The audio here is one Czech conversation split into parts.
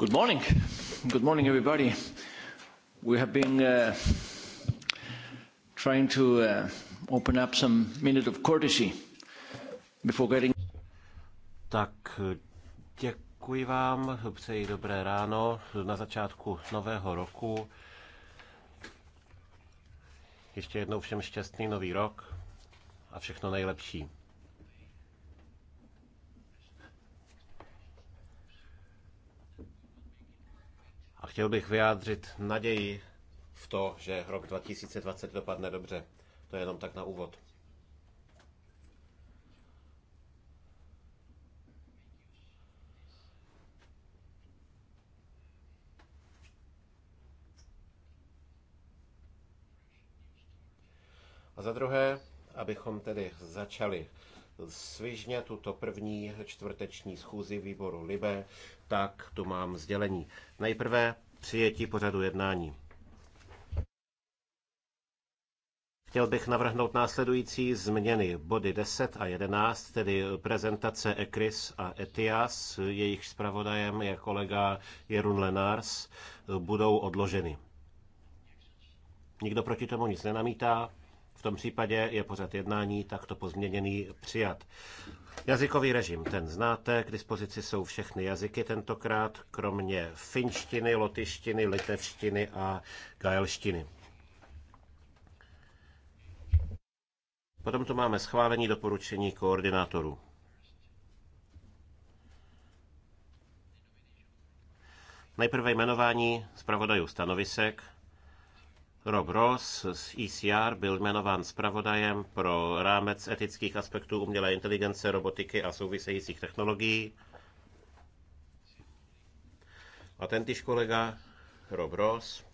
Good morning. Good morning, everybody. We have been uh, trying to uh, open up some minute of courtesy before getting... Tak děkuji vám, přeji dobré ráno na začátku nového roku. Ještě jednou všem šťastný nový rok a všechno nejlepší. chtěl bych vyjádřit naději v to, že rok 2020 dopadne dobře. To je jenom tak na úvod. A za druhé, abychom tedy začali svižně tuto první čtvrteční schůzi výboru Libe, tak tu mám sdělení. Nejprve přijetí pořadu jednání. Chtěl bych navrhnout následující změny body 10 a 11, tedy prezentace ECRIS a ETIAS, jejich zpravodajem je kolega Jerun Lenars, budou odloženy. Nikdo proti tomu nic nenamítá. V tom případě je pořad jednání takto pozměněný přijat. Jazykový režim, ten znáte, k dispozici jsou všechny jazyky tentokrát, kromě finštiny, lotyštiny, litevštiny a gaelštiny. Potom tu máme schválení doporučení koordinátorů. Nejprve jmenování zpravodajů stanovisek. Rob Ross z ECR byl jmenován zpravodajem pro rámec etických aspektů umělé inteligence, robotiky a souvisejících technologií. A tentýž kolega Rob Ross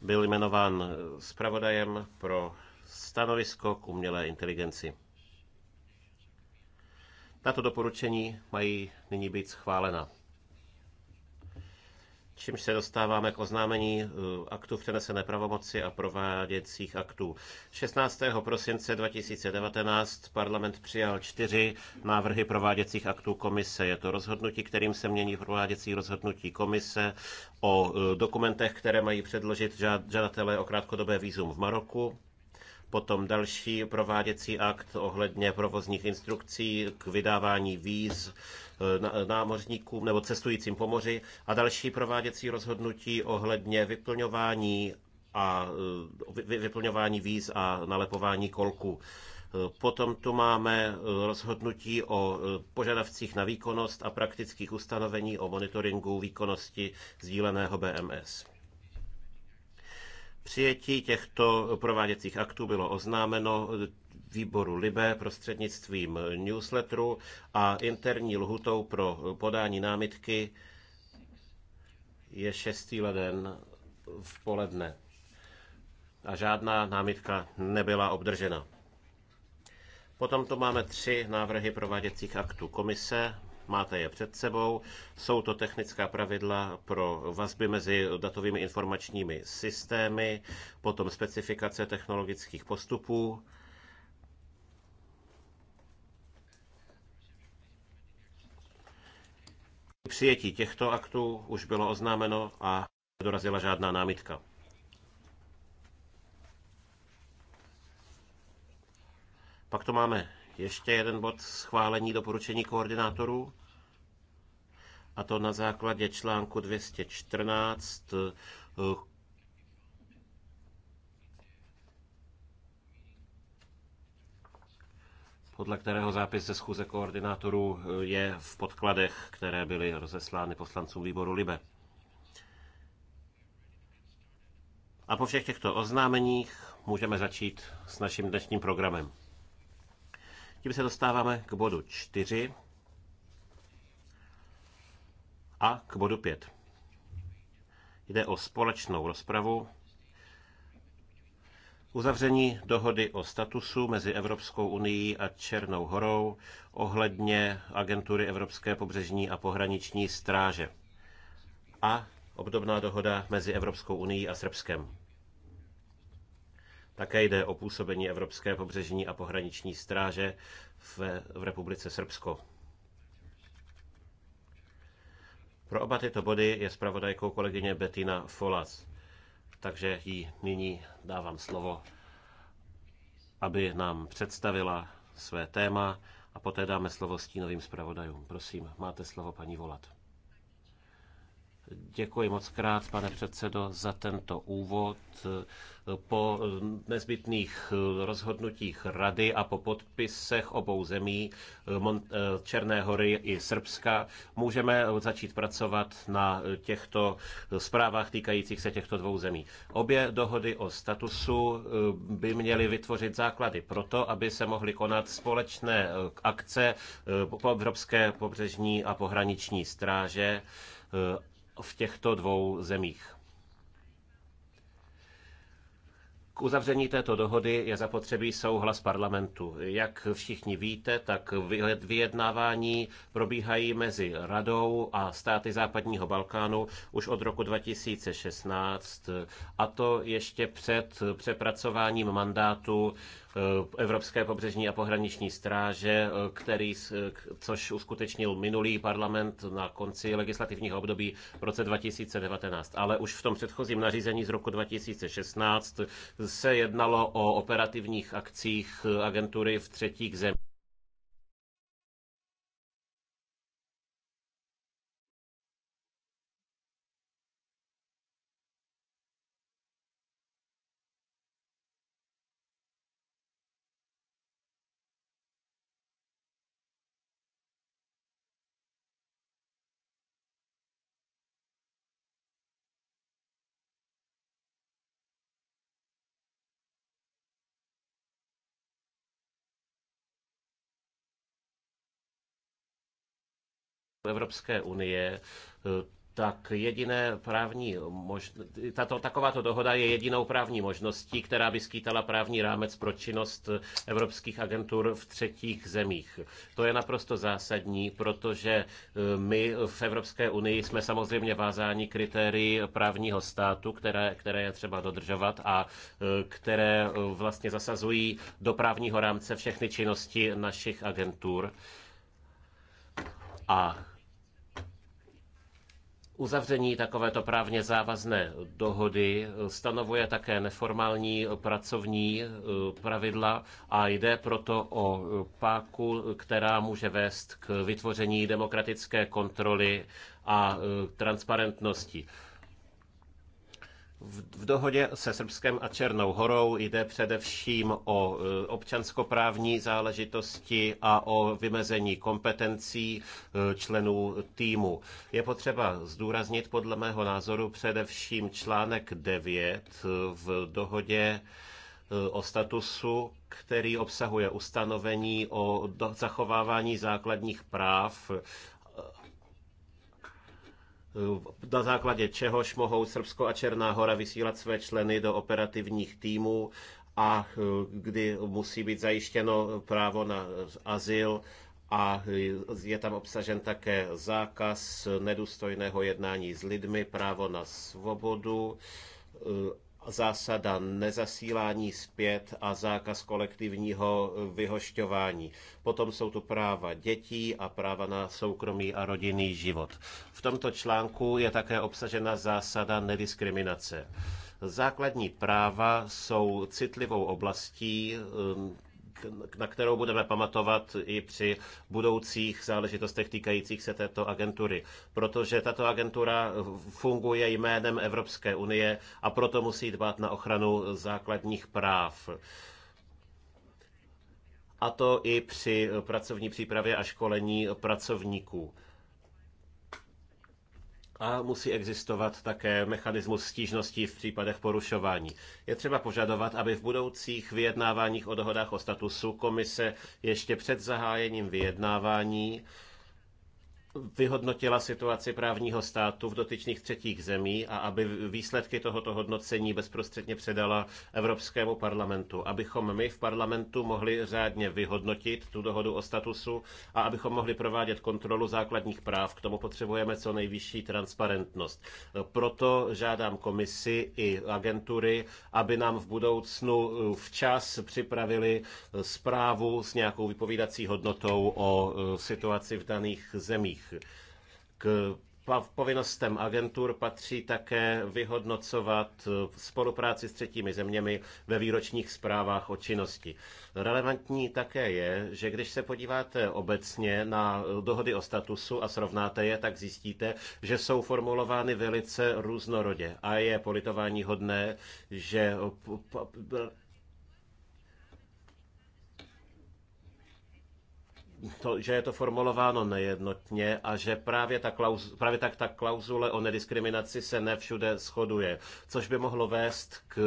byl jmenován zpravodajem pro stanovisko k umělé inteligenci. Tato doporučení mají nyní být schválena. Čímž se dostáváme k oznámení eh, aktu v přenesené pravomoci a prováděcích aktů. 16. prosince 2019 parlament přijal čtyři návrhy prováděcích aktů komise. Je to rozhodnutí, kterým se mění prováděcí rozhodnutí komise o eh, dokumentech, které mají předložit žadatelé o krátkodobé výzum v Maroku Potom další prováděcí akt ohledně provozních instrukcí k vydávání víz eh, námořníkům nebo cestujícím po moři a další prováděcí rozhodnutí ohledně vyplňování a eh, vyplňování víz a nalepování kolků. Eh, potom tu máme rozhodnutí o požadavcích na výkonnost a praktických ustanovení o monitoringu výkonnosti sdíleného BMS. Přijetí těchto prováděcích aktů bylo oznámeno výboru Libe prostřednictvím newsletteru a interní lhutou pro podání námitky je 6. leden v poledne. A žádná námitka nebyla obdržena. Potom tu máme tři návrhy prováděcích aktů komise máte je před sebou. Jsou to technická pravidla pro vazby mezi datovými informačními systémy, potom specifikace technologických postupů, přijetí těchto aktů už bylo oznámeno a dorazila žádná námitka. Pak to máme ještě jeden bod schválení doporučení koordinátorů a to na základě článku 214 eh, podle kterého zápis ze schůze koordinátorů eh, je v podkladech, které byly rozeslány poslancům výboru Libe. A po všech těchto oznámeních můžeme začít s naším dnešním programem. Tím se dostáváme k bodu 4 a k bodu 5. Jde o společnou rozpravu uzavření dohody o statusu mezi Evropskou unii a Černou horou ohledně agentury Evropské pobřežní a pohraniční stráže a obdobná dohoda mezi Evropskou unii a Srbskem. Také jde o působení Evropské pobřežní a pohraniční stráže v, v Republice Srbsko. Pro oba tyto body je zpravodajkou kolegyně Bettina Folas, takže jí nyní dávám slovo, aby nám představila své téma a poté dáme slovo stínovým zpravodajům. Prosím, máte slovo paní Volat. Děkuji moc krát, pane předsedo, za tento úvod. Po nezbytných rozhodnutích rady a po podpisech obou zemí, Černé hory i Srbska, můžeme začít pracovat na těchto zprávách týkajících se těchto dvou zemí. Obě dohody o statusu eh, by měly vytvořit základy pro to, aby se mohly konat společné eh, akce eh, po Evropské pobřežní a pohraniční stráže v těchto dvou zemích. K uzavření této dohody je zapotřebí souhlas parlamentu. Jak všichni víte, tak vyjednávání probíhají mezi Radou a státy západního Balkánu už od roku 2016, a to ještě před přepracováním mandátu Eh, Evropské pobřežní a pohraniční stráže, eh, který, eh, což uskutečnil minulý parlament na konci legislativního období v roce 2019. Ale už v tom předchozím nařízení z roku 2016 se jednalo o operativních akcích agentury v třetích zemích Evropské unie, eh, tak jediné právní mož... Tato, takováto dohoda je jedinou právní možností, která by skýtala právní rámec pro činnost evropských agentur v třetích zemích. To je naprosto zásadní, protože eh, my v Evropské unii jsme samozřejmě vázáni kritérii právního státu, které, které je třeba dodržovat a eh, které vlastně zasazují do právního rámce všechny činnosti našich agentur. A Uzavření takovéto právně závazné dohody stanovuje také neformální pracovní e, pravidla a jde proto o páku, která může vést k vytvoření demokratické kontroly a e, transparentnosti. V, dohodě se Srbskem a Černou horou jde především o e, občanskoprávní záležitosti a o vymezení kompetencí e, členů týmu. Je potřeba zdůraznit podle mého názoru především článek 9 e, v dohodě o statusu, který obsahuje ustanovení o zachovávání základních práv Eh, na základě čehož mohou Srbsko a Černá hora vysílat své členy do operativních týmů a eh, kdy musí být zajištěno právo na eh, azyl a je tam obsažen také zákaz nedůstojného jednání s lidmi, právo na svobodu zásada nezasílání zpět a zákaz kolektivního vyhošťování. Potom jsou tu práva dětí a práva na soukromý a rodinný život. V tomto článku je také obsažena zásada nediskriminace. Základní práva jsou citlivou oblastí na kterou budeme pamatovat i při budoucích záležitostech týkajících se této agentury. Protože tato agentura funguje jménem Evropské unie a proto musí dbát na ochranu základních práv a to i při pracovní přípravě a školení pracovníků a musí existovat také mechanismus stížností v případech porušování. Je třeba požadovat, aby v budoucích vyjednáváních o dohodách o statusu komise ještě před zahájením vyjednávání vyhodnotila situaci právního státu v dotyčných třetích zemí a aby výsledky tohoto hodnocení bezprostředně předala Evropskému parlamentu, abychom my v parlamentu mohli řádně vyhodnotit tu dohodu o statusu a abychom mohli provádět kontrolu základních práv. K tomu potřebujeme co nejvyšší transparentnost. Proto žádám komisi i agentury, aby nám v budoucnu eh, včas připravili zprávu s nějakou vypovídací hodnotou o eh, situaci v daných zemích misích. K povinnostem agentur patří také vyhodnocovat eh, spolupráci s třetími zeměmi ve výročních zprávách o činnosti. Relevantní také je, že když se podíváte obecně na eh, dohody o statusu a srovnáte je, tak zjistíte, že jsou formulovány velice různorodě a je politování hodné, že eh, to, že je to formulováno nejednotně a že právě, ta klauz, právě tak ta klauzule o nediskriminaci se nevšude shoduje, což by mohlo vést k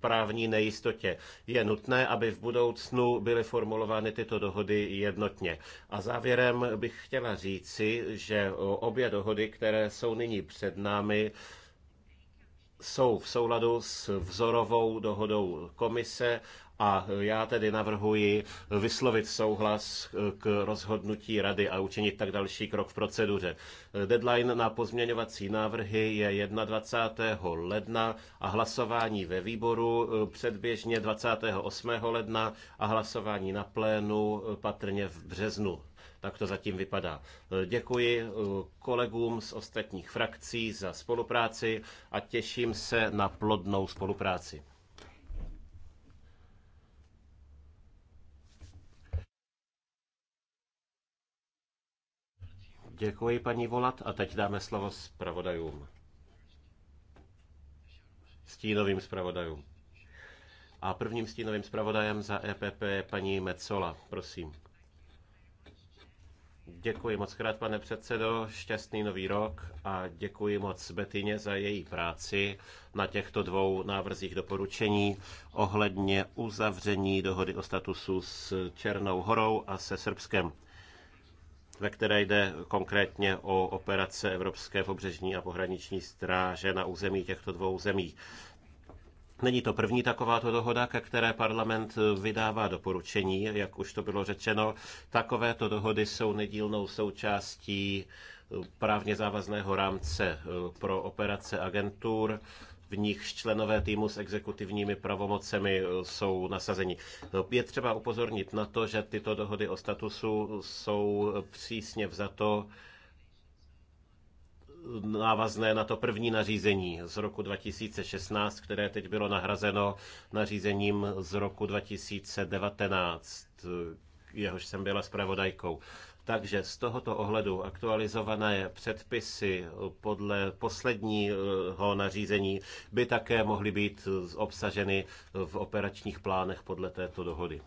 právní nejistotě. Je nutné, aby v budoucnu byly formulovány tyto dohody jednotně. A závěrem bych chtěla říci, že obě dohody, které jsou nyní před námi, jsou v souladu s vzorovou dohodou komise a já tedy navrhuji vyslovit souhlas k rozhodnutí rady a učinit tak další krok v proceduře. Deadline na pozměňovací návrhy je 21. ledna a hlasování ve výboru předběžně 28. ledna a hlasování na plénu patrně v březnu tak to zatím vypadá. Děkuji eh, kolegům z ostatních frakcí za spolupráci a těším se na plodnou spolupráci. Děkuji, paní Volat, a teď dáme slovo zpravodajům. Stínovým zpravodajům. A prvním stínovým zpravodajem za EPP je paní Mecola. Prosím. Děkuji moc krát, pane předsedo, šťastný nový rok a děkuji moc Betyně za její práci na těchto dvou návrzích doporučení ohledně uzavření dohody o statusu s Černou horou a se Srbskem ve které jde konkrétně o operace Evropské pobřežní a pohraniční stráže na území těchto dvou zemí. Není to první takováto dohoda, ke které parlament vydává doporučení, jak už to bylo řečeno. Takovéto dohody jsou nedílnou součástí právně závazného rámce pro operace agentur v nich členové týmu s exekutivními pravomocemi eh, jsou nasazeni. Je třeba upozornit na to, že tyto dohody o statusu jsou eh, přísně vzato eh, návazné na to první nařízení z roku 2016, které teď bylo nahrazeno nařízením z roku 2019, jehož jsem byla zpravodajkou. Takže z tohoto ohledu aktualizované předpisy podle posledního nařízení by také mohly být obsaženy v operačních plánech podle této dohody.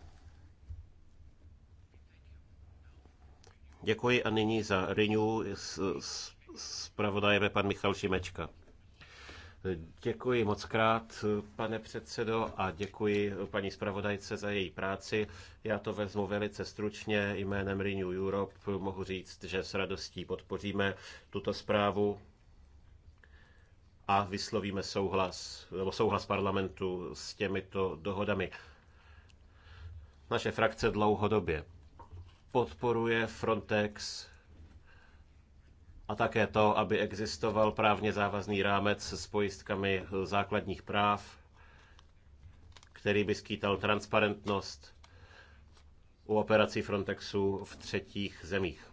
Děkuji a nyní za Renew s, s, s pan Michal Šimečka. Děkuji moc krát, pane předsedo, a děkuji paní zpravodajce za její práci. Já to vezmu velice stručně. Jménem Renew Europe mohu říct, že s radostí podpoříme tuto zprávu a vyslovíme souhlas, nebo souhlas parlamentu s těmito dohodami. Naše frakce dlouhodobě podporuje Frontex a také to, aby existoval právně závazný rámec s pojistkami základních práv, který by skýtal transparentnost u operací Frontexu v třetích zemích.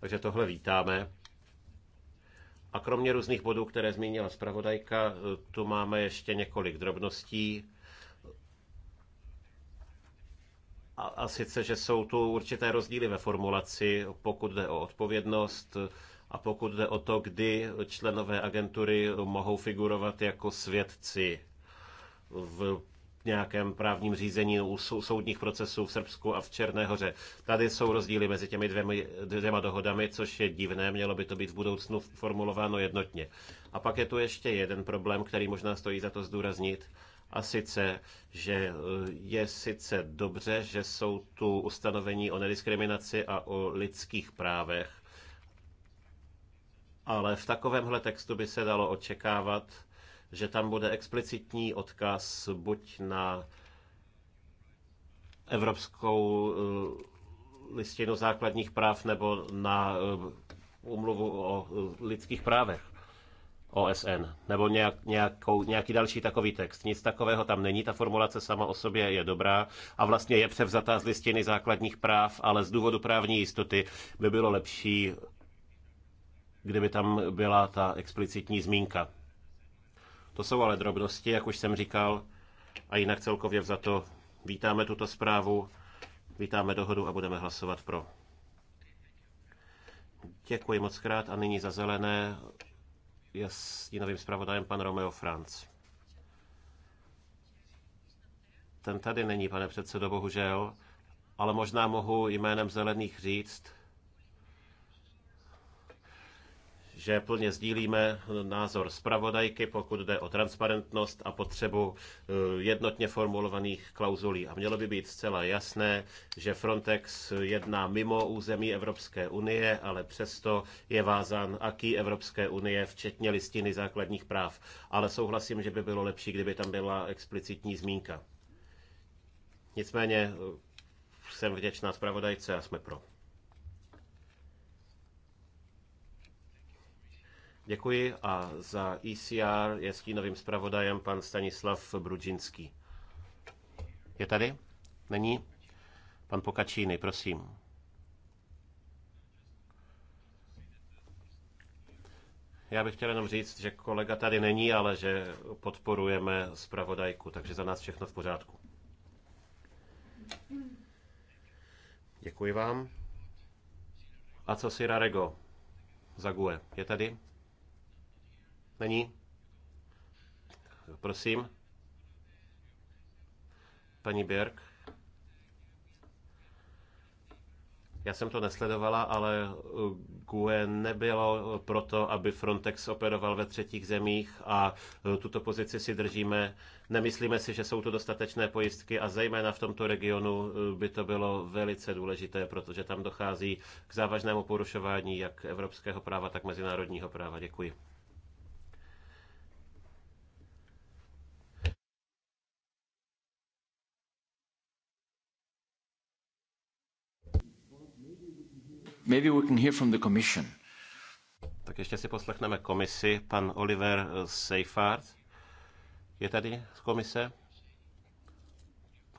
Takže tohle vítáme. A kromě různých bodů, které zmínila zpravodajka, tu máme ještě několik drobností A, a sice, že jsou tu určité rozdíly ve formulaci, pokud jde o odpovědnost a pokud jde o to, kdy členové agentury mohou figurovat jako svědci v nějakém právním řízení u soudních procesů v Srbsku a v Černé hoře. Tady jsou rozdíly mezi těmi dvěmi, dvěma dohodami, což je divné, mělo by to být v budoucnu formulováno jednotně. A pak je tu ještě jeden problém, který možná stojí za to zdůraznit. A sice, že e, je sice dobře, že jsou tu ustanovení o nediskriminaci a o lidských právech, ale v takovémhle textu by se dalo očekávat, že tam bude explicitní odkaz buď na Evropskou e, listinu základních práv nebo na umluvu e, o lidských právech. OSN, nebo nějak, nějakou, nějaký další takový text. Nic takového tam není, ta formulace sama o sobě je dobrá a vlastně je převzatá z listiny základních práv, ale z důvodu právní jistoty by bylo lepší, kdyby tam byla ta explicitní zmínka. To jsou ale drobnosti, jak už jsem říkal, a jinak celkově vzato vítáme tuto zprávu, vítáme dohodu a budeme hlasovat pro. Děkuji moc krát a nyní za zelené je stínovým zpravodajem pan Romeo Franc. Ten tady není, pane předsedo, bohužel, ale možná mohu jménem zelených říct, že plně sdílíme názor zpravodajky, pokud jde o transparentnost a potřebu eh, jednotně formulovaných klauzulí. A mělo by být zcela jasné, že Frontex jedná mimo území Evropské unie, ale přesto je vázán aký Evropské unie, včetně listiny základních práv. Ale souhlasím, že by bylo lepší, kdyby tam byla explicitní zmínka. Nicméně eh, jsem vděčná zpravodajce a jsme pro. Děkuji a za ECR je stínovým zpravodajem pan Stanislav Brudžinský. Je tady? Není? Pan Pokačíny, prosím. Já bych chtěl jenom říct, že kolega tady není, ale že podporujeme zpravodajku, takže za nás všechno v pořádku. Děkuji vám. A co si Rarego? Zague, je tady? Není? Prosím. Paní Birk. Já jsem to nesledovala, ale uh, GUE nebylo proto, aby Frontex operoval ve třetích zemích a uh, tuto pozici si držíme. Nemyslíme si, že jsou to dostatečné pojistky a zejména v tomto regionu uh, by to bylo velice důležité, protože tam dochází k závažnému porušování jak evropského práva, tak mezinárodního práva. Děkuji. Maybe we can hear from the commission. Tak ještě si poslechneme komisi. Pan Oliver eh, Seifert je tady z komise.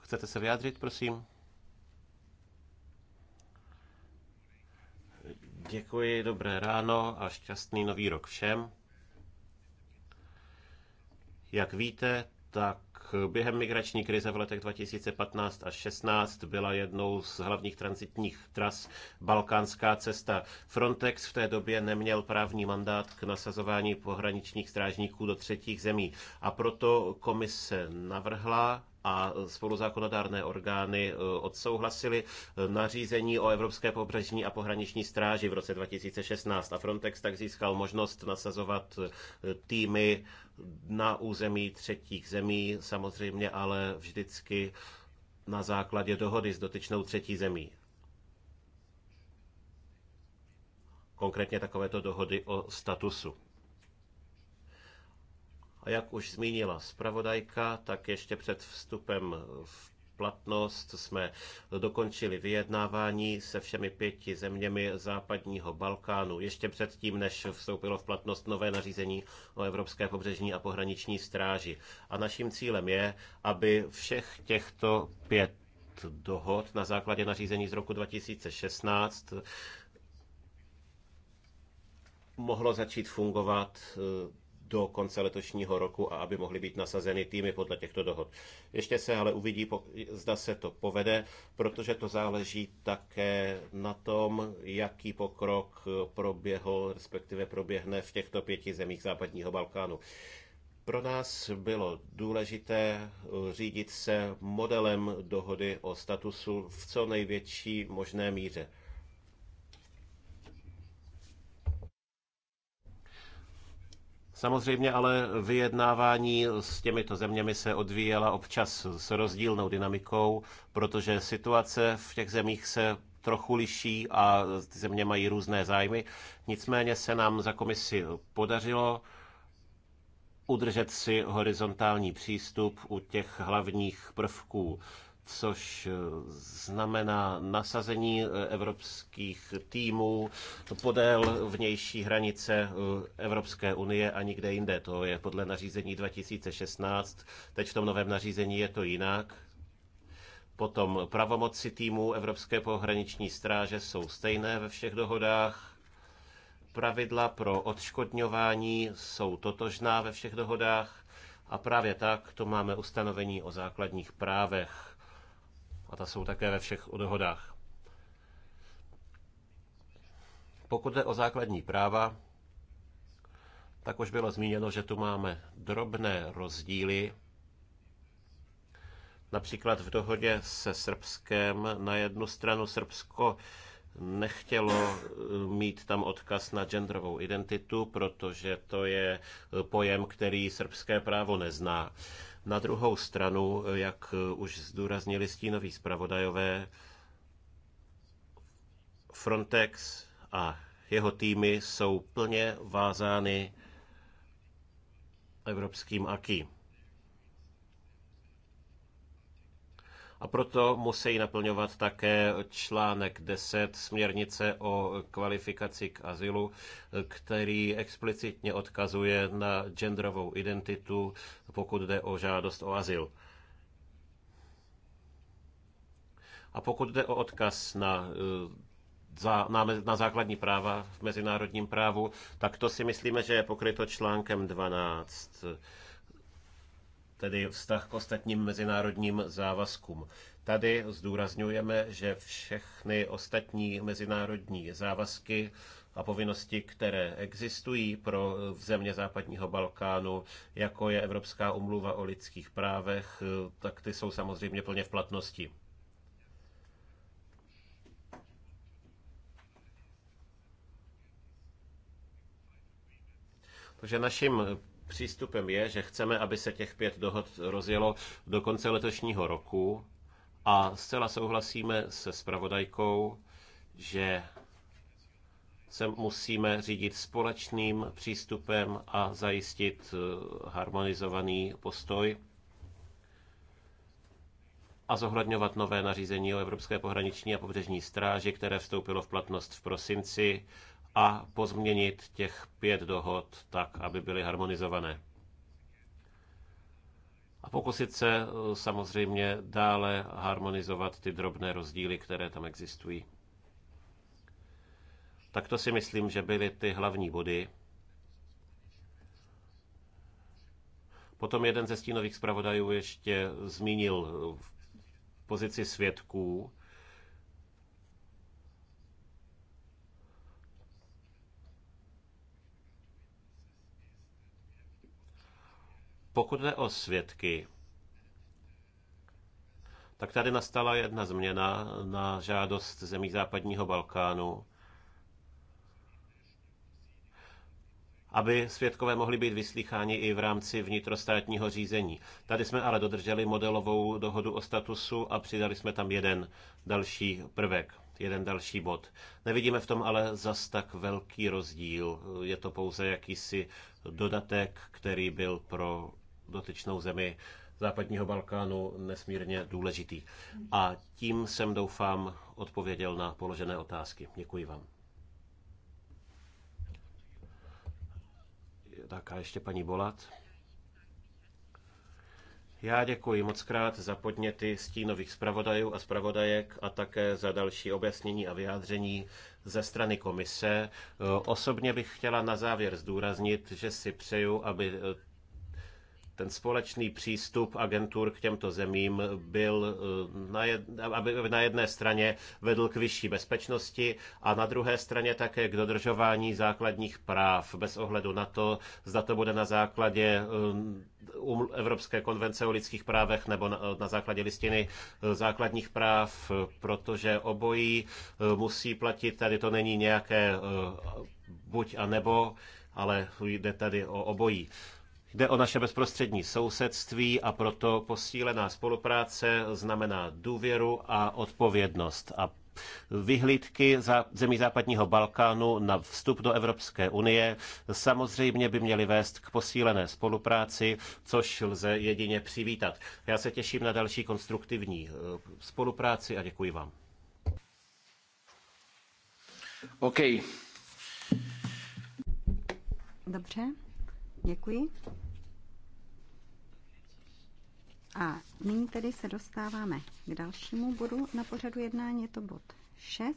Chcete se vyjádřit, prosím? Děkuji, dobré ráno a šťastný nový rok všem. Jak víte, tak Během migrační krize v letech 2015 a 16 byla jednou z hlavních transitních tras balkánská cesta. Frontex v té době neměl právní mandát k nasazování pohraničních strážníků do třetích zemí a proto komise navrhla a spoluzákonodárné orgány e, odsouhlasili e, nařízení o Evropské pobřežní a pohraniční stráži v roce 2016 a Frontex tak získal možnost nasazovat e, týmy na území třetích zemí, samozřejmě ale vždycky na základě dohody s dotyčnou třetí zemí. Konkrétně takovéto dohody o statusu. Jak už zmínila zpravodajka, tak ještě před vstupem v platnost jsme dokončili vyjednávání se všemi pěti zeměmi západního Balkánu. Ještě předtím, než vstoupilo v platnost nové nařízení o Evropské pobřežní a pohraniční stráži. A naším cílem je, aby všech těchto pět dohod na základě nařízení z roku 2016 mohlo začít fungovat eh, do konce letošního roku a aby mohly být nasazeny týmy podle těchto dohod. Ještě se ale uvidí, zda se to povede, protože to záleží také na tom, jaký pokrok proběhl, respektive proběhne v těchto pěti zemích západního Balkánu. Pro nás bylo důležité řídit se modelem dohody o statusu v co největší možné míře. Samozřejmě ale vyjednávání s těmito zeměmi se odvíjela občas s rozdílnou dynamikou, protože situace v těch zemích se trochu liší a ty země mají různé zájmy. Nicméně se nám za komisi podařilo udržet si horizontální přístup u těch hlavních prvků což eh, znamená nasazení eh, evropských týmů podél vnější hranice eh, Evropské unie a nikde jinde. To je podle nařízení 2016, teď v tom novém nařízení je to jinak. Potom pravomoci týmů Evropské pohraniční stráže jsou stejné ve všech dohodách. Pravidla pro odškodňování jsou totožná ve všech dohodách. A právě tak to máme ustanovení o základních právech. A ta jsou také ve všech dohodách. Pokud jde o základní práva, tak už bylo zmíněno, že tu máme drobné rozdíly. Například v dohodě se Srbskem na jednu stranu Srbsko nechtělo eh, mít tam odkaz na genderovou identitu, protože to je eh, pojem, který srbské právo nezná. Na druhou stranu, jak eh, už zdůraznili stínoví zpravodajové, Frontex a jeho týmy jsou plně vázány evropským akým. a proto musí naplňovat také článek 10 směrnice o kvalifikaci k azylu, který explicitně odkazuje na genderovou identitu, pokud jde o žádost o azyl. A pokud jde o odkaz na eh, za, na, na základní práva v mezinárodním právu, tak to si myslíme, že je pokryto článkem 12 tedy vztah k ostatním mezinárodním závazkům. Tady zdůrazňujeme, že všechny ostatní mezinárodní závazky a povinnosti, které existují pro země západního Balkánu, jako je Evropská umluva o lidských právech, tak ty jsou samozřejmě plně v platnosti. Takže naším Přístupem je, že chceme, aby se těch pět dohod rozjelo do konce letošního roku a zcela souhlasíme se spravodajkou, že se musíme řídit společným přístupem a zajistit eh, harmonizovaný postoj a zohledňovat nové nařízení o Evropské pohraniční a pobřežní stráži, které vstoupilo v platnost v prosinci a pozměnit těch pět dohod tak, aby byly harmonizované. A pokusit se eh, samozřejmě dále harmonizovat ty drobné rozdíly, které tam existují. Tak to si myslím, že byly ty hlavní body. Potom jeden ze stínových zpravodajů ještě zmínil eh, pozici svědků. Pokud jde o svědky, tak tady nastala jedna změna na žádost zemí západního Balkánu, aby svědkové mohli být vyslycháni i v rámci vnitrostátního řízení. Tady jsme ale dodrželi modelovou dohodu o statusu a přidali jsme tam jeden další prvek, jeden další bod. Nevidíme v tom ale zas tak velký rozdíl. Je to pouze jakýsi dodatek, který byl pro dotyčnou zemi západního Balkánu nesmírně důležitý. A tím jsem, doufám, odpověděl na položené otázky. Děkuji vám. Tak a ještě paní Bolat. Já děkuji moc krát za podněty stínových zpravodajů a zpravodajek a také za další objasnění a vyjádření ze strany komise. Osobně bych chtěla na závěr zdůraznit, že si přeju, aby ten společný přístup agentur k těmto zemím byl eh, na, jed, aby na jedné straně vedl k vyšší bezpečnosti a na druhé straně také k dodržování základních práv bez ohledu na to, zda to bude na základě eh, um, Evropské konvence o lidských právech nebo na, eh, na základě listiny základních práv, protože obojí musí platit. Tady to není nějaké buď a nebo, ale jde tady o obojí. Jde o naše bezprostřední sousedství a proto posílená spolupráce znamená důvěru a odpovědnost. A vyhlídky zemí západního Balkánu na vstup do Evropské unie samozřejmě by měly vést k posílené spolupráci, což lze jedině přivítat. Já se těším na další konstruktivní eh, spolupráci a děkuji vám. OK. Dobře, děkuji. A nyní tedy se dostáváme k dalšímu bodu na pořadu jednání, je to bod 6.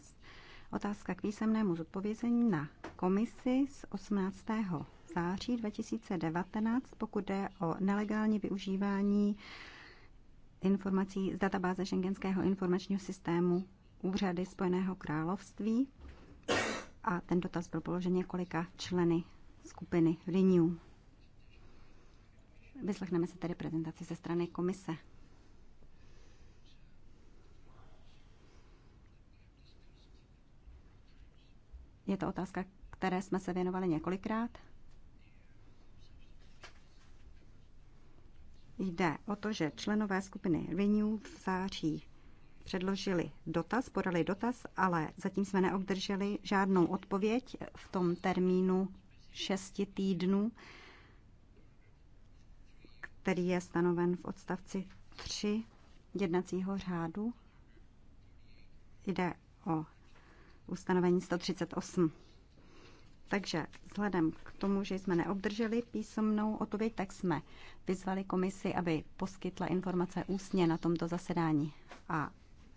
Otázka k písemnému zodpovězení na komisi z 18. září 2019, pokud jde o nelegální využívání informací z databáze Schengenského informačního systému úřady Spojeného království. A ten dotaz byl položen několika členy skupiny Renew. Vyslechneme si tedy prezentaci ze strany komise. Je to otázka, které jsme se věnovali několikrát. Jde o to, že členové skupiny Renew v září předložili dotaz, podali dotaz, ale zatím jsme neobdrželi žádnou odpověď v tom termínu šesti týdnů, který je stanoven v odstavci 3 jednacího řádu. Jde o ustanovení 138. Takže vzhledem k tomu, že jsme neobdrželi písemnou odpověď, tak jsme vyzvali komisi, aby poskytla informace ústně na tomto zasedání. A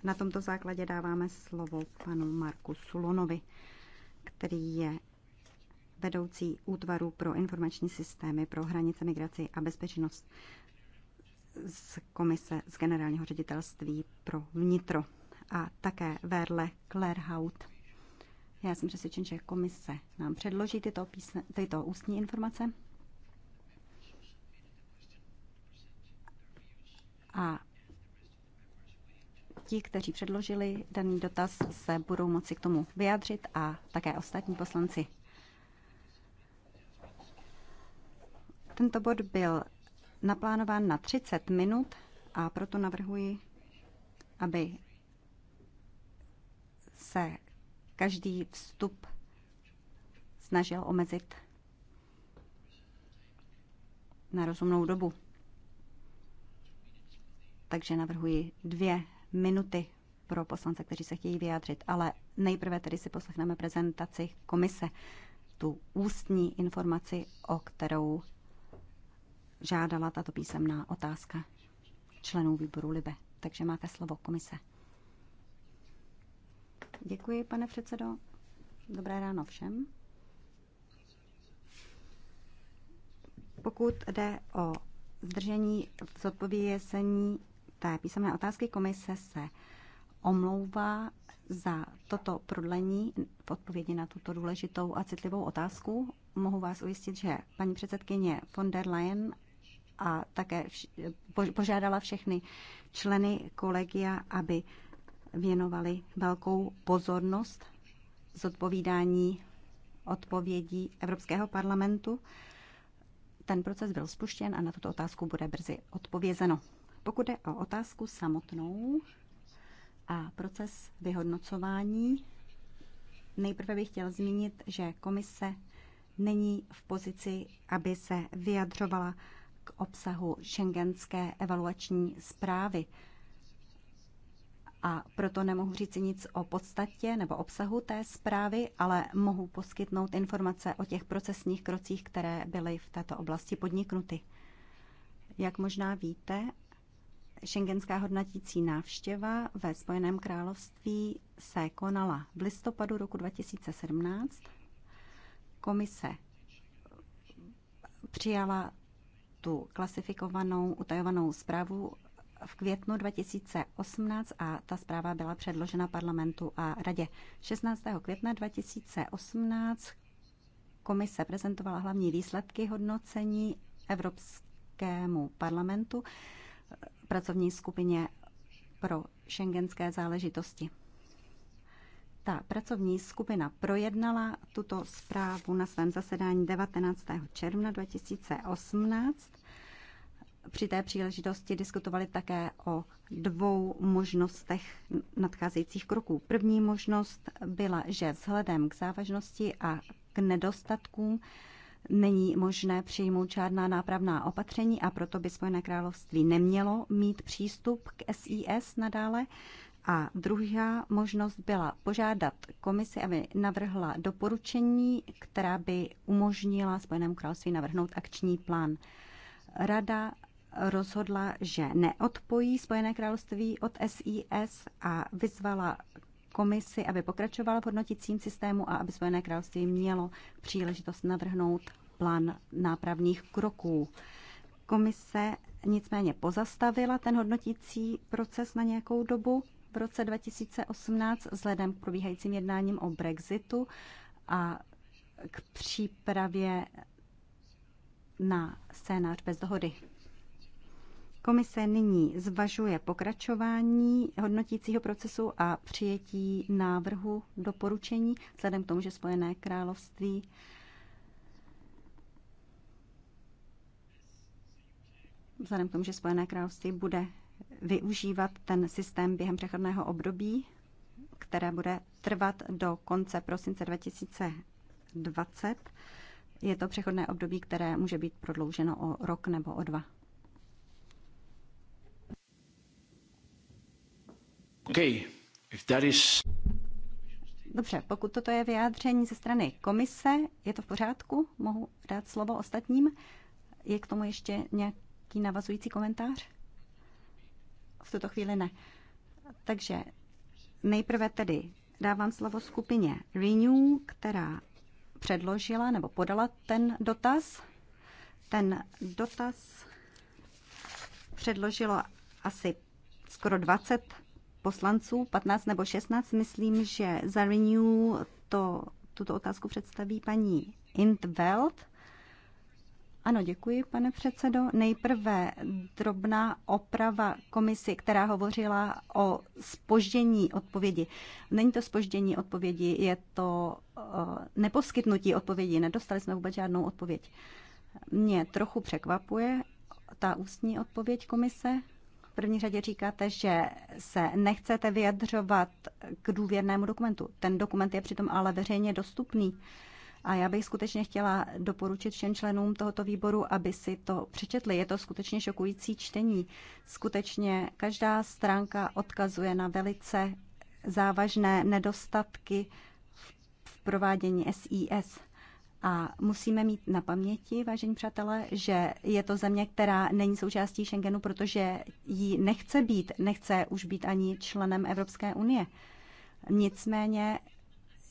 na tomto základě dáváme slovo panu Marku Sulonovi, který je vedoucí útvaru pro informační systémy pro hranice, migraci a bezpečnost z komise z generálního ředitelství pro vnitro a také Verle Klerhaut. Já jsem přesvědčen, že komise nám předloží tyto, písne, tyto ústní informace. A ti, kteří předložili daný dotaz, se budou moci k tomu vyjádřit a také ostatní poslanci Tento bod byl naplánován na 30 minut a proto navrhuji, aby se každý vstup snažil omezit na rozumnou dobu. Takže navrhuji dvě minuty pro poslance, kteří se chtějí vyjádřit, ale nejprve tedy si poslechneme prezentaci komise, tu ústní informaci, o kterou žádala tato písemná otázka členů výboru LIBE. Takže máte slovo komise. Děkuji, pane předsedo. Dobré ráno všem. Pokud jde o zdržení v zodpovězení té písemné otázky, komise se omlouvá za toto prodlení v odpovědi na tuto důležitou a citlivou otázku. Mohu vás ujistit, že paní předsedkyně von der Leyen a také požádala všechny členy kolegia, aby věnovali velkou pozornost zodpovídání odpovědí Evropského parlamentu. Ten proces byl spuštěn a na tuto otázku bude brzy odpovězeno. Pokud je o otázku samotnou a proces vyhodnocování, nejprve bych chtěl zmínit, že komise není v pozici, aby se vyjadřovala k obsahu šengenské evaluační zprávy. A proto nemohu říct nic o podstatě nebo obsahu té zprávy, ale mohu poskytnout informace o těch procesních krocích, které byly v této oblasti podniknuty. Jak možná víte, šengenská hodnotící návštěva ve Spojeném království se konala v listopadu roku 2017. Komise přijala tu klasifikovanou utajovanou zprávu v květnu 2018 a ta zpráva byla předložena parlamentu a radě. 16. května 2018 komise prezentovala hlavní výsledky hodnocení Evropskému parlamentu pracovní skupině pro šengenské záležitosti. Ta pracovní skupina projednala tuto zprávu na svém zasedání 19. června 2018. Při té příležitosti diskutovali také o dvou možnostech nadcházejících kroků. První možnost byla, že vzhledem k závažnosti a k nedostatkům není možné přijmout žádná nápravná opatření a proto by Spojené království nemělo mít přístup k SIS nadále. A druhá možnost byla požádat komisi, aby navrhla doporučení, která by umožnila Spojenému království navrhnout akční plán. Rada rozhodla, že neodpojí Spojené království od SIS a vyzvala komisi, aby pokračovala v hodnotícím systému a aby Spojené království mělo příležitost navrhnout plán nápravných kroků. Komise nicméně pozastavila ten hodnotící proces na nějakou dobu v roce 2018 vzhledem k probíhajícím jednáním o Brexitu a k přípravě na scénář bez dohody. Komise nyní zvažuje pokračování hodnotícího procesu a přijetí návrhu doporučení, vzhledem k tomu, že Spojené království vzhledem k tomu, že Spojené království bude využívat ten systém během přechodného období, které bude trvat do konce prosince 2020. Je to přechodné období, které může být prodlouženo o rok nebo o dva. Okay. If that is... Dobře, pokud toto je vyjádření ze strany komise, je to v pořádku? Mohu dát slovo ostatním? Je k tomu ještě nějaký navazující komentář? v tuto chvíli ne. Takže nejprve tedy dávám slovo skupině Renew, která předložila nebo podala ten dotaz. Ten dotaz předložilo asi skoro 20 poslanců, 15 nebo 16. Myslím, že za Renew to, tuto otázku představí paní Intveld. Ano, děkuji, pane předsedo. Nejprve drobná oprava komisi, která hovořila o spoždění odpovědi. Není to spoždění odpovědi, je to eh, neposkytnutí odpovědi. Nedostali jsme vůbec žádnou odpověď. Mě trochu překvapuje ta ústní odpověď komise. V první řadě říkáte, že se nechcete vyjadřovat k důvěrnému dokumentu. Ten dokument je přitom ale veřejně dostupný. A já bych skutečně chtěla doporučit všem členům tohoto výboru, aby si to přečetli. Je to skutečně šokující čtení. Skutečně každá stránka odkazuje na velice závažné nedostatky v provádění SIS. A musíme mít na paměti, vážení přátelé, že je to země, která není součástí Schengenu, protože ji nechce být, nechce už být ani členem Evropské unie. Nicméně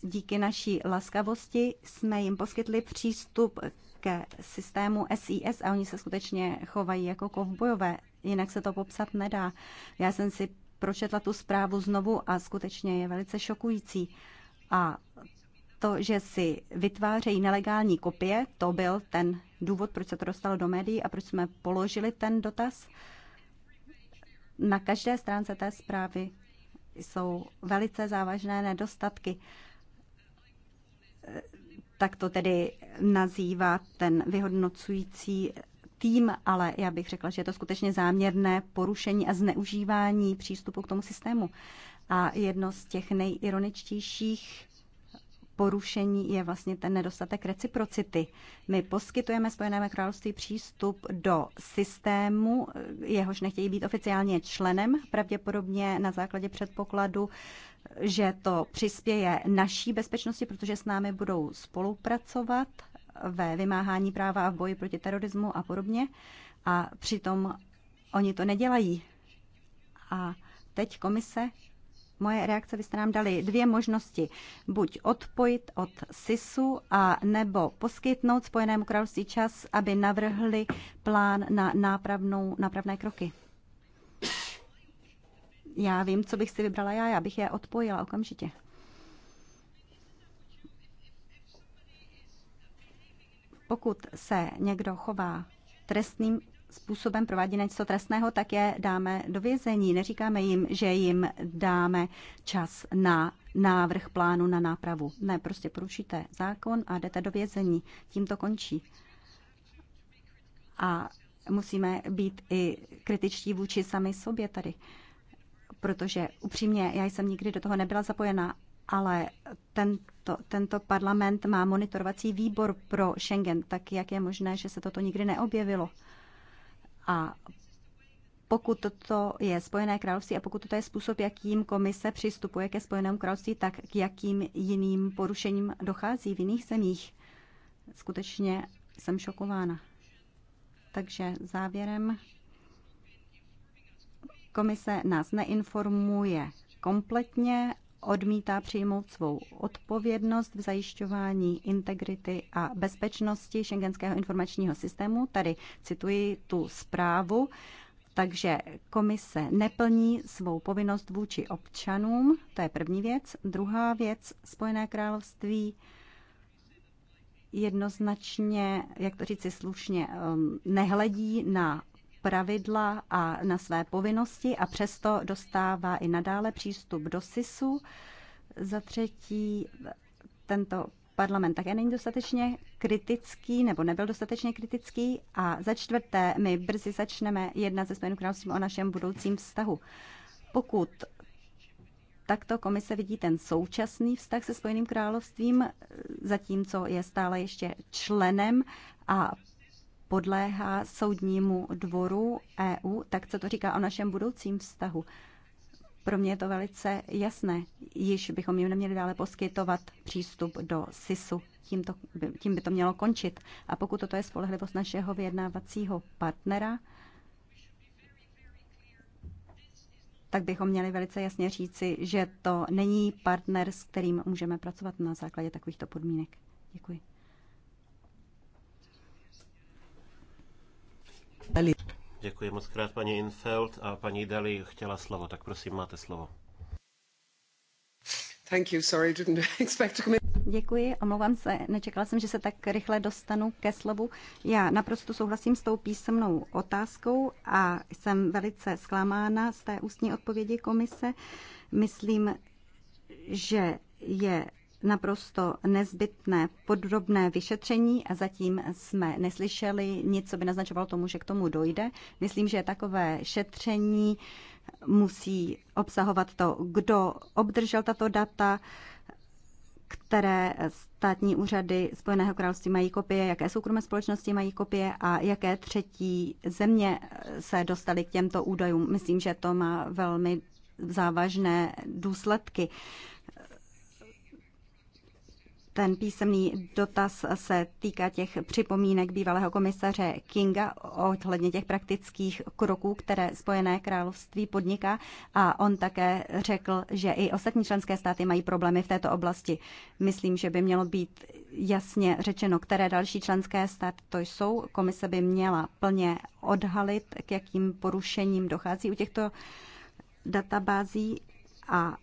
díky naší laskavosti jsme jim poskytli přístup ke systému SIS a oni se skutečně chovají jako kovbojové, jinak se to popsat nedá. Já jsem si pročetla tu zprávu znovu a skutečně je velice šokující. A to, že si vytvářejí nelegální kopie, to byl ten důvod, proč se to dostalo do médií a proč jsme položili ten dotaz. Na každé stránce té zprávy jsou velice závažné nedostatky tak to tedy nazývá ten vyhodnocující tým, ale já bych řekla, že je to skutečně záměrné porušení a zneužívání přístupu k tomu systému. A jedno z těch nejironičtějších porušení je vlastně ten nedostatek reciprocity. My poskytujeme Spojenému království přístup do systému, jehož nechtějí být oficiálně členem, pravděpodobně na základě předpokladu, že to přispěje naší bezpečnosti, protože s námi budou spolupracovat ve vymáhání práva a v boji proti terorismu a podobně. A přitom oni to nedělají. A teď komise, moje reakce, vy jste nám dali dvě možnosti. Buď odpojit od SISu a nebo poskytnout Spojenému království čas, aby navrhli plán na nápravnou, nápravné kroky já vím, co bych si vybrala já, já bych je odpojila okamžitě. Pokud se někdo chová trestným způsobem provádí něco trestného, tak je dáme do vězení. Neříkáme jim, že jim dáme čas na návrh plánu na nápravu. Ne, prostě porušíte zákon a jdete do vězení. Tím to končí. A musíme být i kritičtí vůči sami sobě tady protože upřímně já jsem nikdy do toho nebyla zapojena, ale tento, tento parlament má monitorovací výbor pro Schengen, tak jak je možné, že se toto nikdy neobjevilo. A pokud toto je Spojené království a pokud toto je způsob, jakým komise přistupuje ke Spojenému království, tak k jakým jiným porušením dochází v jiných zemích. Skutečně jsem šokována. Takže závěrem Komise nás neinformuje kompletně, odmítá přijmout svou odpovědnost v zajišťování integrity a bezpečnosti šengenského informačního systému. Tady cituji tu zprávu. Takže komise neplní svou povinnost vůči občanům, to je první věc. Druhá věc, Spojené království jednoznačně, jak to říci slušně, um, nehledí na pravidla a na své povinnosti a přesto dostává i nadále přístup do SISu. Za třetí, tento parlament také není dostatečně kritický nebo nebyl dostatečně kritický. A za čtvrté, my brzy začneme jednat se Spojeným královstvím o našem budoucím vztahu. Pokud takto komise vidí ten současný vztah se Spojeným královstvím, zatímco je stále ještě členem a podléhá soudnímu dvoru EU, tak co to říká o našem budoucím vztahu? Pro mě je to velice jasné. Již bychom jim neměli dále poskytovat přístup do SISu. Tím, to, tím by to mělo končit. A pokud toto je spolehlivost našeho vyjednávacího partnera, tak bychom měli velice jasně říci, že to není partner, s kterým můžeme pracovat na základě takovýchto podmínek. Děkuji. Děkuji moc krát, paní Infeld. A paní Dali chtěla slovo, tak prosím, máte slovo. Thank you, sorry, didn't expect to come in. Děkuji, omlouvám se, nečekala jsem, že se tak rychle dostanu ke slovu. Já naprosto souhlasím s tou písemnou otázkou a jsem velice zklamána z té ústní odpovědi komise. Myslím, že je naprosto nezbytné podrobné vyšetření a zatím jsme neslyšeli nic, co by naznačovalo tomu, že k tomu dojde. Myslím, že takové šetření musí obsahovat to, kdo obdržel tato data, které státní úřady Spojeného království mají kopie, jaké soukromé společnosti mají kopie a jaké třetí země se dostaly k těmto údajům. Myslím, že to má velmi závažné důsledky. Ten písemný dotaz se týká těch připomínek bývalého komisaře Kinga ohledně těch praktických kroků, které Spojené království podniká a on také řekl, že i ostatní členské státy mají problémy v této oblasti. Myslím, že by mělo být jasně řečeno, které další členské státy to jsou. Komise by měla plně odhalit, k jakým porušením dochází u těchto databází a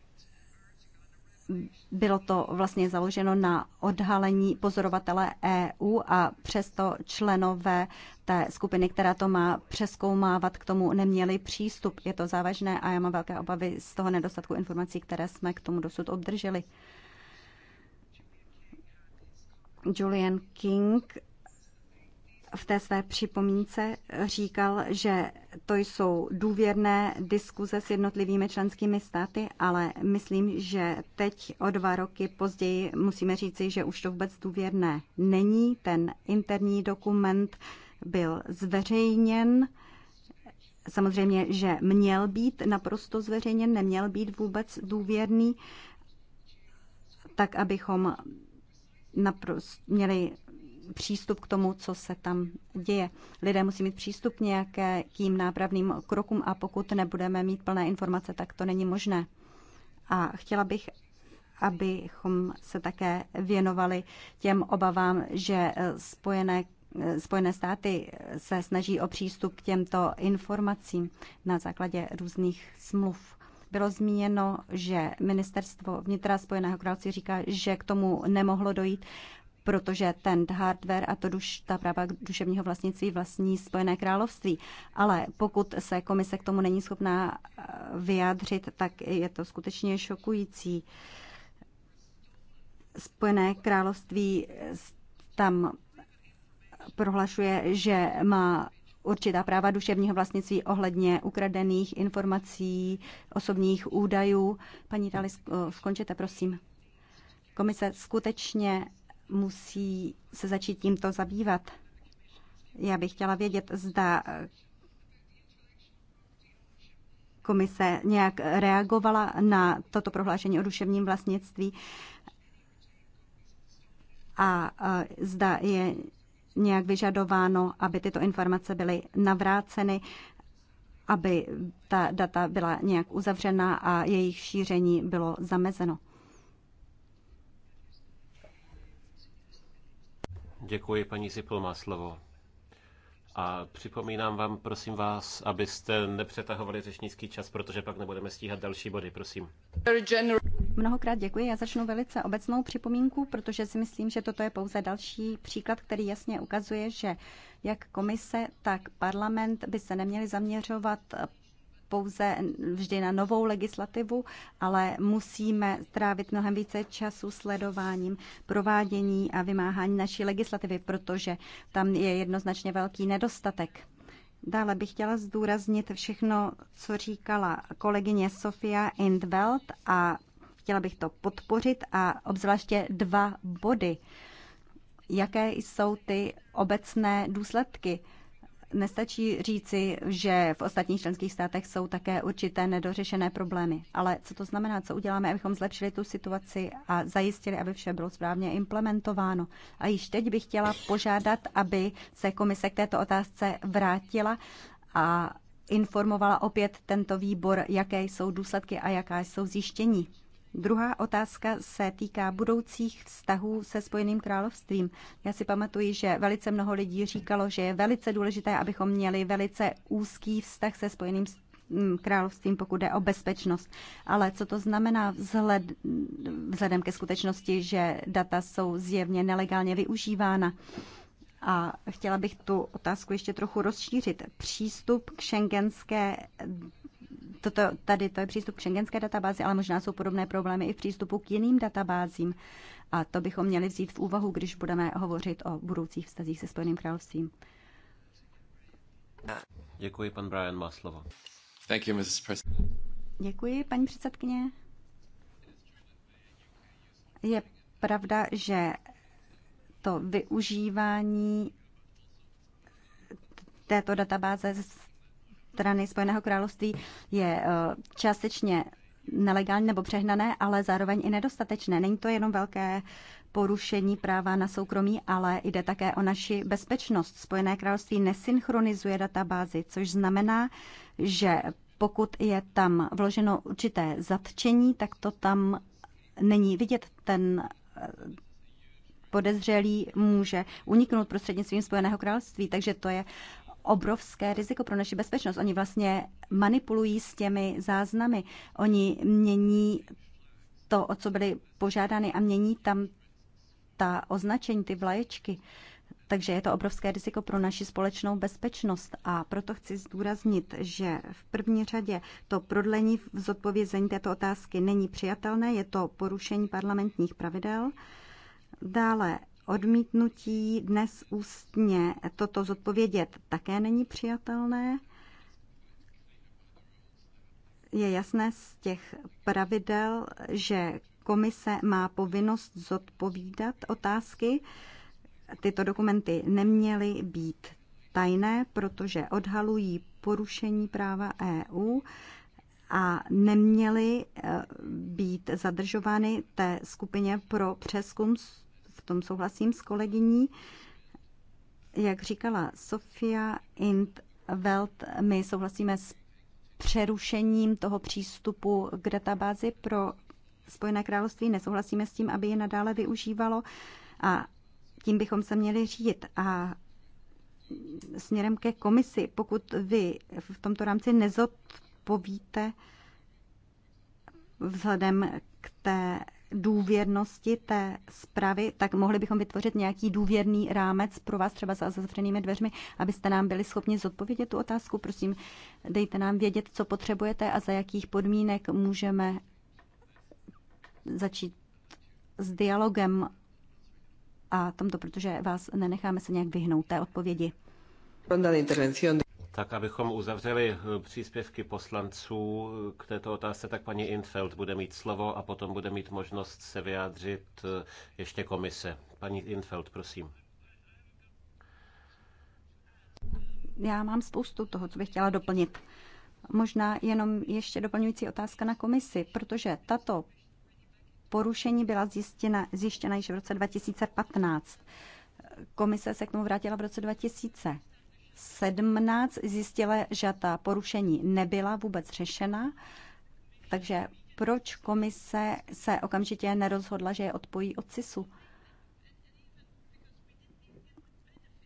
bylo to vlastně založeno na odhalení pozorovatele EU a přesto členové té skupiny, která to má přeskoumávat, k tomu neměli přístup. Je to závažné a já mám velké obavy z toho nedostatku informací, které jsme k tomu dosud obdrželi. Julian King v té své připomínce říkal, že to jsou důvěrné diskuze s jednotlivými členskými státy, ale myslím, že teď o dva roky později musíme říci, že už to vůbec důvěrné není. Ten interní dokument byl zveřejněn. Samozřejmě, že měl být naprosto zveřejněn, neměl být vůbec důvěrný, tak abychom naprosto měli přístup k tomu, co se tam děje. Lidé musí mít přístup k nějakým nápravným krokům a pokud nebudeme mít plné informace, tak to není možné. A chtěla bych, abychom se také věnovali těm obavám, že spojené Spojené státy se snaží o přístup k těmto informacím na základě různých smluv. Bylo zmíněno, že ministerstvo vnitra Spojeného království říká, že k tomu nemohlo dojít protože ten hardware a to duš, ta práva duševního vlastnictví vlastní Spojené království. Ale pokud se komise k tomu není schopná eh, vyjádřit, tak je to skutečně šokující. Spojené království eh, tam prohlašuje, že má určitá práva duševního vlastnictví ohledně ukradených informací, osobních údajů. Paní Dali, eh, skončete, prosím. Komise skutečně musí se začít tímto zabývat. Já bych chtěla vědět, zda komise nějak reagovala na toto prohlášení o duševním vlastnictví a zda je nějak vyžadováno, aby tyto informace byly navráceny, aby ta data byla nějak uzavřena a jejich šíření bylo zamezeno. Děkuji, paní Zipl má slovo. A připomínám vám, prosím vás, abyste nepřetahovali řečnický čas, protože pak nebudeme stíhat další body, prosím. Mnohokrát děkuji. Já začnu velice obecnou připomínku, protože si myslím, že toto je pouze další příklad, který jasně ukazuje, že jak komise, tak parlament by se neměli zaměřovat pouze vždy na novou legislativu, ale musíme strávit mnohem více času sledováním provádění a vymáhání naší legislativy, protože tam je jednoznačně velký nedostatek. Dále bych chtěla zdůraznit všechno, co říkala kolegyně Sofia Indveld a chtěla bych to podpořit a obzvláště dva body. Jaké jsou ty obecné důsledky? Nestačí říci, že v ostatních členských státech jsou také určité nedořešené problémy. Ale co to znamená? Co uděláme, abychom zlepšili tu situaci a zajistili, aby vše bylo správně implementováno? A již teď bych chtěla požádat, aby se komise k této otázce vrátila a informovala opět tento výbor, jaké jsou důsledky a jaká jsou zjištění. Druhá otázka se týká budoucích vztahů se Spojeným královstvím. Já si pamatuji, že velice mnoho lidí říkalo, že je velice důležité, abychom měli velice úzký vztah se Spojeným mm, královstvím, pokud jde o bezpečnost. Ale co to znamená vzhled, vzhledem ke skutečnosti, že data jsou zjevně nelegálně využívána? A chtěla bych tu otázku ještě trochu rozšířit. Přístup k šengenské toto, tady to je přístup k šengenské databázi, ale možná jsou podobné problémy i v přístupu k jiným databázím. A to bychom měli vzít v úvahu, když budeme hovořit o budoucích vztazích se Spojeným královstvím. Děkuji, pan Brian má slovo. Thank you, Mrs. Děkuji, paní předsedkyně. Je pravda, že to využívání této databáze strany Spojeného království je eh, částečně nelegální nebo přehnané, ale zároveň i nedostatečné. Není to jenom velké porušení práva na soukromí, ale jde také o naši bezpečnost. Spojené království nesynchronizuje databázy, což znamená, že pokud je tam vloženo určité zatčení, tak to tam není vidět. Ten eh, podezřelý může uniknout prostřednictvím Spojeného království, takže to je obrovské riziko pro naši bezpečnost. Oni vlastně manipulují s těmi záznamy. Oni mění to, o co byly požádány a mění tam ta označení, ty vlaječky. Takže je to obrovské riziko pro naši společnou bezpečnost a proto chci zdůraznit, že v první řadě to prodlení v zodpovězení této otázky není přijatelné, je to porušení parlamentních pravidel. Dále Odmítnutí dnes ústně toto zodpovědět také není přijatelné. Je jasné z těch pravidel, že komise má povinnost zodpovídat otázky. Tyto dokumenty neměly být tajné, protože odhalují porušení práva EU a neměly eh, být zadržovány té skupině pro přeskum tom souhlasím s kolegyní. Jak říkala Sofia Welt, my souhlasíme s přerušením toho přístupu k databázi pro Spojené království. Nesouhlasíme s tím, aby je nadále využívalo a tím bychom se měli řídit. A směrem ke komisi, pokud vy v tomto rámci nezodpovíte vzhledem k té důvěrnosti té zpravy, tak mohli bychom vytvořit nějaký důvěrný rámec pro vás třeba za zavřenými dveřmi, abyste nám byli schopni zodpovědět tu otázku. Prosím, dejte nám vědět, co potřebujete a za jakých podmínek můžeme začít s dialogem a tomto, protože vás nenecháme se nějak vyhnout té odpovědi. Tak abychom uzavřeli eh, příspěvky poslanců eh, k této otázce, tak paní Infeld bude mít slovo a potom bude mít možnost se vyjádřit eh, ještě komise. Paní Infeld, prosím. Já mám spoustu toho, co bych chtěla doplnit. Možná jenom ještě doplňující otázka na komisi, protože tato porušení byla zjištěna, zjištěna již v roce 2015. Komise se k tomu vrátila v roce 2000. 2017 zjistila, že ta porušení nebyla vůbec řešena, takže proč komise se okamžitě nerozhodla, že je odpojí od CISu?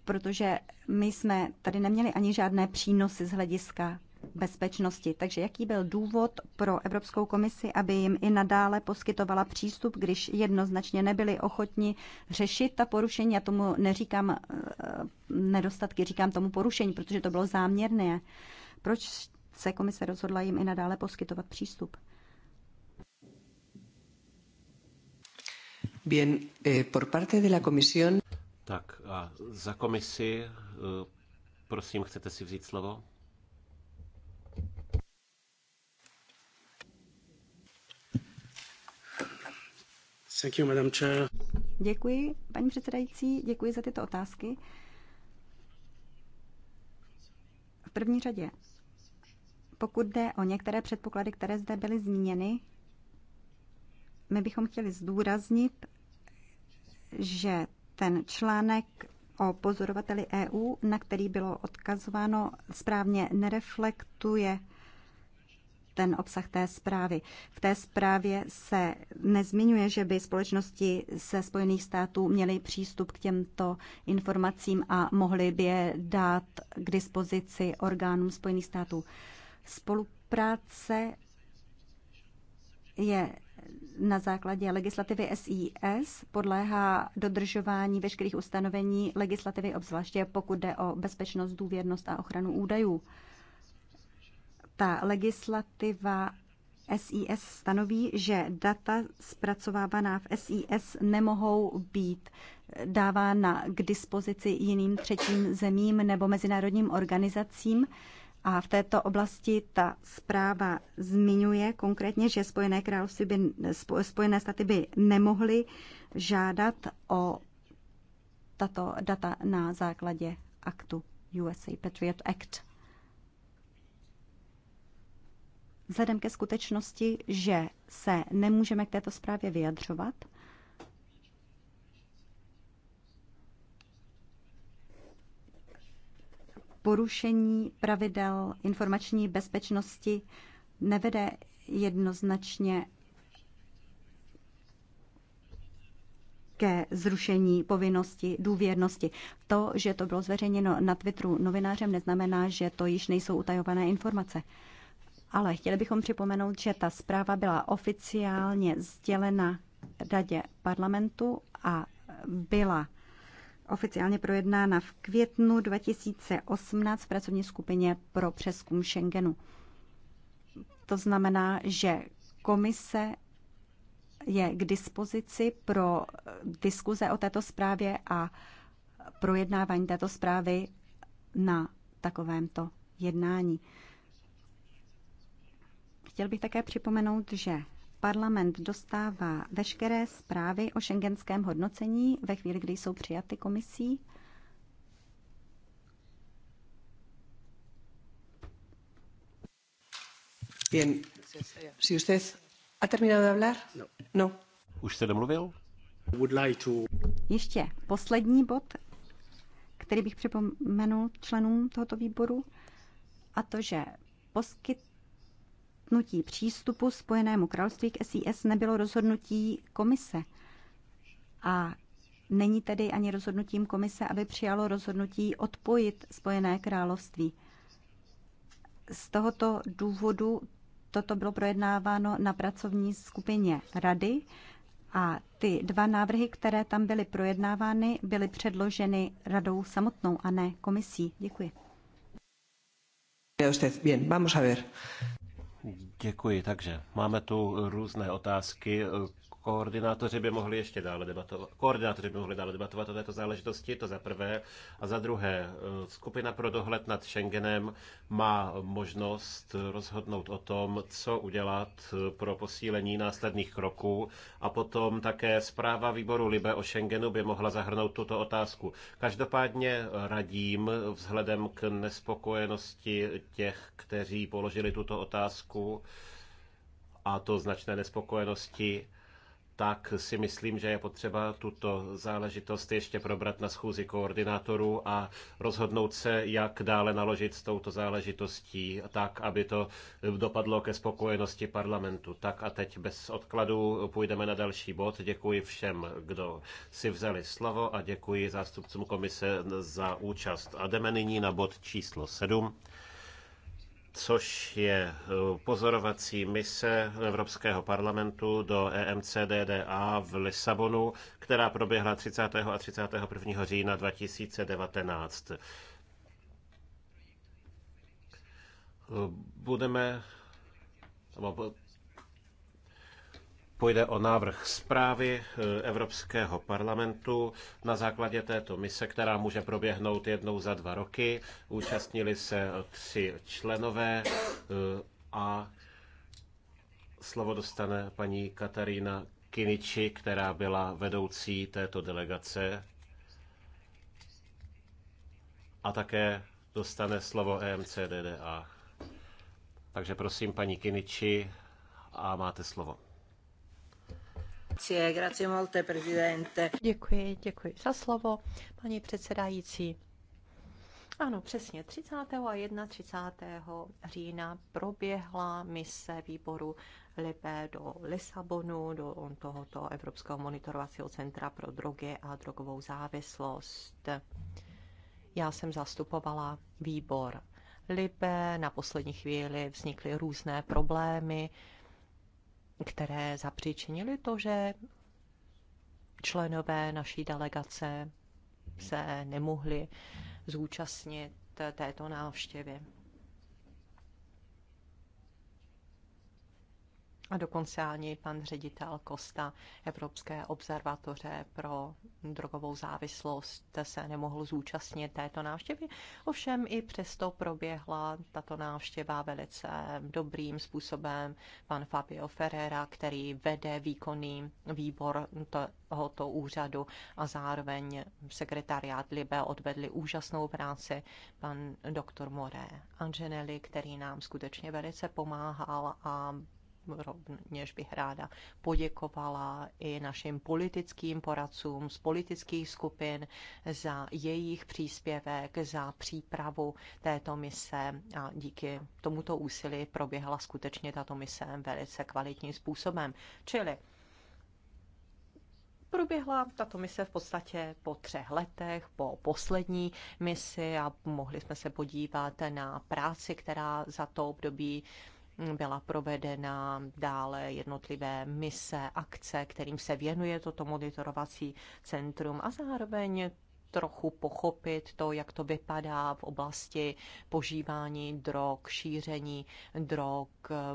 Protože my jsme tady neměli ani žádné přínosy z hlediska bezpečnosti. Takže jaký byl důvod pro Evropskou komisi, aby jim i nadále poskytovala přístup, když jednoznačně nebyli ochotni řešit ta porušení? Já tomu neříkám eh, nedostatky, říkám tomu porušení, protože to bylo záměrné. Proč se komise rozhodla jim i nadále poskytovat přístup? Bien, eh, por parte de la comisión... Tak a za komisi, eh, prosím, chcete si vzít slovo? Thank you, Madam Chair. Děkuji, paní předsedající, děkuji za tyto otázky. V první řadě, pokud jde o některé předpoklady, které zde byly zmíněny, my bychom chtěli zdůraznit, že ten článek o pozorovateli EU, na který bylo odkazováno, správně nereflektuje ten obsah té zprávy. V té zprávě se nezmiňuje, že by společnosti se Spojených států měly přístup k těmto informacím a mohly by je dát k dispozici orgánům Spojených států. Spolupráce je na základě legislativy SIS podléhá dodržování veškerých ustanovení legislativy, obzvláště pokud jde o bezpečnost, důvěrnost a ochranu údajů ta legislativa SIS stanoví, že data zpracovávaná v SIS nemohou být dávána k dispozici jiným třetím zemím nebo mezinárodním organizacím. A v této oblasti ta zpráva zmiňuje konkrétně, že Spojené království by, Spojené státy by nemohly žádat o tato data na základě aktu USA Patriot Act. Vzhledem ke skutečnosti, že se nemůžeme k této zprávě vyjadřovat, porušení pravidel informační bezpečnosti nevede jednoznačně ke zrušení povinnosti důvěrnosti. To, že to bylo zveřejněno na Twitteru novinářem, neznamená, že to již nejsou utajované informace ale chtěli bychom připomenout, že ta zpráva byla oficiálně sdělena radě parlamentu a byla oficiálně projednána v květnu 2018 v pracovní skupině pro přeskum Schengenu. To znamená, že komise je k dispozici pro diskuze o této zprávě a projednávání této zprávy na takovémto jednání. Chtěl bych také připomenout, že parlament dostává veškeré zprávy o šengenském hodnocení ve chvíli, kdy jsou přijaty komisí. Bien. Si usted ha terminado de hablar? No. no. Už se domluvil? Would like to... Ještě poslední bod, který bych připomenul členům tohoto výboru, a to, že poskyt poskytnutí přístupu Spojenému království k SIS nebylo rozhodnutí komise. A není tedy ani rozhodnutím komise, aby přijalo rozhodnutí odpojit Spojené království. Z tohoto důvodu toto bylo projednáváno na pracovní skupině rady a ty dva návrhy, které tam byly projednávány, byly předloženy radou samotnou a ne komisí. Děkuji. Bien, vamos a ver. Děkuji. Takže máme tu různé otázky koordinátoři by mohli ještě dále debatovat, koordinátoři by mohli dále debatovat o této záležitosti, to za prvé. A za druhé, eh, skupina pro dohled nad Schengenem má možnost rozhodnout o tom, co udělat eh, pro posílení následných kroků a potom také zpráva výboru Libe o Schengenu by mohla zahrnout tuto otázku. Každopádně radím vzhledem k nespokojenosti těch, kteří položili tuto otázku, a to značné nespokojenosti, tak si myslím, že je potřeba tuto záležitost ještě probrat na schůzi koordinátorů a rozhodnout se, jak dále naložit s touto záležitostí, tak, aby to dopadlo ke spokojenosti parlamentu. Tak a teď bez odkladu půjdeme na další bod. Děkuji všem, kdo si vzali slovo a děkuji zástupcům komise za účast. A jdeme nyní na bod číslo 7 což je eh, pozorovací mise Evropského parlamentu do EMCDDA v Lisabonu, která proběhla 30. a 31. října 2019. Eh, budeme Půjde o návrh zprávy eh, Evropského parlamentu na základě této mise, která může proběhnout jednou za dva roky. Účastnili se tři členové eh, a slovo dostane paní Katarína Kiniči, která byla vedoucí této delegace. A také dostane slovo EMCDDA. Takže prosím, paní Kiniči, a máte slovo. Děkuji, děkuji za slovo, paní předsedající. Ano, přesně 30. a 31. října proběhla mise výboru Lipé do Lisabonu, do tohoto Evropského monitorovacího centra pro drogy a drogovou závislost. Já jsem zastupovala výbor Lipé, na poslední chvíli vznikly různé problémy, které zapříčinily to, že členové naší delegace se nemohli zúčastnit této návštěvy. a dokonce ani pan ředitel Kosta Evropské observatoře pro drogovou závislost se nemohl zúčastnit této návštěvy. Ovšem i přesto proběhla tato návštěva velice dobrým způsobem. Pan Fabio Ferrera, který vede výkonný výbor tohoto úřadu a zároveň sekretariát Libe odvedli úžasnou práci pan doktor More Angenelli, který nám skutečně velice pomáhal a Rovněž bych ráda poděkovala i našim politickým poradcům z politických skupin za jejich příspěvek, za přípravu této mise a díky tomuto úsilí proběhla skutečně tato mise velice kvalitním způsobem. Čili proběhla tato mise v podstatě po třech letech, po poslední misi a mohli jsme se podívat na práci, která za to období byla provedena, dále jednotlivé mise, akce, kterým se věnuje toto monitorovací centrum a zároveň trochu pochopit to, jak to vypadá v oblasti požívání drog, šíření drog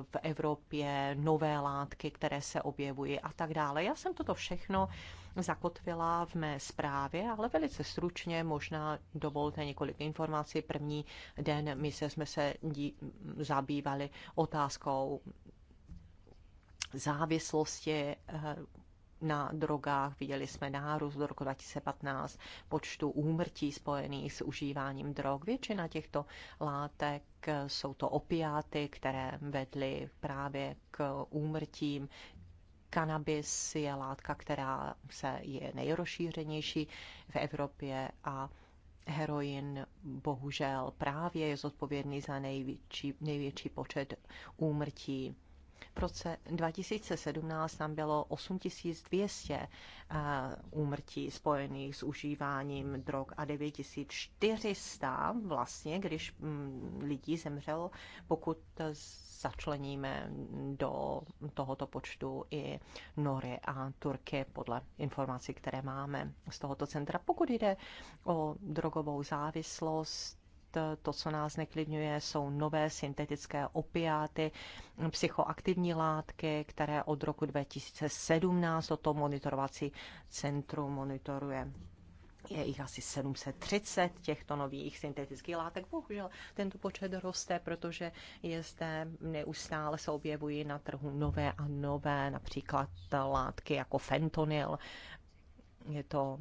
v Evropě, nové látky, které se objevují a tak dále. Já jsem toto všechno zakotvila v mé zprávě, ale velice stručně možná dovolte několik informací. První den my se jsme se dí, zabývali otázkou závislosti eh, na drogách. Viděli jsme nárůst do roku 2015 počtu úmrtí spojených s užíváním drog. Většina těchto látek eh, jsou to opiáty, které vedly právě k úmrtím Kanabis je látka, která se je nejrozšířenější v Evropě a heroin bohužel právě je zodpovědný za největší, největší počet úmrtí. V roce 2017 tam bylo 8200 eh, úmrtí spojených s užíváním drog a 9400 vlastně, když mm, lidí zemřelo, pokud začleníme do tohoto počtu i Nory a Turky podle informací, které máme z tohoto centra. Pokud jde o drogovou závislost, to, co nás neklidňuje, jsou nové syntetické opiáty, psychoaktivní látky, které od roku 2017 toto monitorovací centrum monitoruje je jich asi 730 těchto nových syntetických látek. Bohužel tento počet roste, protože je zde neustále se objevují na trhu nové a nové, například látky jako fentanyl. Je to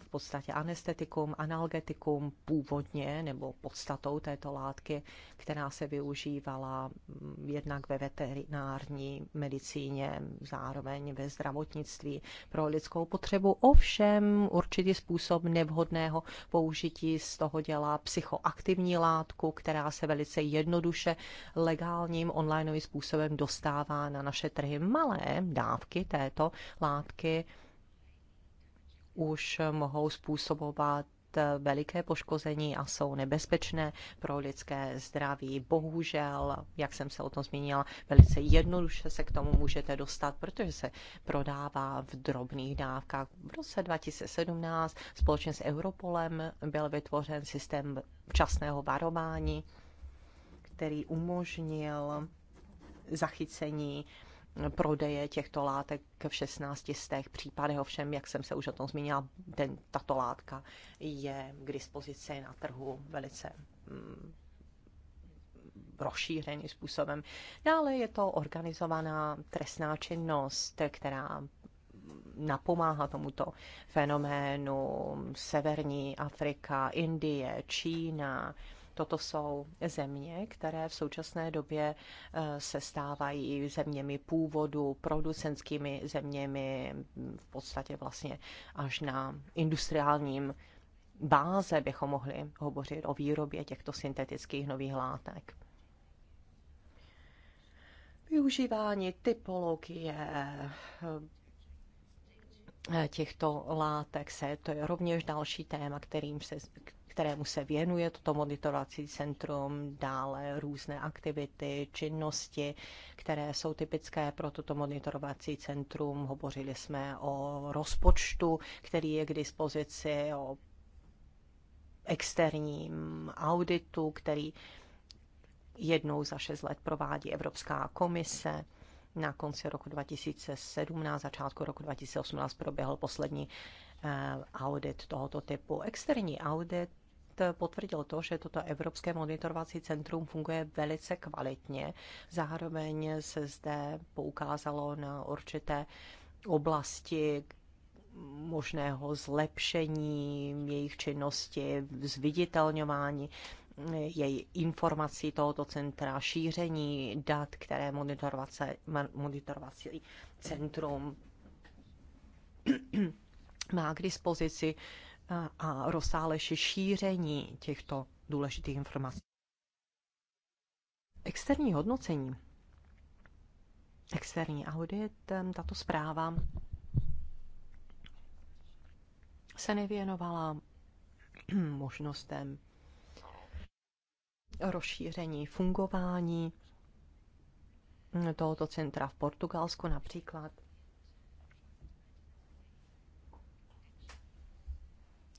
v podstatě anestetikum, analgetikum původně nebo podstatou této látky, která se využívala mm, jednak ve veterinární medicíně, zároveň ve zdravotnictví pro lidskou potřebu. Ovšem určitý způsob nevhodného použití z toho dělá psychoaktivní látku, která se velice jednoduše legálním onlineovým způsobem dostává na naše trhy. Malé dávky této látky už mohou způsobovat veliké poškození a jsou nebezpečné pro lidské zdraví. Bohužel, jak jsem se o tom zmínila, velice jednoduše se k tomu můžete dostat, protože se prodává v drobných dávkách. V roce 2017 společně s Europolem byl vytvořen systém včasného varování, který umožnil zachycení prodeje těchto látek v 16 z těch případech. Ovšem, jak jsem se už o tom zmínila, ten, tato látka je k dispozici na trhu velice mm, rozšířeným způsobem. Dále je to organizovaná trestná činnost, která napomáhá tomuto fenoménu Severní Afrika, Indie, Čína, Toto jsou země, které v současné době eh, se stávají zeměmi původu, producenskými zeměmi, v podstatě vlastně až na industriálním báze bychom mohli hovořit o výrobě těchto syntetických nových látek. Využívání typologie, Eh, těchto látek se, to je rovněž další téma, kterým se, kterému se věnuje toto monitorací centrum, dále různé aktivity, činnosti, které jsou typické pro toto monitorovací centrum. Hovořili jsme o rozpočtu, který je k dispozici, o externím auditu, který jednou za šest let provádí Evropská komise. Na konci roku 2017, začátku roku 2018 proběhl poslední eh, audit tohoto typu. Externí audit potvrdil to, že toto Evropské monitorovací centrum funguje velice kvalitně. Zároveň se zde poukázalo na určité oblasti možného zlepšení jejich činnosti, zviditelňování její informací tohoto centra, šíření dat, které monitorovací centrum má k dispozici a, a šíření těchto důležitých informací. Externí hodnocení, externí audit, tato zpráva se nevěnovala možnostem rozšíření fungování tohoto centra v Portugalsku například.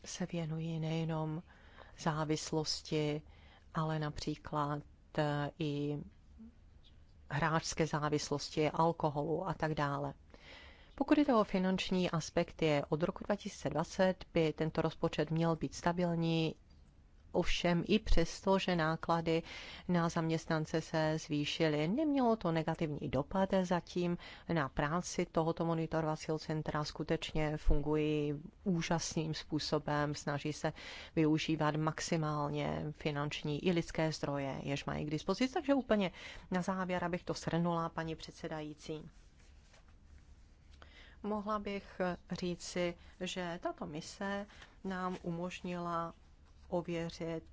se věnují nejenom závislosti, ale například eh, i hráčské závislosti, alkoholu a tak dále. Pokud jde o finanční aspekty, od roku 2020 by tento rozpočet měl být stabilní ovšem i přesto, že náklady na zaměstnance se zvýšily. Nemělo to negativní dopad zatím na práci tohoto monitorovacího centra. Skutečně fungují úžasným způsobem, snaží se využívat maximálně finanční i lidské zdroje, jež mají k dispozici. Takže úplně na závěr, abych to shrnula, paní předsedající mohla bych říci, že tato mise nám umožnila ověřit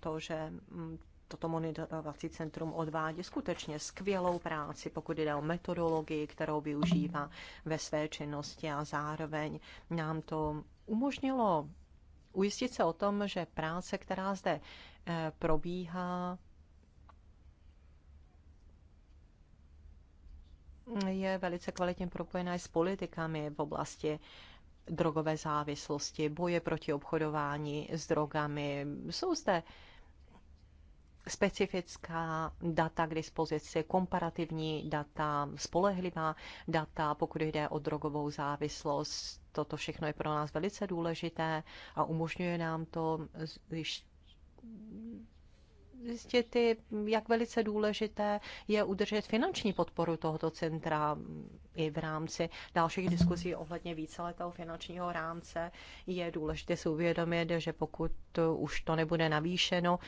to, že mm, toto monitorovací centrum odvádí skutečně skvělou práci, pokud jde o metodologii, kterou využívá ve své činnosti a zároveň nám to umožnilo ujistit se o tom, že práce, která zde eh, probíhá, je velice kvalitně propojená s politikami v oblasti drogové závislosti, boje proti obchodování s drogami. Jsou zde specifická data k dispozici, komparativní data, spolehlivá data, pokud jde o drogovou závislost. Toto všechno je pro nás velice důležité a umožňuje nám to když zjistit, jak velice důležité je udržet finanční podporu tohoto centra i v rámci dalších diskuzí ohledně víceletého finančního rámce. Je důležité si uvědomit, že pokud už to nebude navýšeno,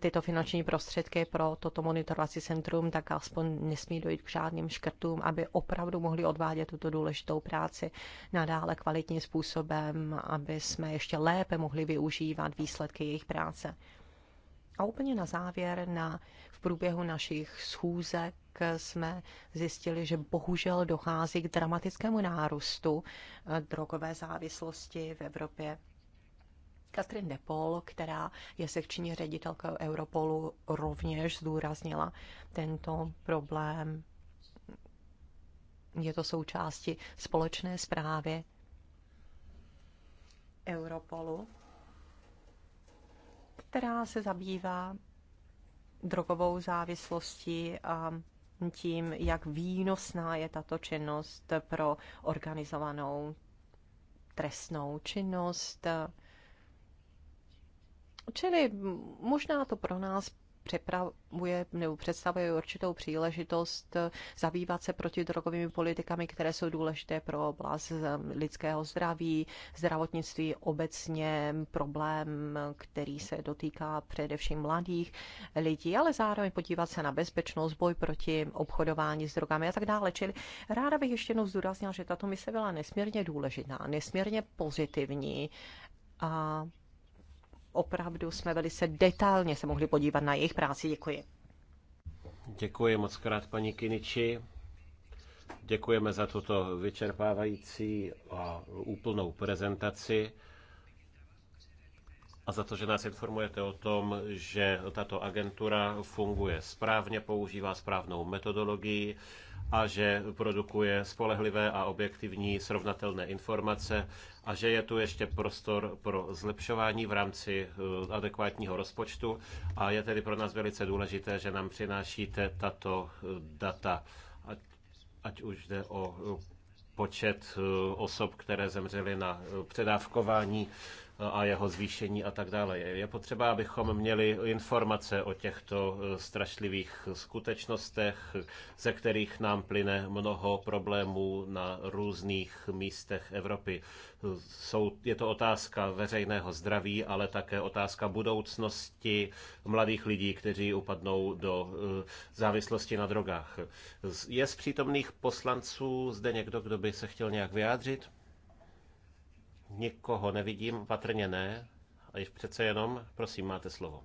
tyto finanční prostředky pro toto monitorovací centrum, tak aspoň nesmí dojít k žádným škrtům, aby opravdu mohli odvádět tuto důležitou práci nadále kvalitním způsobem, aby jsme ještě lépe mohli využívat výsledky jejich práce. A úplně na závěr, na, v průběhu našich schůzek jsme zjistili, že bohužel dochází k dramatickému nárůstu eh, drogové závislosti v Evropě. Katrin Depol, která je sekční ředitelkou Europolu, rovněž zdůraznila tento problém. Je to součástí společné zprávy Europolu která se zabývá drogovou závislostí a tím, jak výnosná je tato činnost pro organizovanou trestnou činnost. Čili možná to pro nás připravuje nebo představuje určitou příležitost eh, zabývat se protidrogovými politikami, které jsou důležité pro oblast eh, lidského zdraví, zdravotnictví obecně, problém, který se dotýká především mladých lidí, ale zároveň podívat se na bezpečnost, boj proti obchodování s drogami a tak dále. Čili ráda bych ještě jednou zdůraznila, že tato mise byla nesmírně důležitá, nesmírně pozitivní a opravdu jsme velice detailně se mohli podívat na jejich práci. Děkuji. Děkuji moc krát, paní Kiniči. Děkujeme za tuto vyčerpávající a úplnou prezentaci a za to, že nás informujete o tom, že tato agentura funguje správně, používá správnou metodologii a že produkuje spolehlivé a objektivní srovnatelné informace a že je tu ještě prostor pro zlepšování v rámci eh, adekvátního rozpočtu a je tedy pro nás velice důležité, že nám přinášíte tato eh, data, ať, ať už jde o eh, počet osob, které zemřely na předávkování a jeho zvýšení a tak dále. Je potřeba, abychom měli informace o těchto eh, strašlivých skutečnostech, ze kterých nám plyne mnoho problémů na různých místech Evropy. Jsou, je to otázka veřejného zdraví, ale také otázka budoucnosti mladých lidí, kteří upadnou do eh, závislosti na drogách. Je z přítomných poslanců zde někdo, kdo by se chtěl nějak vyjádřit? Nikoho nevidím, patrně ne. A již přece jenom, prosím, máte slovo.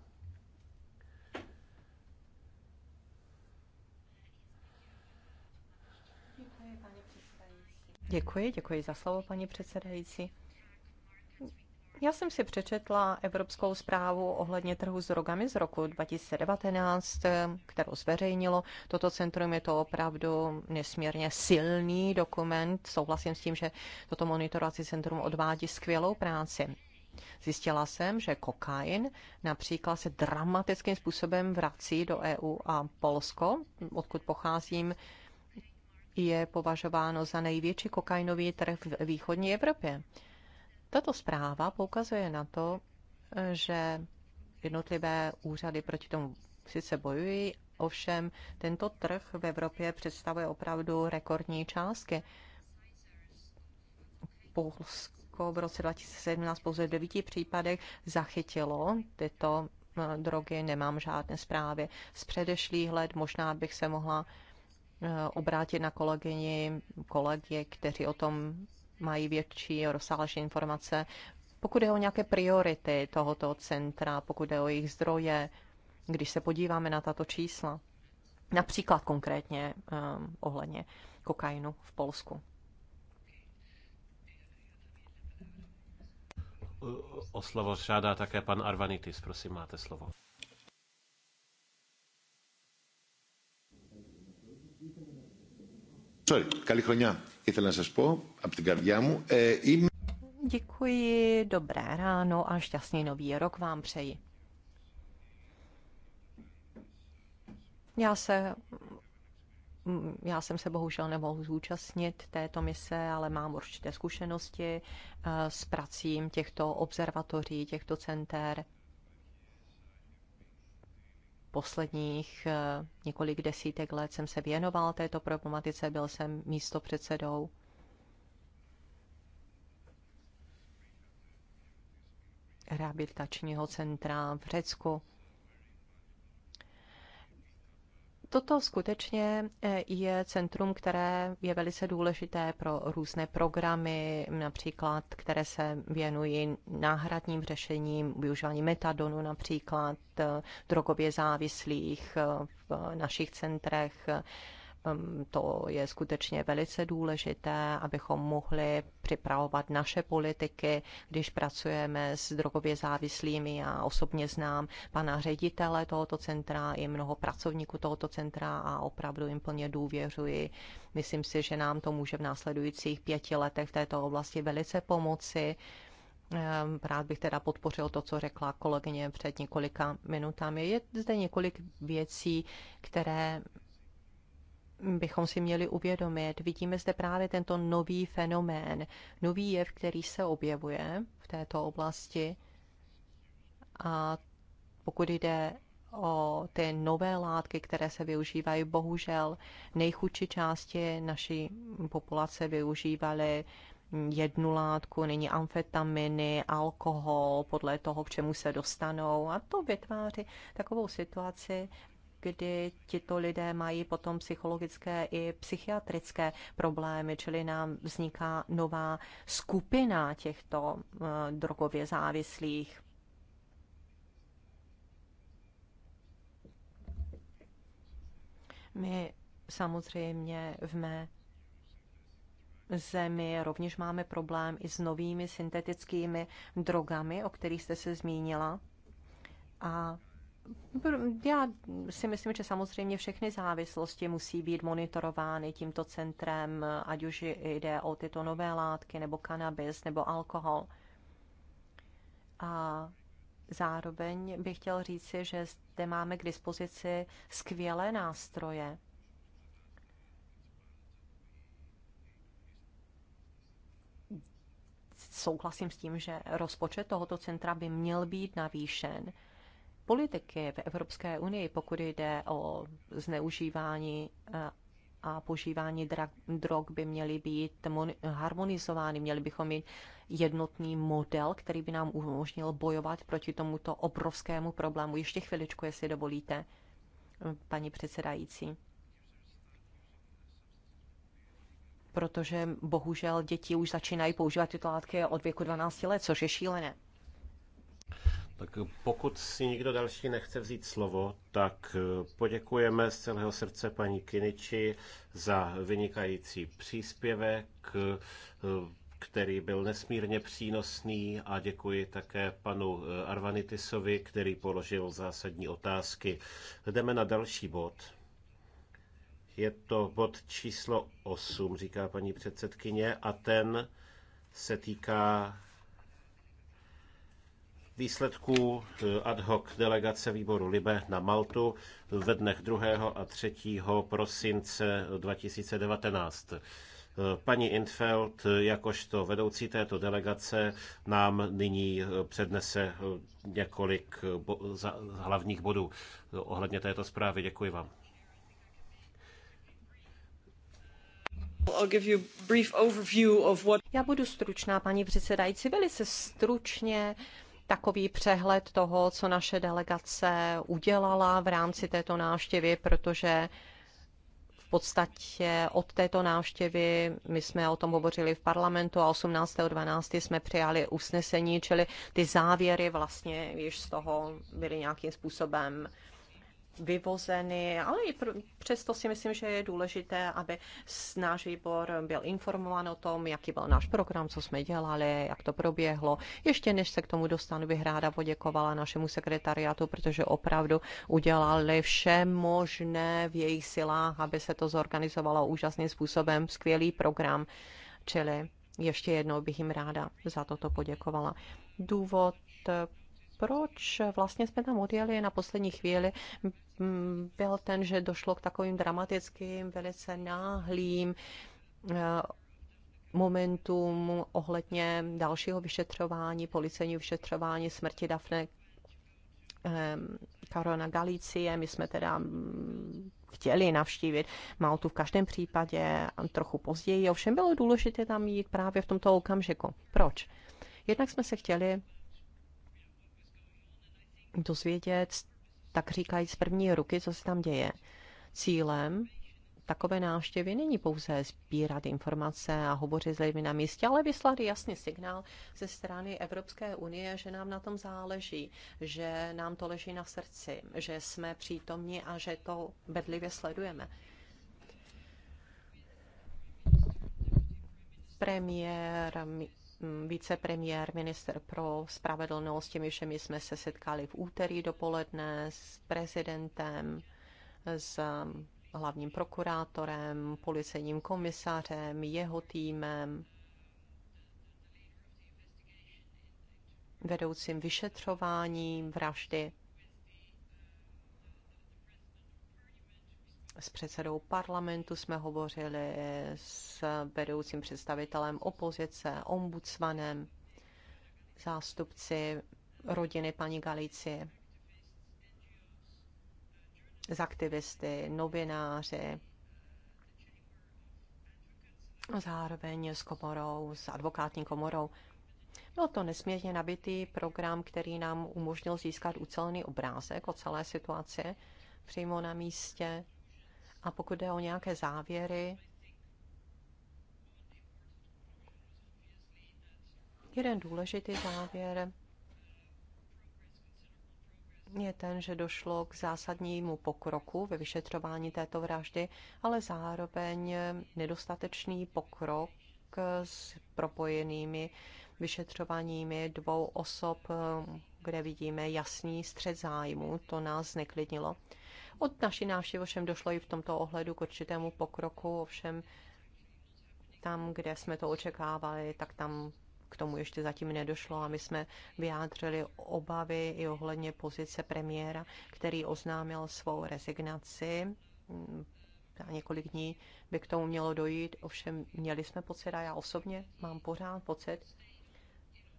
Děkuji, děkuji za slovo, paní předsedající. Já jsem si přečetla Evropskou zprávu ohledně trhu s drogami z roku 2019, kterou zveřejnilo. Toto centrum je to opravdu nesmírně silný dokument. Souhlasím s tím, že toto monitorací centrum odvádí skvělou práci. Zjistila jsem, že kokain například se dramatickým způsobem vrací do EU a Polsko, odkud pocházím, je považováno za největší kokainový trh v východní Evropě. Tato zpráva poukazuje na to, že jednotlivé úřady proti tomu sice bojují, ovšem tento trh v Evropě představuje opravdu rekordní částky. Polsko v roce 2017 pouze v devíti případech zachytilo tyto eh, drogy, nemám žádné zprávy z předešlých let, možná bych se mohla eh, obrátit na kolegyni, kolegy, kteří o tom mají větší rozsáhlejší informace. Pokud je o nějaké priority tohoto centra, pokud je o jejich zdroje, když se podíváme na tato čísla, například konkrétně um, ohledně kokainu v Polsku. O slovo žádá také pan Arvanitis. Prosím, máte slovo. Sorry, Kalichronia ήθελα να σας πω από την καρδιά μου. Ε, είμαι... Děkuji, dobré ráno a šťastný nový rok vám přeji. Já se já jsem se bohužel nemohl zúčastnit této mise, ale mám určité zkušenosti eh, s pracím těchto observatoří, těchto center posledních eh, několik desítek let jsem se věnoval této problematice, byl jsem místopředsedou rehabilitačního centra v Řecku. Toto skutečně e, je centrum, které je velice důležité pro různé programy, například, které se věnují náhradním řešením, využívání metadonu například, e, drogově závislých e, v našich centrech, to je skutečně velice důležité, abychom mohli připravovat naše politiky, když pracujeme s drogově závislými. Já osobně znám pana ředitele tohoto centra i mnoho pracovníků tohoto centra a opravdu jim plně důvěřuji. Myslím si, že nám to může v následujících pěti letech v této oblasti velice pomoci. Rád bych teda podpořil to, co řekla kolegyně před několika minutami. Je zde několik věcí, které bychom si měli uvědomit. Vidíme zde právě tento nový fenomén, nový jev, který se objevuje v této oblasti. A pokud jde o ty nové látky, které se využívají, bohužel nejchudší části naší populace využívaly jednu látku, nyní amfetaminy, alkohol, podle toho, k čemu se dostanou. A to vytváří takovou situaci, kdy tito lidé mají potom psychologické i psychiatrické problémy, čili nám vzniká nová skupina těchto eh, drogově závislých. My samozřejmě v mé zemi rovněž máme problém i s novými syntetickými drogami, o kterých jste se zmínila. A já si myslím, že samozřejmě všechny závislosti musí být monitorovány tímto centrem, ať už jde o tyto nové látky, nebo kanabis, nebo alkohol. A zároveň bych chtěl říci, že zde máme k dispozici skvělé nástroje. Souhlasím s tím, že rozpočet tohoto centra by měl být navýšen politiky v Evropské unii, pokud jde o zneužívání eh, a požívání drog by měly být harmonizovány. Měli bychom mít jednotný model, který by nám umožnil bojovat proti tomuto obrovskému problému. Ještě chviličku, jestli dovolíte, paní předsedající. Protože bohužel děti už začínají používat tyto látky od věku 12 let, což je šílené. Tak pokud si nikdo další nechce vzít slovo, tak eh, poděkujeme z celého srdce paní Kiniči za vynikající příspěvek, eh, který byl nesmírně přínosný a děkuji také panu eh, Arvanitisovi, který položil zásadní otázky. Jdeme na další bod. Je to bod číslo 8, říká paní předsedkyně, a ten se týká výsledků eh, ad hoc delegace výboru Libe na Maltu ve dnech 2. a 3. prosince 2019. Eh, paní Infeld, jakožto vedoucí této delegace, nám nyní eh, přednese několik hlavních bodů ohledně této zprávy. Děkuji vám. Já budu stručná, paní předsedající, velice stručně takový přehled toho, co naše delegace udělala v rámci této návštěvy, protože v podstatě od této návštěvy, my jsme o tom hovořili v parlamentu a 18. 12. jsme přijali usnesení, čili ty závěry vlastně již z toho byly nějakým způsobem vyvozeny, ale i přesto si myslím, že je důležité, aby náš výbor byl informován o tom, jaký byl náš program, co jsme dělali, jak to proběhlo. Ještě než se k tomu dostanu, bych ráda poděkovala našemu sekretariátu, protože opravdu udělali vše možné v jejich silách, aby se to zorganizovalo úžasným způsobem, skvělý program. Čili ještě jednou bych jim ráda za toto poděkovala. Důvod, proč vlastně jsme tam odjeli na poslední chvíli, byl ten, že došlo k takovým dramatickým, velice náhlým eh, momentům ohledně dalšího vyšetřování, policejního vyšetřování smrti Dafne eh, Karona Galicie. My jsme teda mm, chtěli navštívit Maltu v každém případě trochu později. Ovšem bylo důležité tam jít právě v tomto okamžiku. Proč? Jednak jsme se chtěli dozvědět, tak říkají z první ruky, co se tam děje. Cílem takové návštěvy není pouze sbírat informace a hovořit s lidmi na místě, ale vyslat jasný signál ze strany Evropské unie, že nám na tom záleží, že nám to leží na srdci, že jsme přítomní a že to bedlivě sledujeme. Premiér Mm, vicepremiér, minister pro spravedlnost, těmi všemi jsme se setkali v úterý dopoledne s prezidentem, s mm, hlavním prokurátorem, policejním komisařem, jeho týmem, vedoucím vyšetřování vraždy s předsedou parlamentu jsme hovořili, s vedoucím představitelem opozice, ombudsmanem, zástupci rodiny paní Galici, s aktivisty, novináři, zároveň s komorou, s advokátní komorou. Byl to nesmírně nabitý program, který nám umožnil získat ucelený obrázek o celé situaci přímo na místě. A pokud jde o nějaké závěry, jeden důležitý závěr je ten, že došlo k zásadnímu pokroku ve vyšetřování této vraždy, ale zároveň nedostatečný pokrok s propojenými vyšetřováními dvou osob, kde vidíme jasný střed zájmu. To nás zneklidnilo. Od naší návštěvy ovšem došlo i v tomto ohledu k určitému pokroku, ovšem tam, kde jsme to očekávali, tak tam k tomu ještě zatím nedošlo a my jsme vyjádřili obavy i ohledně pozice premiéra, který oznámil svou rezignaci. A několik dní by k tomu mělo dojít, ovšem měli jsme pocit a já osobně mám pořád pocit,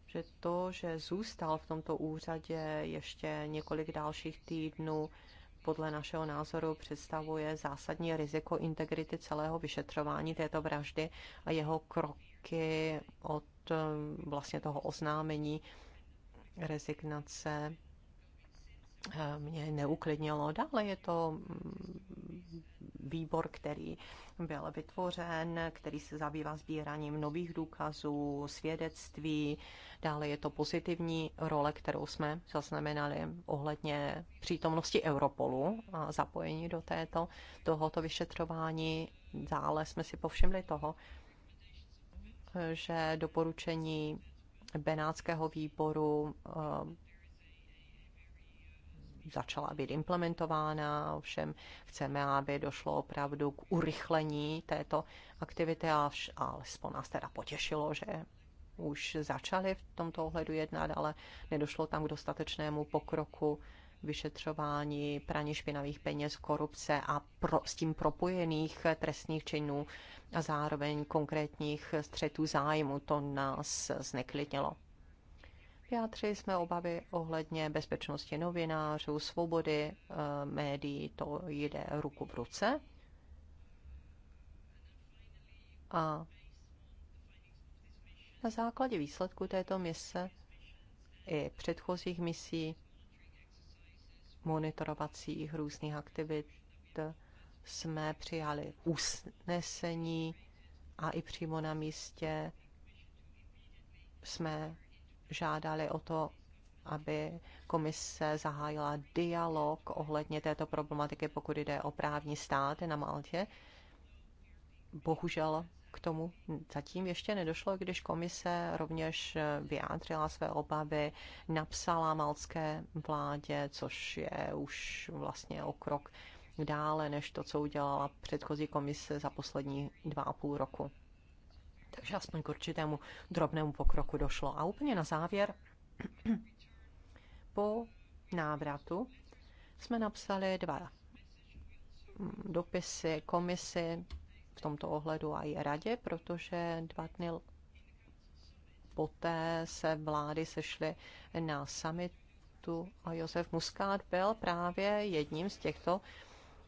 že to, že zůstal v tomto úřadě ještě několik dalších týdnů, podle našeho názoru představuje zásadní riziko integrity celého vyšetřování této vraždy a jeho kroky od eh, vlastně toho oznámení rezignace eh, mě neuklidnilo. Dále je to mm, výbor, který byl vytvořen, který se zabývá sbíráním nových důkazů, svědectví. Dále je to pozitivní role, kterou jsme zaznamenali ohledně přítomnosti Europolu a zapojení do této, tohoto vyšetřování. Dále jsme si povšimli toho, že doporučení Benátského výboru začala být implementována, ovšem chceme, aby došlo opravdu k urychlení této aktivity a vš- alespoň nás teda potěšilo, že už začali v tomto ohledu jednat, ale nedošlo tam k dostatečnému pokroku vyšetřování praní špinavých peněz, korupce a pro, s tím propojených trestných činů a zároveň konkrétních střetů zájmu. To nás zneklidnilo psychiatři jsme obavy ohledně bezpečnosti novinářů, svobody eh, médií, to jde ruku v ruce. A na základě výsledku této mise i předchozích misí monitorovacích různých aktivit jsme přijali usnesení a i přímo na místě jsme žádali o to, aby komise zahájila dialog ohledně této problematiky, pokud jde o právní stát na Maltě. Bohužel k tomu zatím ještě nedošlo, když komise rovněž vyjádřila své obavy, napsala malské vládě, což je už vlastně o krok dále, než to, co udělala předchozí komise za poslední dva a půl roku. Takže aspoň k určitému drobnému pokroku došlo. A úplně na závěr, po návratu jsme napsali dva dopisy komisi v tomto ohledu a i radě, protože dva dny poté se vlády sešly na summitu a Josef Muskát byl právě jedním z těchto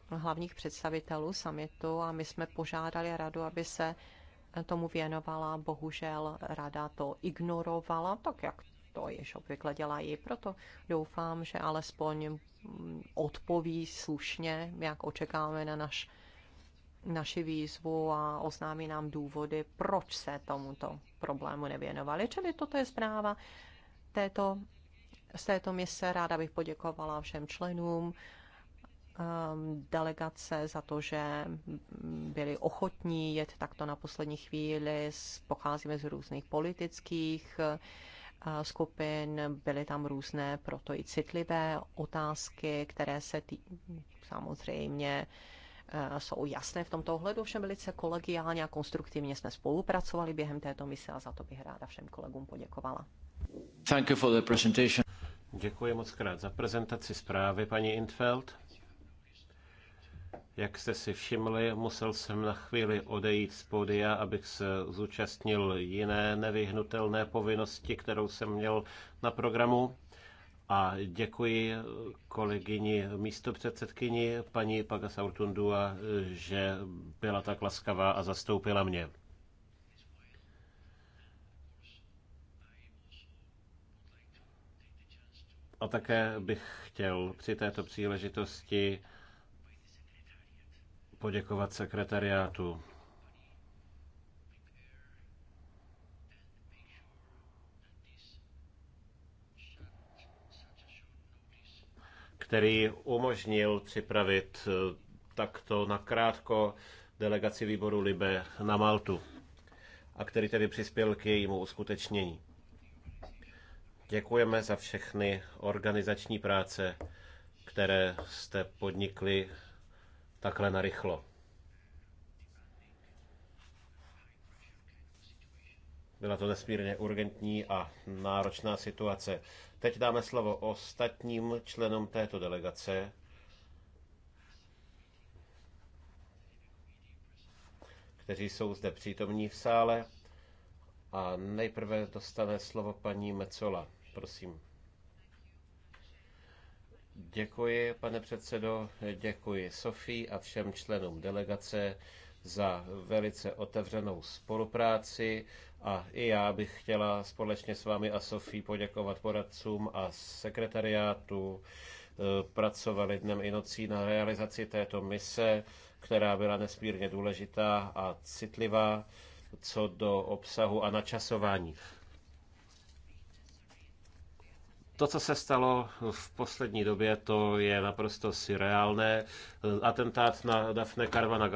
hlavních představitelů summitu a my jsme požádali radu, aby se tomu věnovala, bohužel rada to ignorovala, tak jak to již obvykle dělají. Proto doufám, že alespoň mm, odpoví slušně, jak očekáváme na naš, naši výzvu a oznámí nám důvody, proč se tomuto problému nevěnovali. Čili toto je zpráva této, z této mise. Ráda bych poděkovala všem členům Um, delegace za to, že byli ochotní jet takto na poslední chvíli. Pocházíme z různých politických uh, skupin, byly tam různé, proto i citlivé otázky, které se tý, samozřejmě uh, jsou jasné v tomto ohledu, všem velice kolegiálně a konstruktivně jsme spolupracovali během této mise a za to bych ráda všem kolegům poděkovala. Thank you for the presentation. Děkuji moc krát za prezentaci zprávy, paní Intfeld. Jak jste si všimli, musel jsem na chvíli odejít z podia, abych se zúčastnil jiné nevyhnutelné povinnosti, kterou jsem měl na programu. A děkuji kolegyni místopředsedkyni paní Pagasaurtundua, že byla tak laskavá a zastoupila mě. A také bych chtěl při této příležitosti poděkovat sekretariátu. který umožnil připravit eh, takto nakrátko delegaci výboru Libe na Maltu a který tedy přispěl k jejímu uskutečnění. Děkujeme za všechny organizační práce, které jste podnikli takhle narychlo. Byla to nesmírně urgentní a náročná situace. Teď dáme slovo ostatním členům této delegace. kteří jsou zde přítomní v sále. A nejprve dostane slovo paní Mecola. Prosím. Děkuji, pane předsedo, děkuji Sofii a všem členům delegace za velice otevřenou spolupráci a i já bych chtěla společně s vámi a Sofí poděkovat poradcům a sekretariátu. Eh, pracovali dnem i nocí na realizaci této mise, která byla nesmírně důležitá a citlivá co do obsahu a načasování. To, co se stalo v poslední době, to je naprosto surreálné. Atentát na Dafne na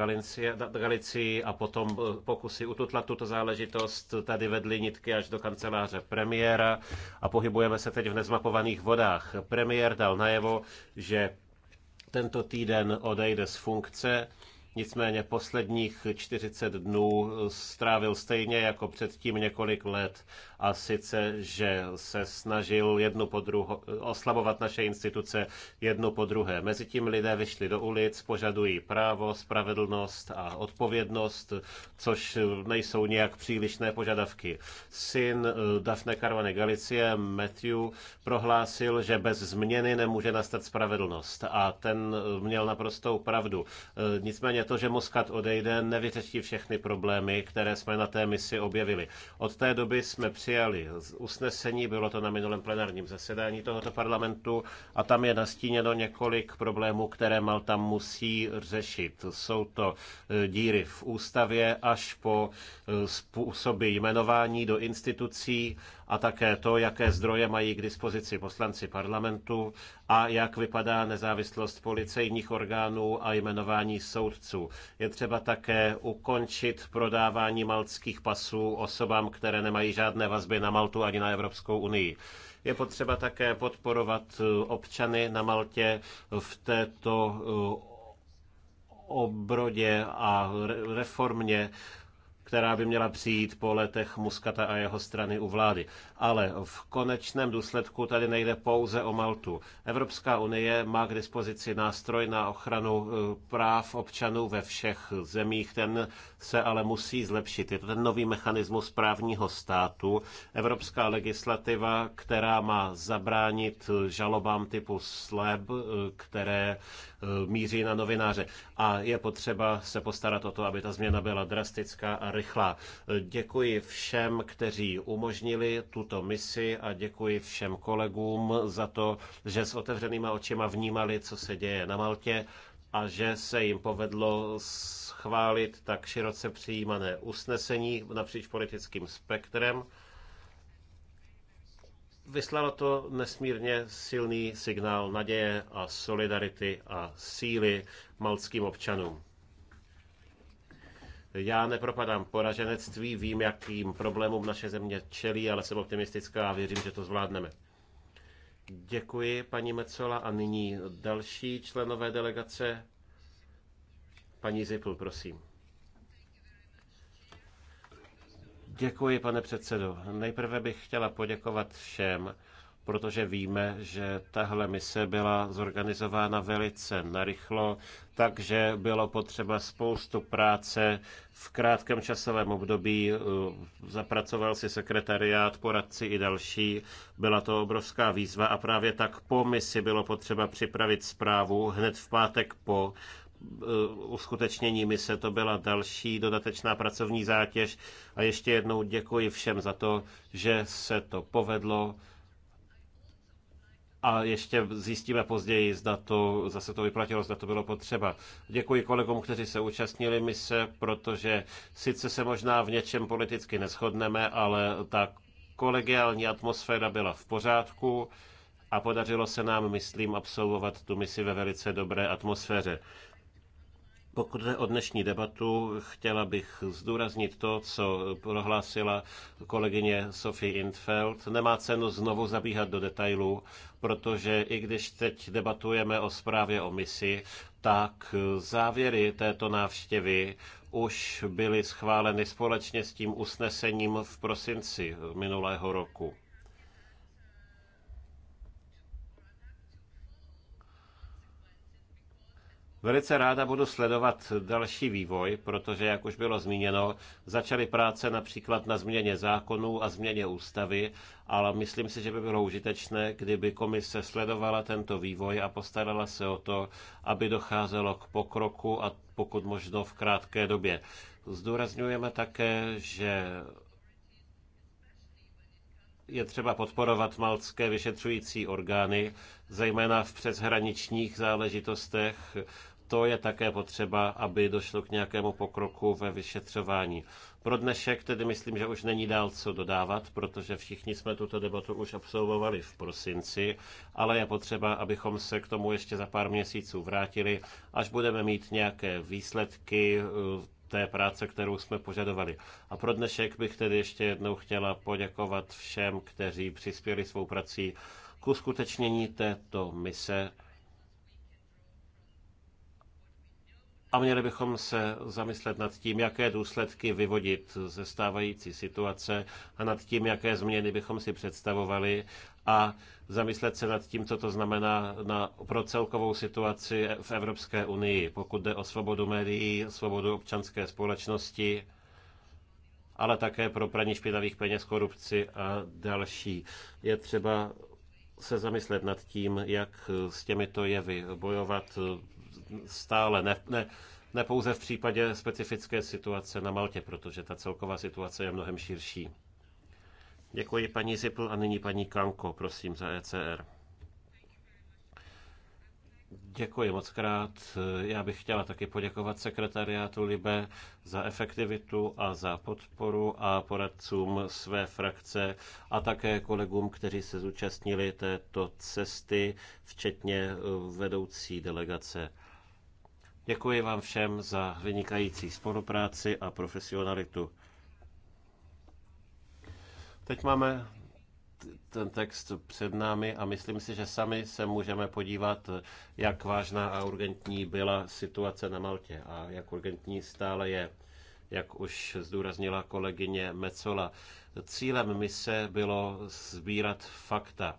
Galicii a potom eh, pokusy ututlat tuto záležitost tady vedly nitky až do kanceláře premiéra a pohybujeme se teď v nezmapovaných vodách. Premiér dal najevo, že tento týden odejde z funkce. Nicméně posledních 40 dnů strávil stejně jako předtím několik let a sice, že se snažil jednu po druho, oslabovat naše instituce jednu po druhé. Mezitím lidé vyšli do ulic, požadují právo, spravedlnost a odpovědnost, což nejsou nějak přílišné požadavky. Syn eh, Dafne Karvany Galicie, Matthew, prohlásil, že bez změny nemůže nastat spravedlnost a ten eh, měl naprostou pravdu. Eh, nicméně to, že Moskat odejde, nevyřeší všechny problémy, které jsme na té misi objevili. Od té doby jsme při přijali usnesení, bylo to na minulém plenárním zasedání tohoto parlamentu a tam je nastíněno několik problémů, které Malta musí řešit. Jsou to e, díry v ústavě až po e, způsoby jmenování do institucí a také to, jaké zdroje mají k dispozici poslanci parlamentu a jak vypadá nezávislost policejních orgánů a jmenování soudců. Je třeba také ukončit prodávání maltských pasů osobám, které nemají žádné vazby na Maltu ani na Evropskou unii je potřeba také podporovat eh, občany na Maltě v této eh, obrodě a reformě která by měla přijít po letech Muskata a jeho strany u vlády. Ale v konečném důsledku tady nejde pouze o Maltu. Evropská unie má k dispozici nástroj na ochranu eh, práv občanů ve všech zemích. Ten se ale musí zlepšit. Je to ten nový mechanismus právního státu, evropská legislativa, která má zabránit žalobám typu SLEB, eh, které Eh, míří na novináře. A je potřeba se postarat o to, aby ta změna byla drastická a rychlá. Eh, děkuji všem, kteří umožnili tuto misi a děkuji všem kolegům za to, že s otevřenýma očima vnímali, co se děje na Maltě a že se jim povedlo schválit tak široce přijímané usnesení napříč politickým spektrem. Vyslalo to nesmírně silný signál naděje a solidarity a síly malckým občanům. Já nepropadám poraženectví, vím, jakým problémům naše země čelí, ale jsem optimistická a věřím, že to zvládneme. Děkuji, paní Mecola. A nyní další členové delegace. Paní Zipl, prosím. Děkuji, pane předsedo. Nejprve bych chtěla poděkovat všem, protože víme, že tahle mise byla zorganizována velice narychlo, takže bylo potřeba spoustu práce v krátkém časovém období. Zapracoval si sekretariát, poradci i další. Byla to obrovská výzva a právě tak po misi bylo potřeba připravit zprávu hned v pátek po Eh, uskutečnění mise. To byla další dodatečná pracovní zátěž. A ještě jednou děkuji všem za to, že se to povedlo. A ještě zjistíme později, zda to zase to vyplatilo, zda to bylo potřeba. Děkuji kolegům, kteří se účastnili mise, protože sice se možná v něčem politicky neschodneme, ale ta kolegiální atmosféra byla v pořádku a podařilo se nám, myslím, absolvovat tu misi ve velice dobré atmosféře. Pokud jde o dnešní debatu, chtěla bych zdůraznit to, co prohlásila kolegyně Sophie Intfeld. Nemá cenu znovu zabíhat do detailů, protože i když teď debatujeme o zprávě o misi, tak závěry této návštěvy už byly schváleny společně s tím usnesením v prosinci minulého roku. Velice ráda budu sledovat další vývoj, protože, jak už bylo zmíněno, začaly práce například na změně zákonů a změně ústavy, ale myslím si, že by bylo užitečné, kdyby komise sledovala tento vývoj a postarala se o to, aby docházelo k pokroku a pokud možno v krátké době. Zdůrazňujeme také, že je třeba podporovat maltské vyšetřující orgány, zejména v přeshraničních záležitostech, to je také potřeba, aby došlo k nějakému pokroku ve vyšetřování. Pro dnešek tedy myslím, že už není dál co dodávat, protože všichni jsme tuto debatu už absolvovali v prosinci, ale je potřeba, abychom se k tomu ještě za pár měsíců vrátili, až budeme mít nějaké výsledky eh, té práce, kterou jsme požadovali. A pro dnešek bych tedy ještě jednou chtěla poděkovat všem, kteří přispěli svou prací k uskutečnění této mise a měli bychom se zamyslet nad tím, jaké důsledky vyvodit ze stávající situace a nad tím, jaké změny bychom si představovali a zamyslet se nad tím, co to znamená na, pro celkovou situaci v Evropské unii, pokud jde o svobodu médií, svobodu občanské společnosti, ale také pro praní špinavých peněz, korupci a další. Je třeba se zamyslet nad tím, jak s těmito jevy bojovat stále, ne, ne, ne pouze v případě specifické situace na Maltě, protože ta celková situace je mnohem širší. Děkuji paní Zipl a nyní paní Kanko, prosím, za ECR. Děkuji moc krát. Já bych chtěla taky poděkovat sekretariátu Libe za efektivitu a za podporu a poradcům své frakce a také kolegům, kteří se zúčastnili této cesty, včetně vedoucí delegace. Děkuji vám všem za vynikající spolupráci a profesionalitu. Teď máme ten text před námi a myslím si, že sami se můžeme podívat, jak vážná a urgentní byla situace na Maltě a jak urgentní stále je, jak už zdůraznila kolegyně Mecola. Cílem mise bylo sbírat fakta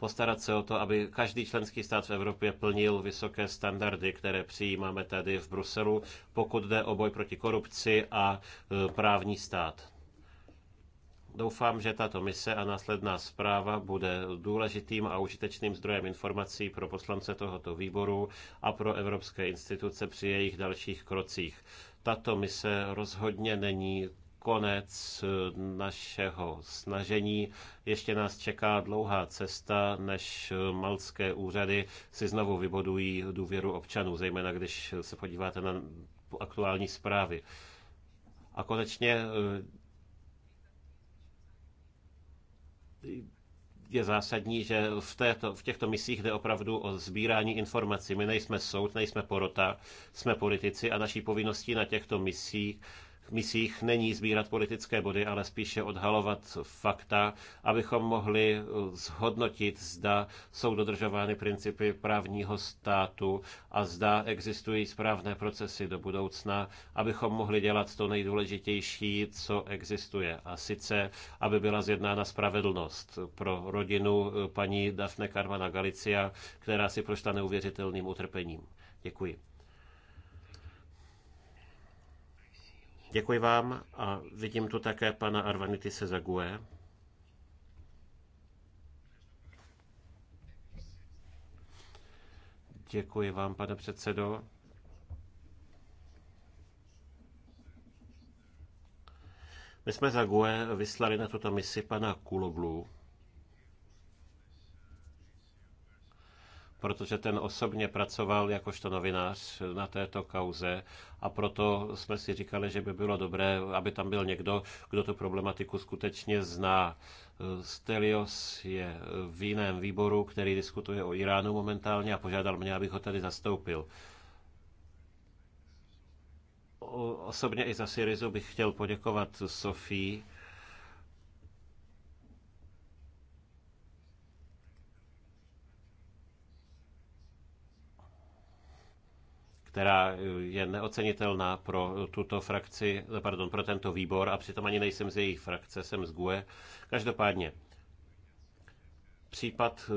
postarat se o to, aby každý členský stát v Evropě plnil vysoké standardy, které přijímáme tady v Bruselu, pokud jde o boj proti korupci a e, právní stát. Doufám, že tato mise a následná zpráva bude důležitým a užitečným zdrojem informací pro poslance tohoto výboru a pro evropské instituce při jejich dalších krocích. Tato mise rozhodně není konec eh, našeho snažení. Ještě nás čeká dlouhá cesta, než eh, malské úřady si znovu vybodují důvěru občanů, zejména když se podíváte na aktuální zprávy. A konečně eh, je zásadní, že v, této, v těchto misích jde opravdu o sbírání informací. My nejsme soud, nejsme porota, jsme politici a naší povinností na těchto misích misích není sbírat politické body, ale spíše odhalovat fakta, abychom mohli eh, zhodnotit, zda jsou dodržovány principy právního státu a zda existují správné procesy do budoucna, abychom mohli dělat to nejdůležitější, co existuje. A sice, aby byla zjednána spravedlnost pro rodinu eh, paní Dafne Karmana Galicia, která si prošla neuvěřitelným utrpením. Děkuji. Děkuji vám a vidím tu také pana Arvanity Sezague. Děkuji vám, pane předsedo. My jsme za GUE vyslali na tuto misi pana Kuloglu, protože ten osobně pracoval jakožto novinář na této kauze a proto jsme si říkali, že by bylo dobré, aby tam byl někdo, kdo tu problematiku skutečně zná. Stelios je v jiném výboru, který diskutuje o Iránu momentálně a požádal mě, abych ho tady zastoupil. Osobně i za Syrizu bych chtěl poděkovat Sofii, která eh, je neocenitelná pro tuto frakci, pardon, pro tento výbor a přitom ani nejsem z jejich frakce, jsem z GUE. Každopádně, případ eh,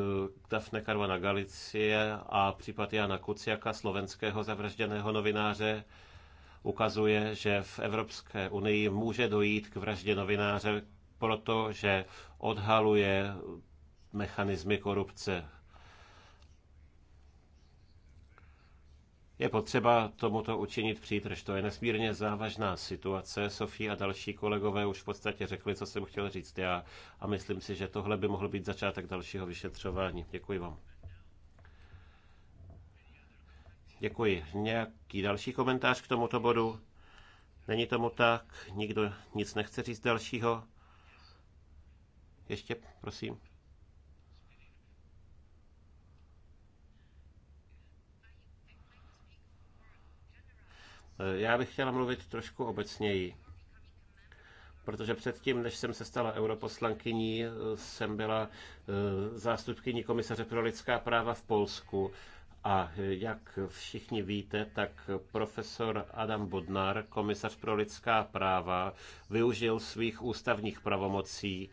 Dafne Karvana Galicie a případ Jana Kuciaka, slovenského zavražděného novináře, ukazuje, že v Evropské unii může dojít k vraždě novináře, protože odhaluje mechanismy korupce Je potřeba tomuto učinit přítrž. To je nesmírně závažná situace. Sofie a další kolegové už v podstatě řekli, co jsem chtěl říct já a myslím si, že tohle by mohl být začátek dalšího vyšetřování. Děkuji vám. Děkuji. Nějaký další komentář k tomuto bodu? Není tomu tak? Nikdo nic nechce říct dalšího? Ještě, prosím. Eh, já bych chtěla mluvit trošku obecněji, protože předtím, než jsem se stala europoslankyní, eh, jsem byla eh, zástupkyní komisaře pro lidská práva v Polsku a jak všichni víte, tak profesor Adam Bodnar, komisař pro lidská práva, využil svých ústavních pravomocí,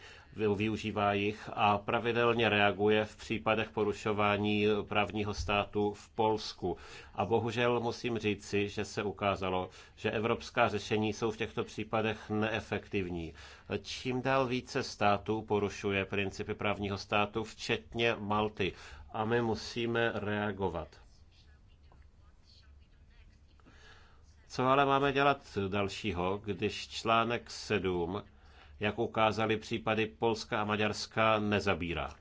využívá jich a pravidelně reaguje v případech porušování právního státu v Polsku. A bohužel musím říci, že se ukázalo, že evropská řešení jsou v těchto případech neefektivní. Čím dál více států porušuje principy právního státu, včetně Malty a my musíme reagovat. Co ale máme dělat dalšího, když článek 7, jak ukázali případy Polska a Maďarska, nezabírá?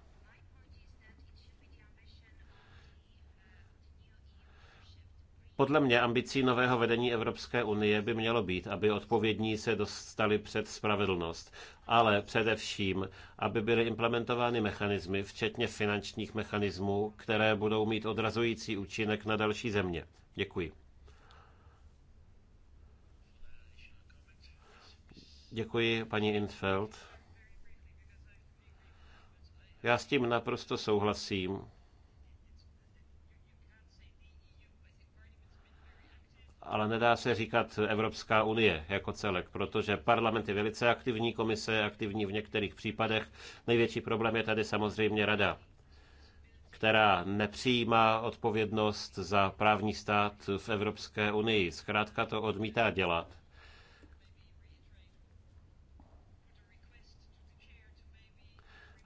Podle mě ambicí nového vedení Evropské unie by mělo být, aby odpovědní se dostali před spravedlnost ale především, aby byly implementovány mechanismy, včetně finančních mechanismů, které budou mít odrazující účinek na další země. Děkuji. Děkuji, paní Infeld. Já s tím naprosto souhlasím. ale nedá se říkat Evropská unie jako celek, protože parlament je velice aktivní, komise je aktivní v některých případech. Největší problém je tady samozřejmě rada, která nepřijímá odpovědnost za právní stát v Evropské unii. Zkrátka to odmítá dělat.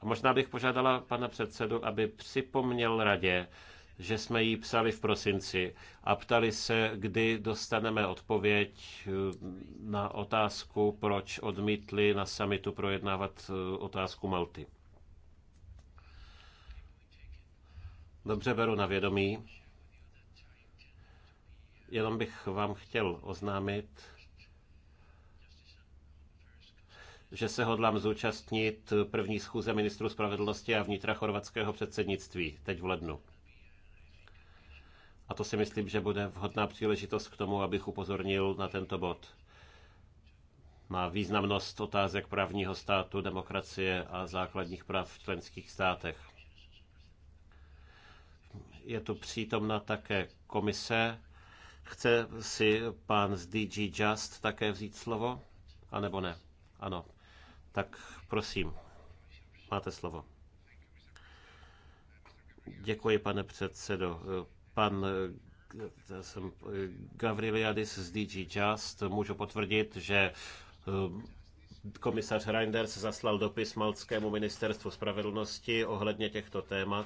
A možná bych požádala pana předsedu, aby připomněl radě, že jsme jí psali v prosinci a ptali se, kdy dostaneme odpověď eh, na otázku, proč odmítli na samitu projednávat eh, otázku Malty. Dobře beru na vědomí. Jenom bych vám chtěl oznámit, že se hodlám zúčastnit první schůze ministrů spravedlnosti a vnitra chorvatského předsednictví teď v lednu. A to si myslím, že bude vhodná příležitost k tomu, abych upozornil na tento bod. Má významnost otázek právního státu, demokracie a základních práv v členských státech. Je tu přítomna také komise. Chce si pán z DG Just také vzít slovo? A nebo ne? Ano. Tak prosím, máte slovo. Děkuji, pane předsedo. Pan eh, eh, Gavriliadis z DG Just můžu potvrdit, že eh, komisař Reinders zaslal dopis Maltskému ministerstvu spravedlnosti ohledně těchto témat,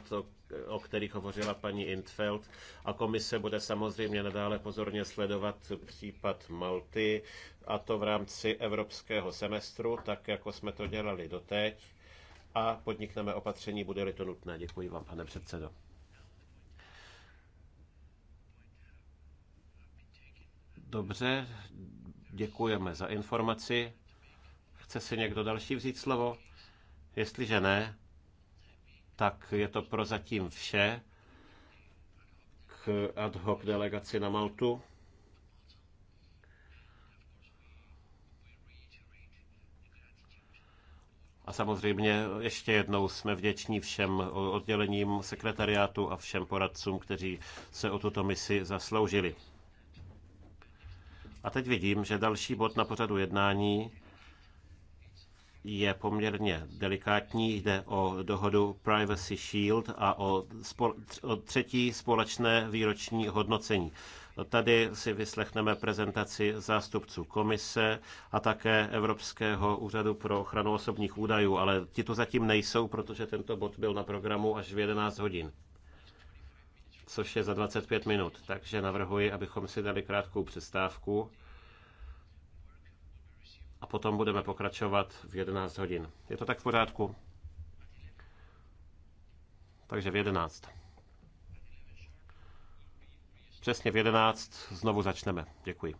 o kterých hovořila paní Intfeld. A komise bude samozřejmě nadále pozorně sledovat případ Malty, a to v rámci evropského semestru, tak jako jsme to dělali doteď. A podnikneme opatření, bude-li to nutné. Děkuji vám, pane předsedo. Dobře, děkujeme za informaci. Chce si někdo další vzít slovo? Jestliže ne, tak je to prozatím vše k ad hoc delegaci na Maltu. A samozřejmě ještě jednou jsme vděční všem oddělením sekretariátu a všem poradcům, kteří se o tuto misi zasloužili. A teď vidím, že další bod na pořadu jednání je poměrně delikátní. Jde o dohodu Privacy Shield a o, spol- o třetí společné výroční hodnocení. Tady si vyslechneme prezentaci zástupců komise a také Evropského úřadu pro ochranu osobních údajů, ale ti tu zatím nejsou, protože tento bod byl na programu až v 11 hodin což je za 25 minut. Takže navrhuji, abychom si dali krátkou přestávku a potom budeme pokračovat v 11 hodin. Je to tak v pořádku? Takže v 11. Přesně v 11 znovu začneme. Děkuji.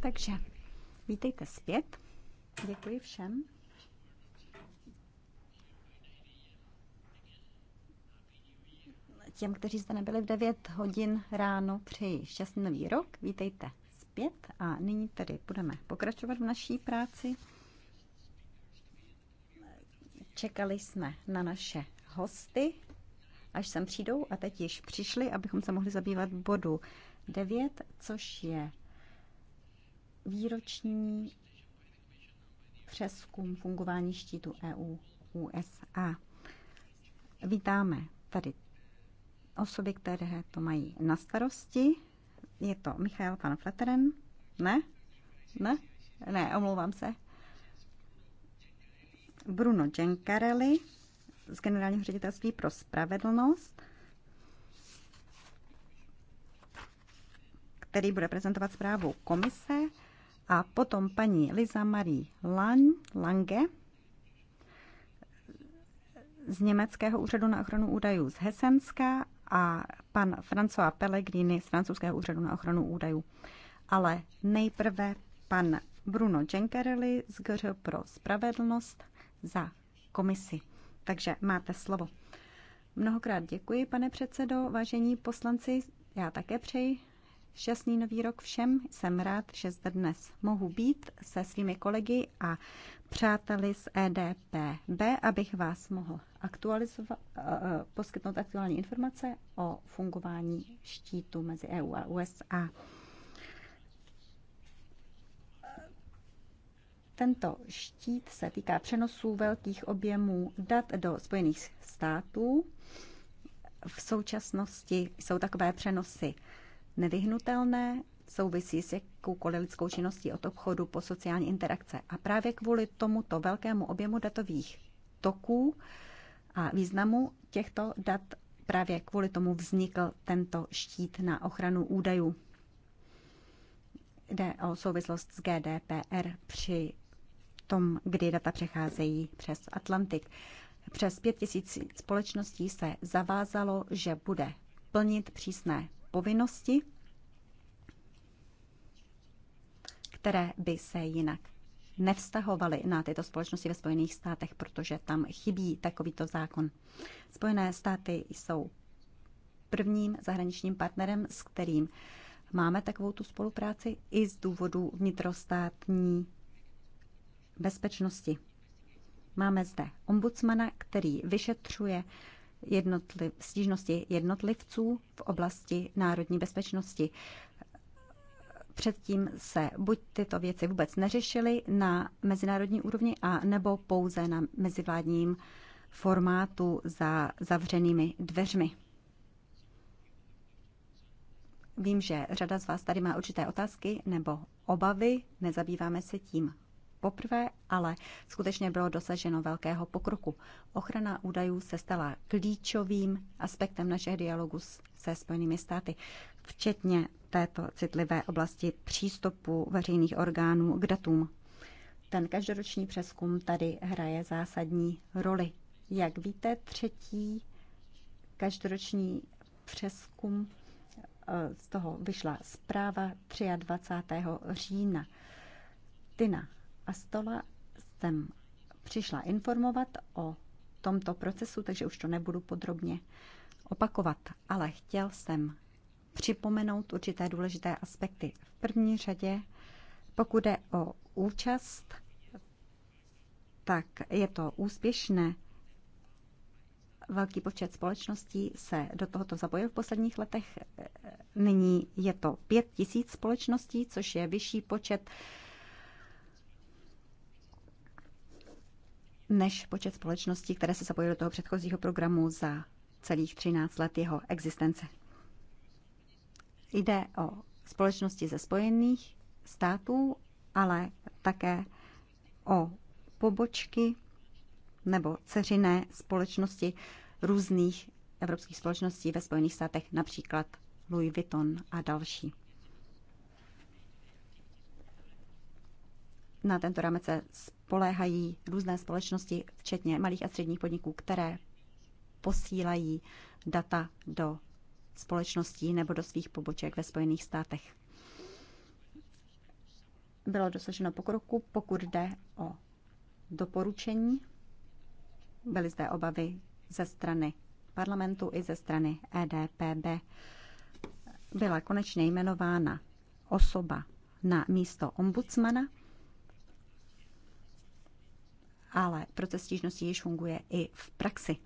Takže, vítejte svět. Děkuji všem. Těm, kteří zde nebyli v 9 hodin ráno, přeji šťastný nový rok. Vítejte zpět a nyní tedy budeme pokračovat v naší práci. Čekali jsme na naše hosty, až sem přijdou a teď již přišli, abychom se mohli zabývat bodu 9, což je výroční přeskum fungování štítu EU USA. Vítáme tady osoby, které to mají na starosti. Je to Michal Pan Fleteren? Ne? Ne? Ne, omlouvám se. Bruno Gencarelli z Generálního ředitelství pro spravedlnost který bude prezentovat zprávu komise a potom paní Liza Marie Lang, Lange z Německého úřadu na ochranu údajů z Hesenska a pan François Pellegrini z Francouzského úřadu na ochranu údajů. Ale nejprve pan Bruno Gencarelli z GŘ pro spravedlnost za komisi. Takže máte slovo. Mnohokrát děkuji, pane předsedo, vážení poslanci. Já také přeji Šťastný nový rok všem. Jsem rád, že zde dnes mohu být se svými kolegy a přáteli z EDPB, abych vás mohl aktualizovat, eh, eh, poskytnout aktuální informace o fungování štítu mezi EU a USA. Tento štít se týká přenosů velkých objemů dat do Spojených států. V současnosti jsou takové přenosy nevyhnutelné, souvisí s jakoukoliv lidskou činností od obchodu po sociální interakce. A právě kvůli tomuto velkému objemu datových toků a významu těchto dat právě kvůli tomu vznikl tento štít na ochranu údajů. Jde o souvislost s GDPR při tom, kdy data přecházejí přes Atlantik. Přes pět tisíc společností se zavázalo, že bude plnit přísné povinnosti, které by se jinak nevztahovaly na tyto společnosti ve Spojených státech, protože tam chybí takovýto zákon. Spojené státy jsou prvním zahraničním partnerem, s kterým máme takovou tu spolupráci i z důvodu vnitrostátní bezpečnosti. Máme zde ombudsmana, který vyšetřuje jednotliv, stížnosti jednotlivců v oblasti národní bezpečnosti. Předtím se buď tyto věci vůbec neřešily na mezinárodní úrovni, a nebo pouze na mezivládním formátu za zavřenými dveřmi. Vím, že řada z vás tady má určité otázky nebo obavy, nezabýváme se tím poprvé, ale skutečně bylo dosaženo velkého pokroku. Ochrana údajů se stala klíčovým aspektem našeho dialogu se Spojenými státy, včetně této citlivé oblasti přístupu veřejných orgánů k datům. Ten každoroční přeskum tady hraje zásadní roli. Jak víte, třetí každoroční přeskum eh, z toho vyšla zpráva 23. října. Tina a stola jsem přišla informovat o tomto procesu, takže už to nebudu podrobně opakovat, ale chtěl jsem připomenout určité důležité aspekty. V první řadě, pokud jde o účast, tak je to úspěšné. Velký počet společností se do tohoto zapojil v posledních letech. Nyní je to pět tisíc společností, což je vyšší počet než počet společností, které se zapojily do toho předchozího programu za celých 13 let jeho existence. Jde o společnosti ze Spojených států, ale také o pobočky nebo ceřiné společnosti různých evropských společností ve Spojených státech, například Louis Vuitton a další. na tento rámec se spoléhají různé společnosti, včetně malých a středních podniků, které posílají data do společností nebo do svých poboček ve Spojených státech. Bylo dosaženo pokroku, pokud jde o doporučení. Byly zde obavy ze strany parlamentu i ze strany EDPB. Byla konečně jmenována osoba na místo ombudsmana ale proces stížnosti již funguje i v praxi.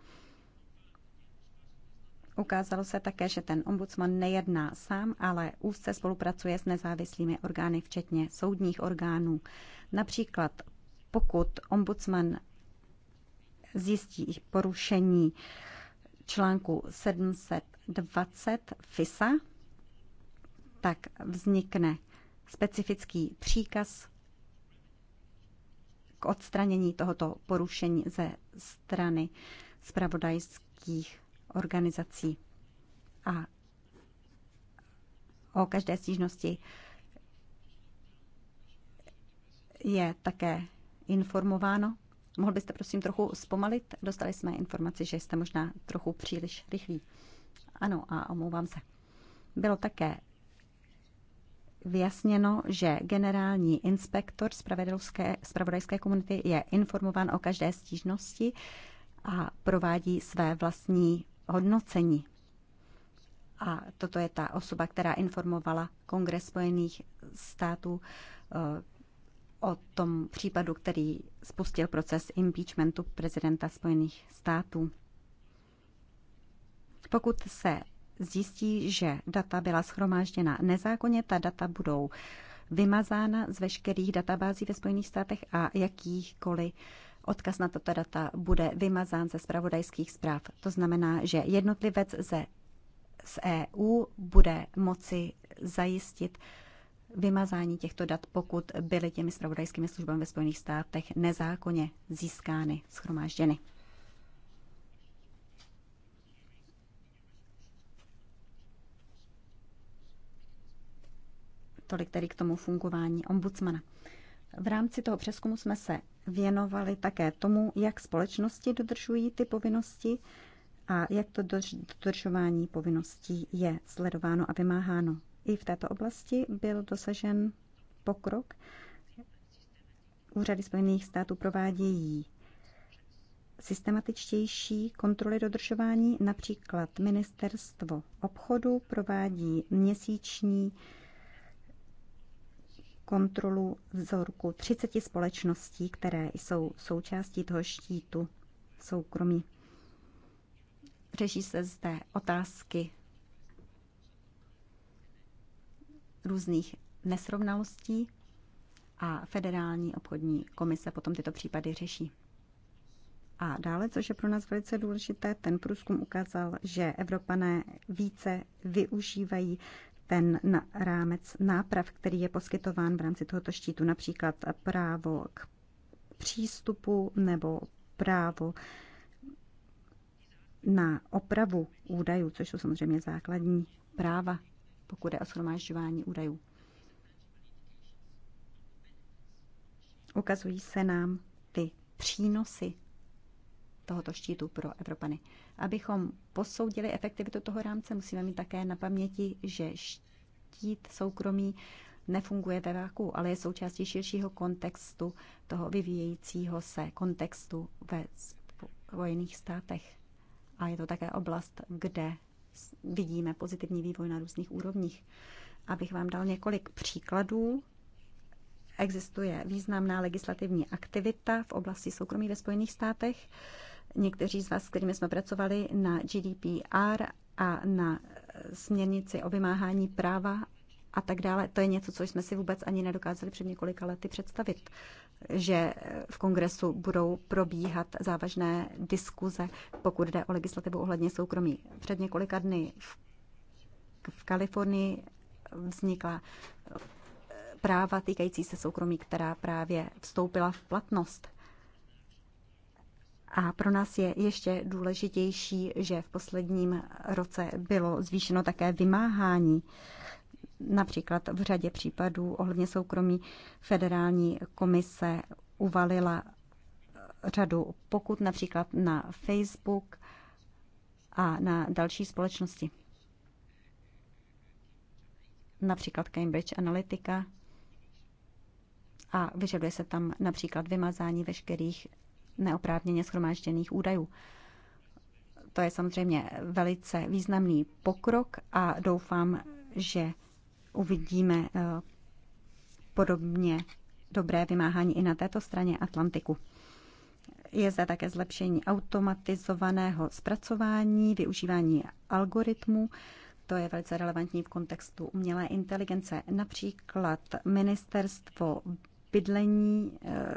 Ukázalo se také, že ten ombudsman nejedná sám, ale úzce spolupracuje s nezávislými orgány, včetně soudních orgánů. Například pokud ombudsman zjistí porušení článku 720 FISA, tak vznikne specifický příkaz k odstranění tohoto porušení ze strany spravodajských organizací. A o každé stížnosti je také informováno. Mohl byste prosím trochu zpomalit? Dostali jsme informaci, že jste možná trochu příliš rychlí. Ano, a omlouvám se. Bylo také vyjasněno, že generální inspektor spravodajské komunity je informován o každé stížnosti a provádí své vlastní hodnocení. A toto je ta osoba, která informovala Kongres Spojených států eh, o tom případu, který spustil proces impeachmentu prezidenta Spojených států. Pokud se zjistí, že data byla schromážděna nezákonně, ta data budou vymazána z veškerých databází ve Spojených státech a jakýchkoliv odkaz na tato data bude vymazán ze spravodajských zpráv. To znamená, že jednotlivec ze, z EU bude moci zajistit vymazání těchto dat, pokud byly těmi spravodajskými službami ve Spojených státech nezákonně získány, schromážděny. Tolik tedy k tomu fungování ombudsmana. V rámci toho přeskumu jsme se věnovali také tomu, jak společnosti dodržují ty povinnosti a jak to dodržování povinností je sledováno a vymáháno. I v této oblasti byl dosažen pokrok. Úřady Spojených států provádějí systematičtější kontroly dodržování, například ministerstvo obchodu provádí měsíční kontrolu vzorku 30 společností, které jsou součástí toho štítu soukromí. Řeší se zde otázky různých nesrovnalostí a federální obchodní komise potom tyto případy řeší. A dále, což je pro nás velice důležité, ten průzkum ukázal, že Evropané více využívají ten rámec náprav, který je poskytován v rámci tohoto štítu, například právo k přístupu nebo právo na opravu údajů, což jsou samozřejmě základní práva, pokud je o shromažďování údajů. Ukazují se nám ty přínosy tohoto štítu pro Evropany. Abychom posoudili efektivitu toho rámce, musíme mít také na paměti, že štít soukromí nefunguje ve váku, ale je součástí širšího kontextu toho vyvíjejícího se kontextu ve Spojených státech. A je to také oblast, kde vidíme pozitivní vývoj na různých úrovních. Abych vám dal několik příkladů, existuje významná legislativní aktivita v oblasti soukromí ve Spojených státech. Někteří z vás, s kterými jsme pracovali na GDPR a na směrnici o vymáhání práva a tak dále, to je něco, co jsme si vůbec ani nedokázali před několika lety představit, že v kongresu budou probíhat závažné diskuze, pokud jde o legislativu ohledně soukromí. Před několika dny v, v Kalifornii vznikla práva týkající se soukromí, která právě vstoupila v platnost. A pro nás je ještě důležitější, že v posledním roce bylo zvýšeno také vymáhání například v řadě případů ohledně soukromí federální komise uvalila řadu pokud například na Facebook a na další společnosti. Například Cambridge Analytica a vyžaduje se tam například vymazání veškerých neoprávněně schromážděných údajů. To je samozřejmě velice významný pokrok a doufám, že uvidíme eh, podobně dobré vymáhání i na této straně Atlantiku. Je zde také zlepšení automatizovaného zpracování, využívání algoritmů. To je velice relevantní v kontextu umělé inteligence. Například ministerstvo bydlení eh,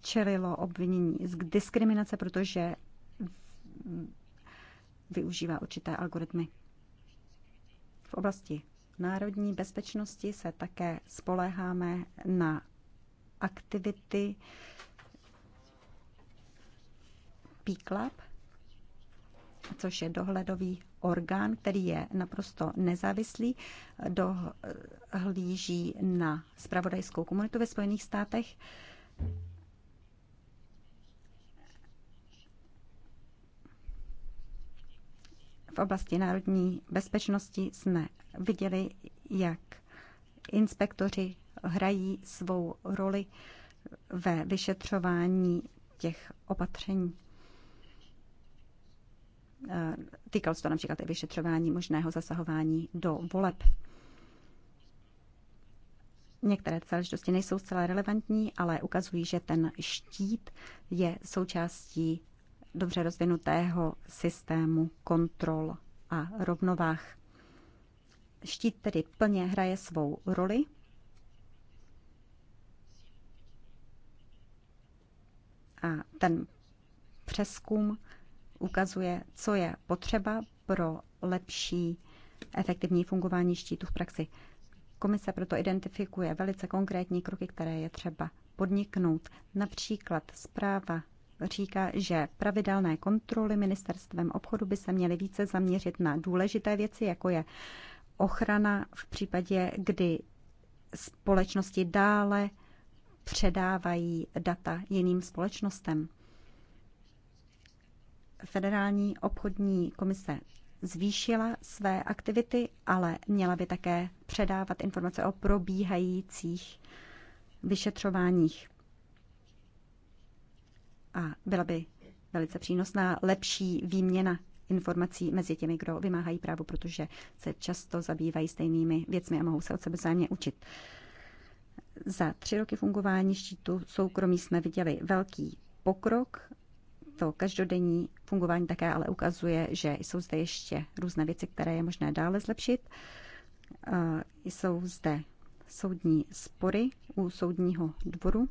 čelilo obvinění z diskriminace, protože využívá určité algoritmy. V oblasti národní bezpečnosti se také spoléháme na aktivity PCLAB, což je dohledový orgán, který je naprosto nezávislý, dohlíží na spravodajskou komunitu ve Spojených státech. V oblasti národní bezpečnosti jsme viděli, jak inspektoři hrají svou roli ve vyšetřování těch opatření. Eh, týkalo se to například i vyšetřování možného zasahování do voleb. Některé záležitosti nejsou zcela relevantní, ale ukazují, že ten štít je součástí dobře rozvinutého systému kontrol a rovnovách. Štít tedy plně hraje svou roli. A ten přeskum ukazuje, co je potřeba pro lepší efektivní fungování štítu v praxi. Komise proto identifikuje velice konkrétní kroky, které je třeba podniknout. Například zpráva říká, že pravidelné kontroly ministerstvem obchodu by se měly více zaměřit na důležité věci, jako je ochrana v případě, kdy společnosti dále předávají data jiným společnostem. Federální obchodní komise zvýšila své aktivity, ale měla by také předávat informace o probíhajících vyšetřováních. A byla by velice přínosná lepší výměna informací mezi těmi, kdo vymáhají právo, protože se často zabývají stejnými věcmi a mohou se od sebe zájemně učit. Za tři roky fungování štítu soukromí jsme viděli velký pokrok to každodenní fungování také ale ukazuje, že jsou zde ještě různé věci, které je možné dále zlepšit. Jsou zde soudní spory u soudního dvoru.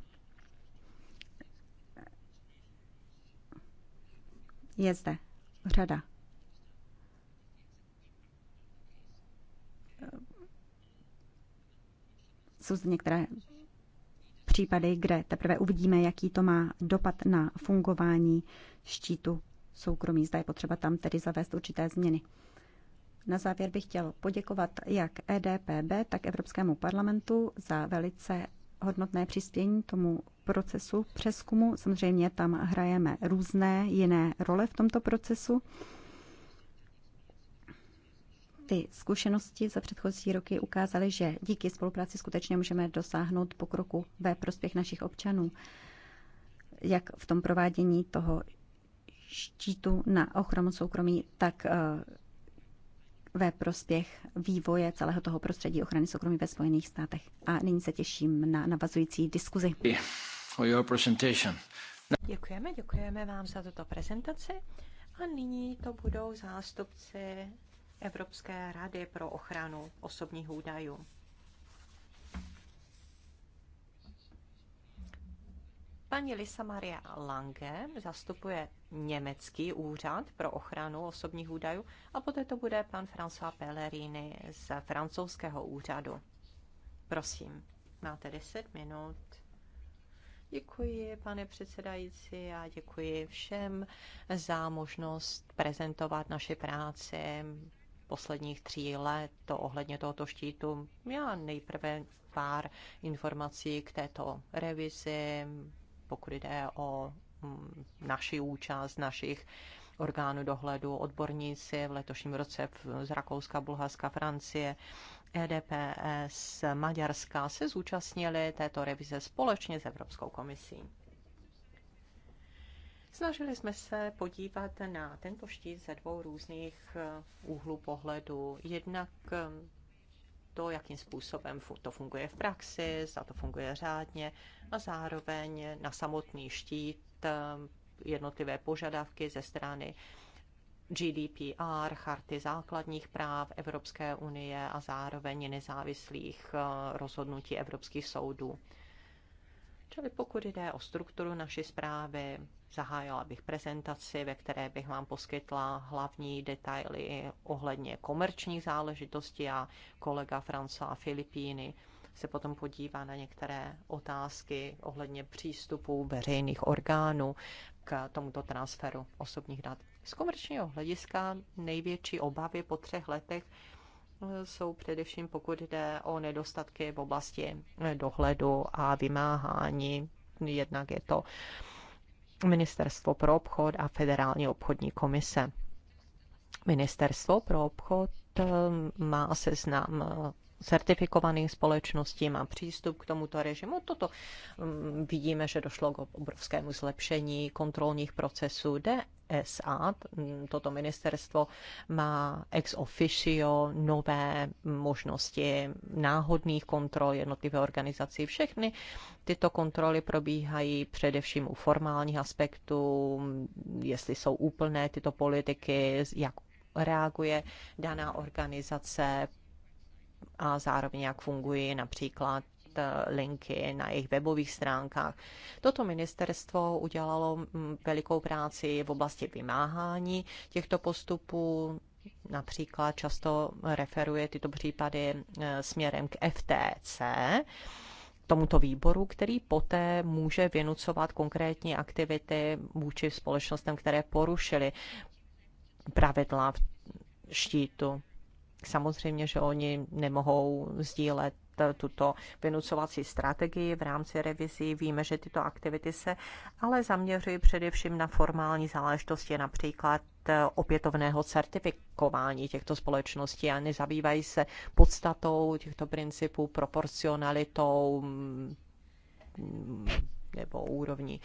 Je zde řada jsou zde některé případy, kde teprve uvidíme, jaký to má dopad na fungování štítu soukromí. Zda je potřeba tam tedy zavést určité změny. Na závěr bych chtěl poděkovat jak EDPB, tak Evropskému parlamentu za velice hodnotné přispění tomu procesu přeskumu. Samozřejmě tam hrajeme různé jiné role v tomto procesu. Ty zkušenosti za předchozí roky ukázaly, že díky spolupráci skutečně můžeme dosáhnout pokroku ve prospěch našich občanů, jak v tom provádění toho štítu na ochranu soukromí, tak eh, ve prospěch vývoje celého toho prostředí ochrany soukromí ve Spojených státech. A nyní se těším na navazující diskuzi. Děkujeme, děkujeme vám za tuto prezentaci. A nyní to budou zástupci Evropské rady pro ochranu osobních údajů. Paní Lisa Maria Lange zastupuje Německý úřad pro ochranu osobních údajů a poté to bude pan François Pellerini z francouzského úřadu. Prosím, máte 10 minut. Děkuji, pane předsedající, a děkuji všem za možnost prezentovat naši práci posledních tří let to ohledně tohoto štítu. Já nejprve pár informací k této revizi, pokud jde o mm, naši účast, našich orgánů dohledu, odborníci v letošním roce z Rakouska, Bulharska, Francie, EDPS, Maďarska se zúčastnili této revize společně s Evropskou komisí. Snažili jsme se podívat na tento štít ze dvou různých eh, úhlů pohledu. Jednak eh, to, jakým způsobem to funguje v praxi, za to funguje řádně a zároveň na samotný štít eh, jednotlivé požadavky ze strany GDPR, charty základních práv Evropské unie a zároveň nezávislých rozhodnutí evropských soudů. Čili pokud jde o strukturu naší zprávy, Zahájila bych prezentaci, ve které bych vám poskytla hlavní detaily ohledně komerčních záležitostí a kolega Franca Filipíny se potom podívá na některé otázky ohledně přístupu veřejných orgánů k tomuto transferu osobních dat. Z komerčního hlediska největší obavy po třech letech jsou především pokud jde o nedostatky v oblasti dohledu a vymáhání. Jednak je to Ministerstvo pro obchod a Federální obchodní komise. Ministerstvo pro obchod eh, má seznam eh, certifikovaných společností má přístup k tomuto režimu. Toto mm, vidíme, že došlo k obrovskému zlepšení kontrolních procesů DSA. Mm, toto ministerstvo má ex officio nové možnosti náhodných kontrol jednotlivých organizací. Všechny tyto kontroly probíhají především u formálních aspektů, jestli jsou úplné tyto politiky, jak reaguje daná organizace, a zároveň jak fungují například eh, linky na jejich webových stránkách. Toto ministerstvo udělalo mm, velikou práci v oblasti vymáhání těchto postupů. Například často referuje tyto případy eh, směrem k FTC, tomuto výboru, který poté může vynucovat konkrétní aktivity vůči společnostem, které porušily pravidla v štítu Samozřejmě, že oni nemohou sdílet eh, tuto vynucovací strategii v rámci revizí. Víme, že tyto aktivity se ale zaměřují především na formální záležitosti, například eh, opětovného certifikování těchto společností a nezabývají se podstatou těchto principů, proporcionalitou mm, mm, nebo úrovní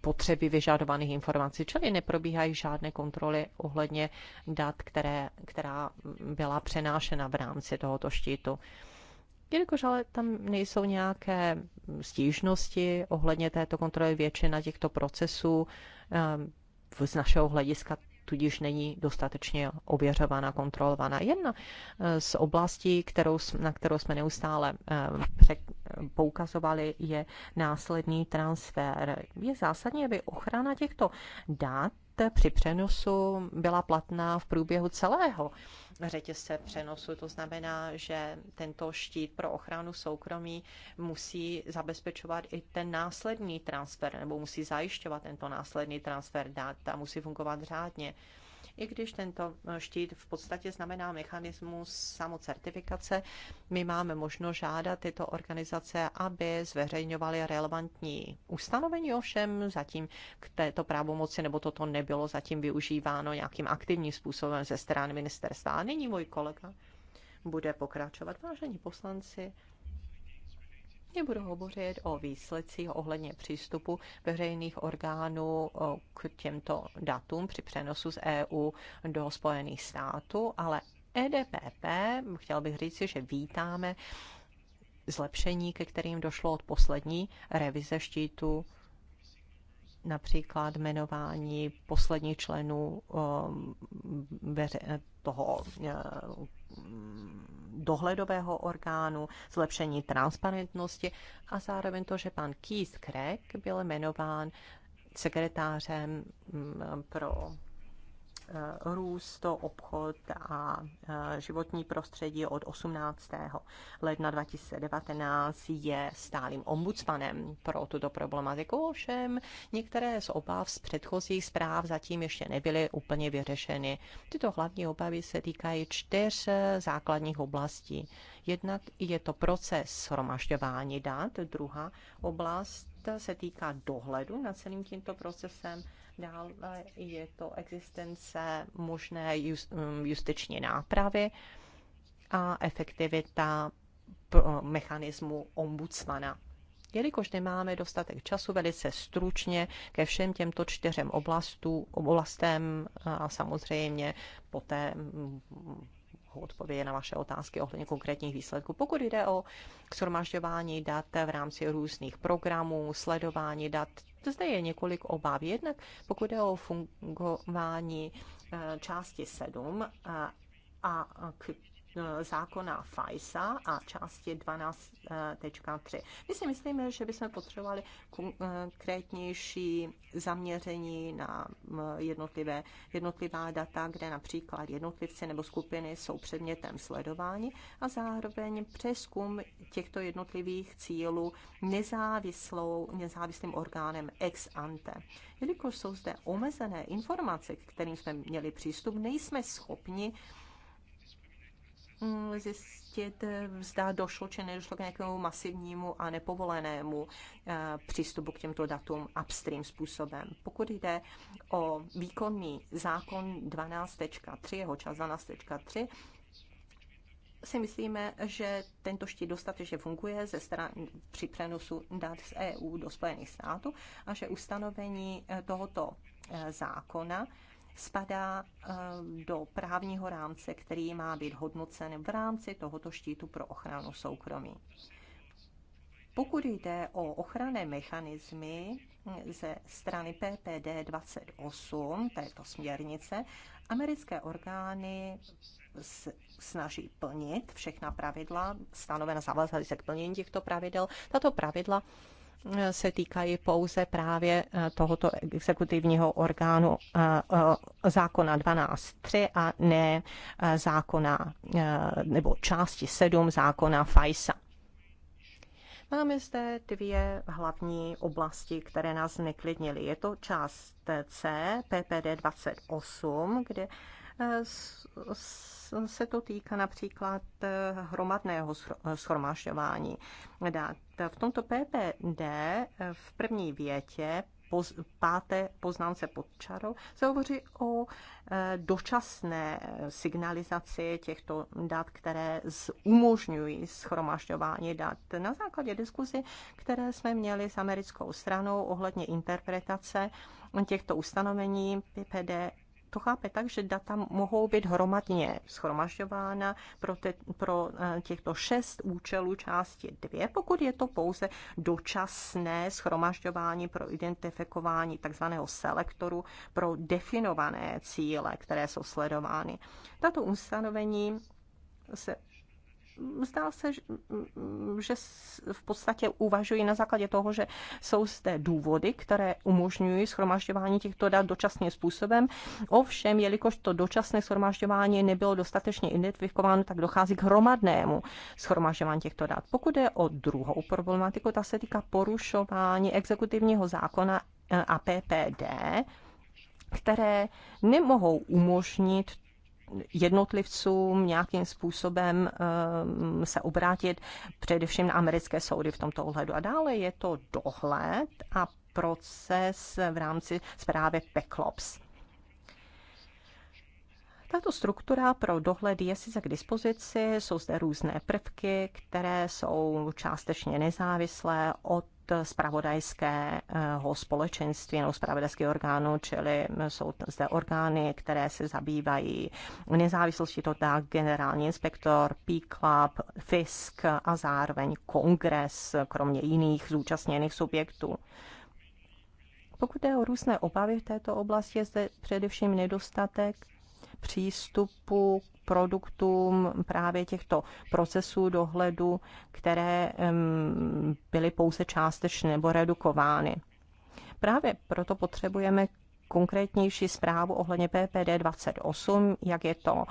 potřeby vyžadovaných informací, čili neprobíhají žádné kontroly ohledně dat, které, která byla přenášena v rámci tohoto štítu. Jelikož ale tam nejsou nějaké stížnosti ohledně této kontroly, většina těchto procesů eh, z našeho hlediska tudíž není dostatečně ověřována, kontrolována. Jedna eh, z oblastí, kterou, na kterou jsme neustále eh, poukazovali, je následný transfer. Je zásadní, aby ochrana těchto dat poté při přenosu byla platná v průběhu celého řetězce přenosu. To znamená, že tento štít pro ochranu soukromí musí zabezpečovat i ten následný transfer, nebo musí zajišťovat tento následný transfer dat a musí fungovat řádně. I když tento eh, štít v podstatě znamená mechanismus samocertifikace, my máme možnost žádat tyto organizace, aby zveřejňovaly relevantní ustanovení, ovšem zatím k této právomoci nebo toto nebylo zatím využíváno nějakým aktivním způsobem ze strany ministerstva. A nyní můj kolega bude pokračovat. Vážení poslanci, kde budu hovořit o výsledcích ohledně přístupu veřejných orgánů k těmto datům při přenosu z EU do Spojených států, ale EDPP, chtěl bych říct, že vítáme zlepšení, ke kterým došlo od poslední revize štítu, například jmenování posledních členů toho Mm, dohledového orgánu, zlepšení transparentnosti a zároveň to, že pan Keith Craig byl jmenován sekretářem mm, pro Eh, růst, obchod a eh, životní prostředí od 18. ledna 2019 je stálým ombudsmanem pro tuto problematiku, ovšem některé z obav z předchozích zpráv zatím ještě nebyly úplně vyřešeny. Tyto hlavní obavy se týkají čtyř základních oblastí. Jednak je to proces shromažďování dat, druhá oblast se týká dohledu nad celým tímto procesem, Dále je to existence možné mm, justiční nápravy a efektivita eh, mechanismu ombudsmana. Jelikož nemáme dostatek času, velice stručně ke všem těmto čtyřem oblastům oblastem a samozřejmě poté mm, odpovědi na vaše otázky ohledně konkrétních výsledků. Pokud jde o shromažďování dat v rámci různých programů, sledování dat, zde je několik obav. Jednak pokud jde o fungování eh, části 7 eh, a, a E, zákona FISA a části 12.3. E, My si myslíme, že bychom potřebovali e, konkrétnější zaměření na jednotlivé, jednotlivá data, kde například jednotlivci nebo skupiny jsou předmětem sledování a zároveň přeskum těchto jednotlivých cílů nezávislou, nezávislým orgánem ex ante. Jelikož jsou zde omezené informace, k kterým jsme měli přístup, nejsme schopni Mm, zjistit, eh, zda došlo či nedošlo k nějakému masivnímu a nepovolenému eh, přístupu k těmto datům upstream způsobem. Pokud jde o výkonný zákon 12.3, jeho čas 12.3, si myslíme, že tento štít dostatečně funguje ze strany při přenosu dat z EU do Spojených států a že ustanovení eh, tohoto zákona spadá eh, do právního rámce, který má být hodnocen v rámci tohoto štítu pro ochranu soukromí. Pokud jde o ochranné mechanismy mm, ze strany PPD 28 této směrnice, americké orgány snaží plnit všechna pravidla, stanovena zavazali se k plnění těchto pravidel. Tato pravidla se týkají pouze právě eh, tohoto exekutivního orgánu eh, eh, zákona 12.3 a ne zákona nebo části 7 zákona FISA. Máme zde dvě hlavní oblasti, které nás neklidnily. Je to část C, PPD 28, kde Eh, se to týká například eh, hromadného shromažďování dat. V tomto PPD eh, v první větě poz, páté poznámce pod čarou se hovoří o dočasné signalizaci těchto dat, které umožňují schromažďování dat. Na základě diskuzi, které jsme měli s americkou stranou ohledně interpretace těchto ustanovení PPD to chápe tak, že data mohou být hromadně schromažďována pro, te, pro eh, těchto šest účelů části dvě, pokud je to pouze dočasné schromažďování pro identifikování takzvaného selektoru pro definované cíle, které jsou sledovány. Tato ustanovení se zdá se, že v podstatě uvažují na základě toho, že jsou zde důvody, které umožňují schromažďování těchto dat dočasným způsobem. Ovšem, jelikož to dočasné schromažďování nebylo dostatečně identifikováno, tak dochází k hromadnému schromažďování těchto dat. Pokud je o druhou problematiku, ta se týká porušování exekutivního zákona eh, APPD, které nemohou umožnit jednotlivcům nějakým způsobem ehm, se obrátit především na americké soudy v tomto ohledu. A dále je to dohled a proces v rámci zprávy PECLOPS. Tato struktura pro dohled je sice k dispozici, jsou zde různé prvky, které jsou částečně nezávislé od spravodajského společenství nebo spravodajského orgánu, čili jsou zde orgány, které se zabývají nezávislostí, to tak generální inspektor, P-Club, FISK a zároveň kongres, kromě jiných zúčastněných subjektů. Pokud je o různé obavy v této oblasti, je zde především nedostatek přístupu k produktům právě těchto procesů dohledu, které byly pouze částečně nebo redukovány. Právě proto potřebujeme konkrétnější zprávu ohledně PPD 28, jak je to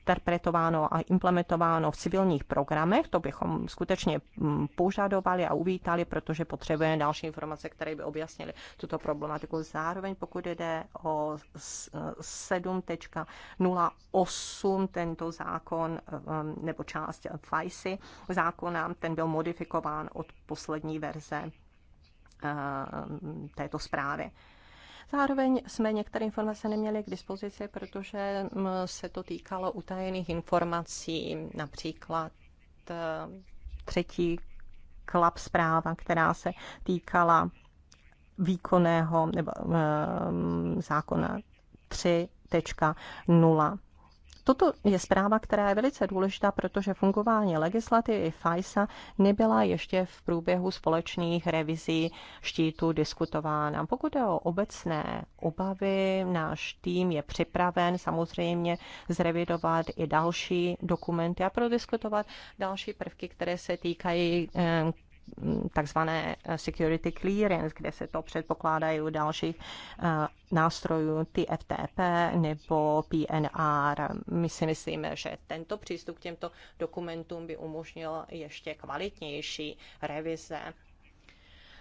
interpretováno a implementováno v civilních programech. To bychom skutečně mm, požadovali a uvítali, protože potřebujeme další informace, které by objasnily tuto problematiku. Zároveň pokud jde o 7.08, tento zákon mm, nebo část FISY zákona, ten byl modifikován od poslední verze mm, této zprávy. Zároveň jsme některé informace neměli k dispozici, protože mm, se to týkalo utajených informací, například e, třetí klap zpráva, která se týkala výkonného nebo um, zákona 3.0. Toto je zpráva, která je velice důležitá, protože fungování legislativy FISA nebyla ještě v průběhu společných revizí štítu diskutována. Pokud je o obecné obavy, náš tým je připraven samozřejmě zrevidovat i další dokumenty a prodiskutovat další prvky, které se týkají eh, takzvané eh, security clearance, kde se to předpokládají u dalších eh, nástrojů TFTP nebo PNR. My si myslíme, že tento přístup k těmto dokumentům by umožnil ještě kvalitnější revize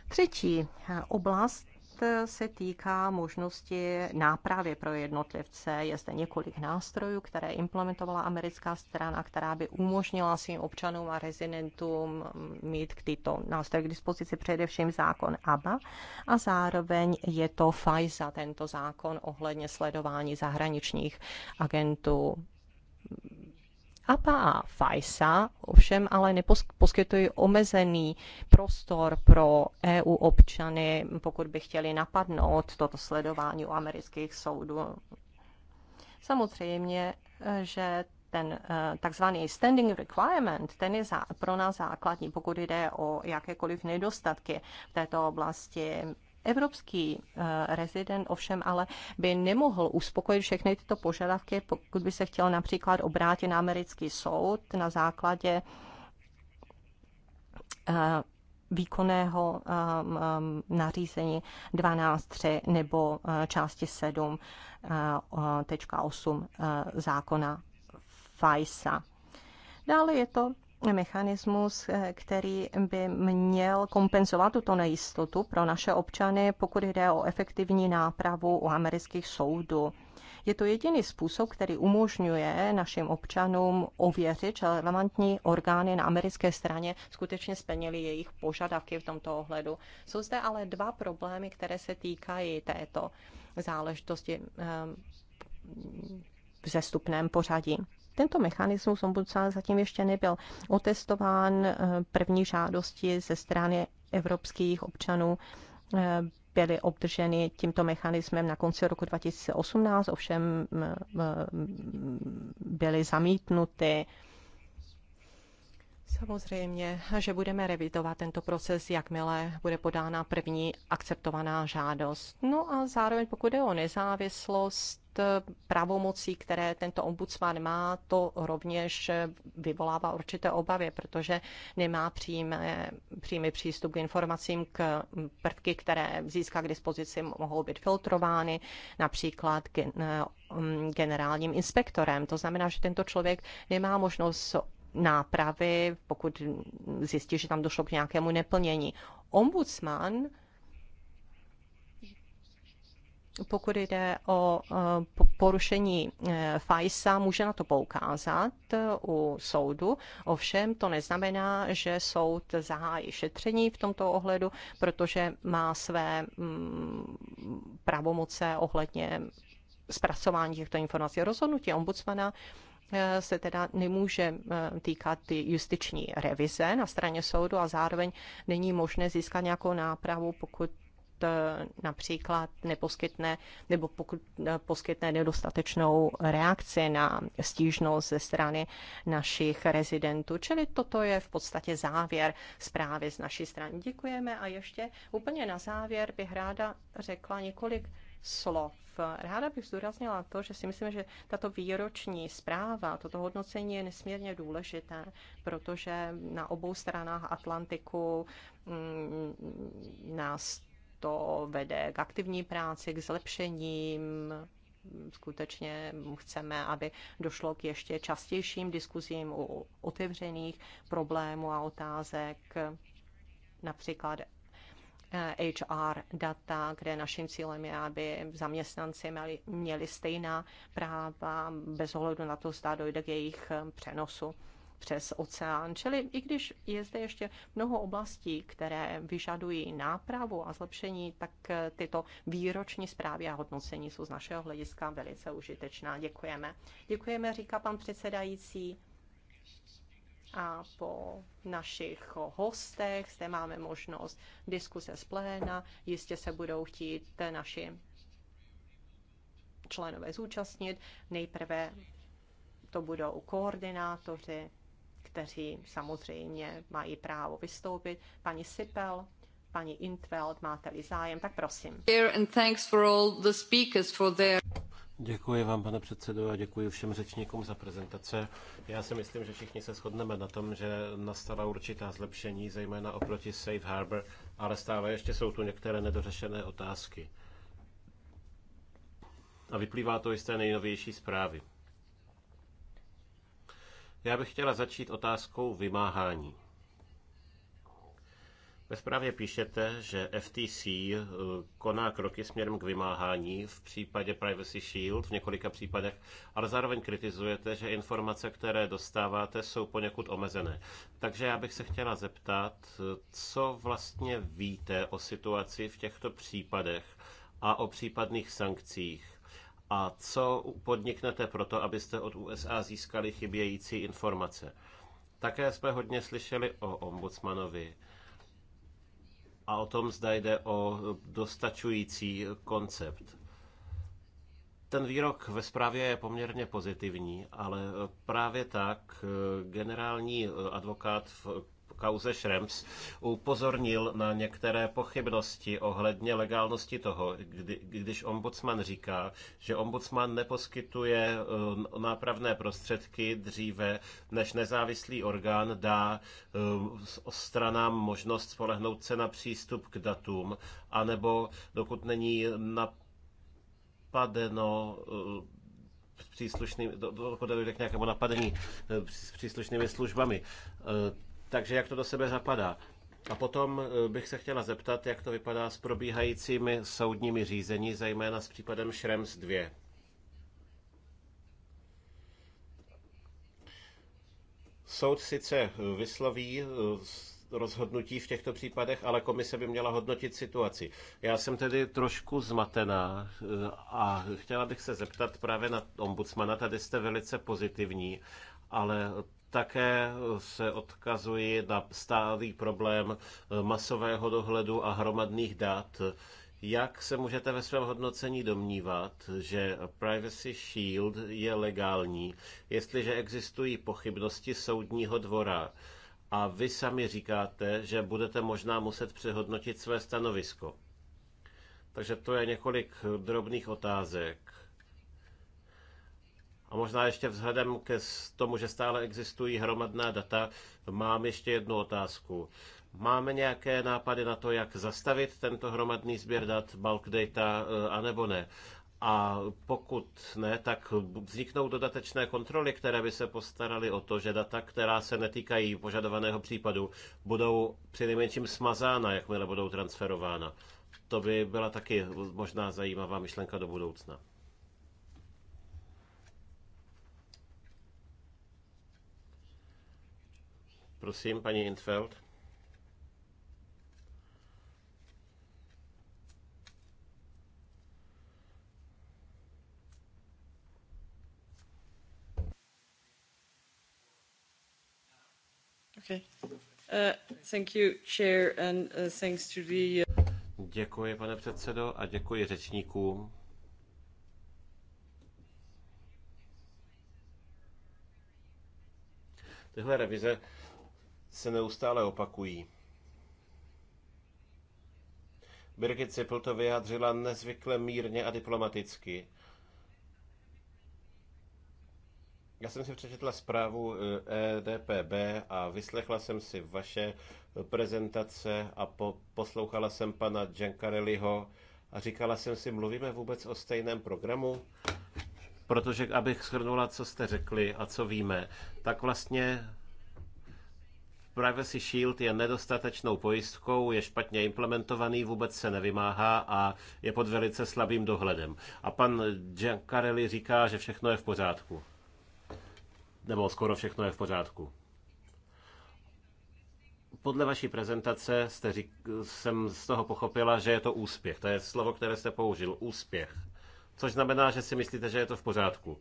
Třetí eh, oblast, Eh, se týká možnosti nápravy pro jednotlivce. Je zde několik nástrojů, které implementovala americká strana, která by umožnila svým občanům a rezidentům mm, mít k tyto nástroje k dispozici především zákon ABA a zároveň je to FISA, tento zákon ohledně sledování zahraničních agentů APA a FISA ovšem ale neposkytují omezený prostor pro EU občany, pokud by chtěli napadnout toto sledování u amerických soudů. Samozřejmě, že ten eh, takzvaný standing requirement, ten je pro nás základní, pokud jde o jakékoliv nedostatky v této oblasti. Evropský eh, rezident ovšem ale by nemohl uspokojit všechny tyto požadavky, pokud by se chtěl například obrátit na americký soud na základě eh, výkonného eh, nařízení 12.3 nebo části 7.8 zákona FISA. Dále je to mechanismus, eh, který by měl kompenzovat tuto nejistotu pro naše občany, pokud jde o efektivní nápravu u amerických soudů. Je to jediný způsob, který umožňuje našim občanům ověřit, že relevantní orgány na americké straně skutečně splnily jejich požadavky v tomto ohledu. Jsou zde ale dva problémy, které se týkají této záležitosti eh, v zestupném pořadí. Tento mechanismus ombudsman zatím ještě nebyl otestován. Eh, první žádosti ze strany evropských občanů eh, byly obdrženy tímto mechanismem na konci roku 2018, ovšem eh, byly zamítnuty. Samozřejmě, že budeme revidovat tento proces, jakmile bude podána první akceptovaná žádost. No a zároveň, pokud je o nezávislost, E, pravomocí, které tento ombudsman má, to rovněž vyvolává určité obavy, protože nemá přímý přístup k informacím, k prvky, které získá k dispozici, mohou být filtrovány, například e, mm, generálním inspektorem. To znamená, že tento člověk nemá možnost nápravy, pokud zjistí, že tam došlo k nějakému neplnění. Ombudsman pokud jde o e, porušení e, FISA, může na to poukázat e, u soudu. Ovšem to neznamená, že soud zahájí šetření v tomto ohledu, protože má své mm, pravomoce ohledně zpracování těchto informací. Rozhodnutí ombudsmana se teda nemůže týkat justiční revize na straně soudu a zároveň není možné získat nějakou nápravu, pokud Eh, například neposkytne nebo pokud eh, poskytne nedostatečnou reakci na stížnost ze strany našich rezidentů. Čili toto je v podstatě závěr zprávy z naší strany. Děkujeme a ještě úplně na závěr bych ráda řekla několik slov. Ráda bych zdůraznila to, že si myslím, že tato výroční zpráva, toto hodnocení je nesmírně důležité, protože na obou stranách Atlantiku mm, nás to vede k aktivní práci, k zlepšením. Skutečně chceme, aby došlo k ještě častějším diskuzím o otevřených problémů a otázek, například HR eh, data, kde naším cílem je, aby zaměstnanci měli, měli stejná práva bez ohledu na to, zda dojde k jejich přenosu přes oceán. Čili i když je zde ještě mnoho oblastí, které vyžadují nápravu a zlepšení, tak eh, tyto výroční zprávy a hodnocení jsou z našeho hlediska velice užitečná. Děkujeme. Děkujeme, říká pan předsedající. A po našich hostech zde máme možnost diskuse z pléna. Jistě se budou chtít naši členové zúčastnit. Nejprve to budou koordinátoři kteří samozřejmě mají právo vystoupit. Paní Sipel, paní Intveld, máte-li zájem, tak prosím. Děkuji vám, pane předsedo, a děkuji všem řečníkům za prezentace. Já si myslím, že všichni se shodneme na tom, že nastala určitá zlepšení, zejména oproti Safe Harbor, ale stále ještě jsou tu některé nedořešené otázky. A vyplývá to i z té nejnovější zprávy. Já bych chtěla začít otázkou vymáhání. Ve zprávě píšete, že FTC eh, koná kroky směrem k vymáhání v případě Privacy Shield v několika případech, ale zároveň kritizujete, že informace, které dostáváte, jsou poněkud omezené. Takže já bych se chtěla zeptat, eh, co vlastně víte o situaci v těchto případech a o případných sankcích a co podniknete pro to, abyste od USA získali chybějící informace? Také jsme hodně slyšeli o ombudsmanovi a o tom, zda jde o dostačující koncept. Ten výrok ve zprávě je poměrně pozitivní, ale právě tak generální advokát v kauze Šrems upozornil na některé pochybnosti ohledně legálnosti toho, kdy, když ombudsman říká, že ombudsman neposkytuje eh, nápravné prostředky dříve, než nezávislý orgán dá eh, stranám možnost spolehnout se na přístup k datům, anebo dokud není napadeno eh, příslušným, dokud dojde k nějakému napadení s příslušnými službami. Takže jak to do sebe zapadá? A potom eh, bych se chtěla zeptat, jak to vypadá s probíhajícími soudními řízení, zejména s případem Šrems 2. Soud sice eh, vysloví eh, rozhodnutí v těchto případech, ale komise by měla hodnotit situaci. Já jsem tedy trošku zmatená a chtěla bych se zeptat právě na ombudsmana. Tady jste velice pozitivní, ale také se odkazuji na stálý problém masového dohledu a hromadných dat. Jak se můžete ve svém hodnocení domnívat, že Privacy Shield je legální, jestliže existují pochybnosti soudního dvora? A vy sami říkáte, že budete možná muset přehodnotit své stanovisko. Takže to je několik drobných otázek a možná ještě vzhledem ke tomu, že stále existují hromadná data, mám ještě jednu otázku. Máme nějaké nápady na to, jak zastavit tento hromadný sběr dat, bulk data, eh, anebo ne? A pokud ne, tak vzniknou dodatečné kontroly, které by se postaraly o to, že data, která se netýkají požadovaného případu, budou přinejmenším smazána, jakmile budou transferována. To by byla taky možná zajímavá myšlenka do budoucna. Prosím, paní Intfeld. Děkuji, pane předsedo, a děkuji řečníkům. Tyhle revize se neustále opakují. Birgit Zippel to vyjádřila nezvykle mírně a diplomaticky. Já jsem si přečetla zprávu EDPB eh, e a vyslechla jsem si vaše prezentace a po, poslouchala jsem pana Giancarelliho a říkala jsem si, mluvíme vůbec o stejném programu? Protože abych shrnula, co jste řekli a co víme, tak vlastně Privacy Shield je nedostatečnou pojistkou, je špatně implementovaný, vůbec se nevymáhá a je pod velice slabým dohledem. A pan Giancarelli říká, že všechno je v pořádku. Nebo skoro všechno je v pořádku podle vaší prezentace jste řík, jsem z toho pochopila, že je to úspěch. To je slovo, které jste použil. Úspěch. Což znamená, že si myslíte, že je to v pořádku.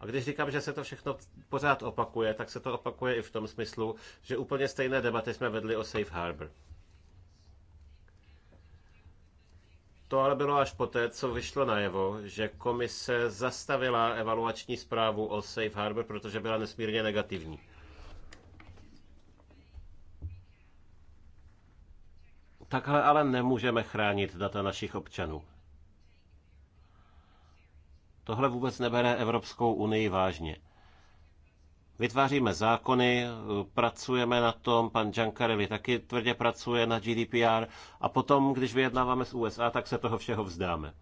A když říkám, že se to všechno pořád opakuje, tak se to opakuje i v tom smyslu, že úplně stejné debaty jsme vedli o Safe Harbor. To ale bylo až poté, co vyšlo najevo, že komise zastavila evaluační zprávu o Safe Harbor, protože byla nesmírně negativní. Takhle ale nemůžeme chránit data našich občanů. Tohle vůbec nebere Evropskou unii vážně. Vytváříme zákony, pracujeme na tom, pan Giancarelli taky tvrdě pracuje na GDPR a potom, když vyjednáváme s USA, tak se toho všeho vzdáme.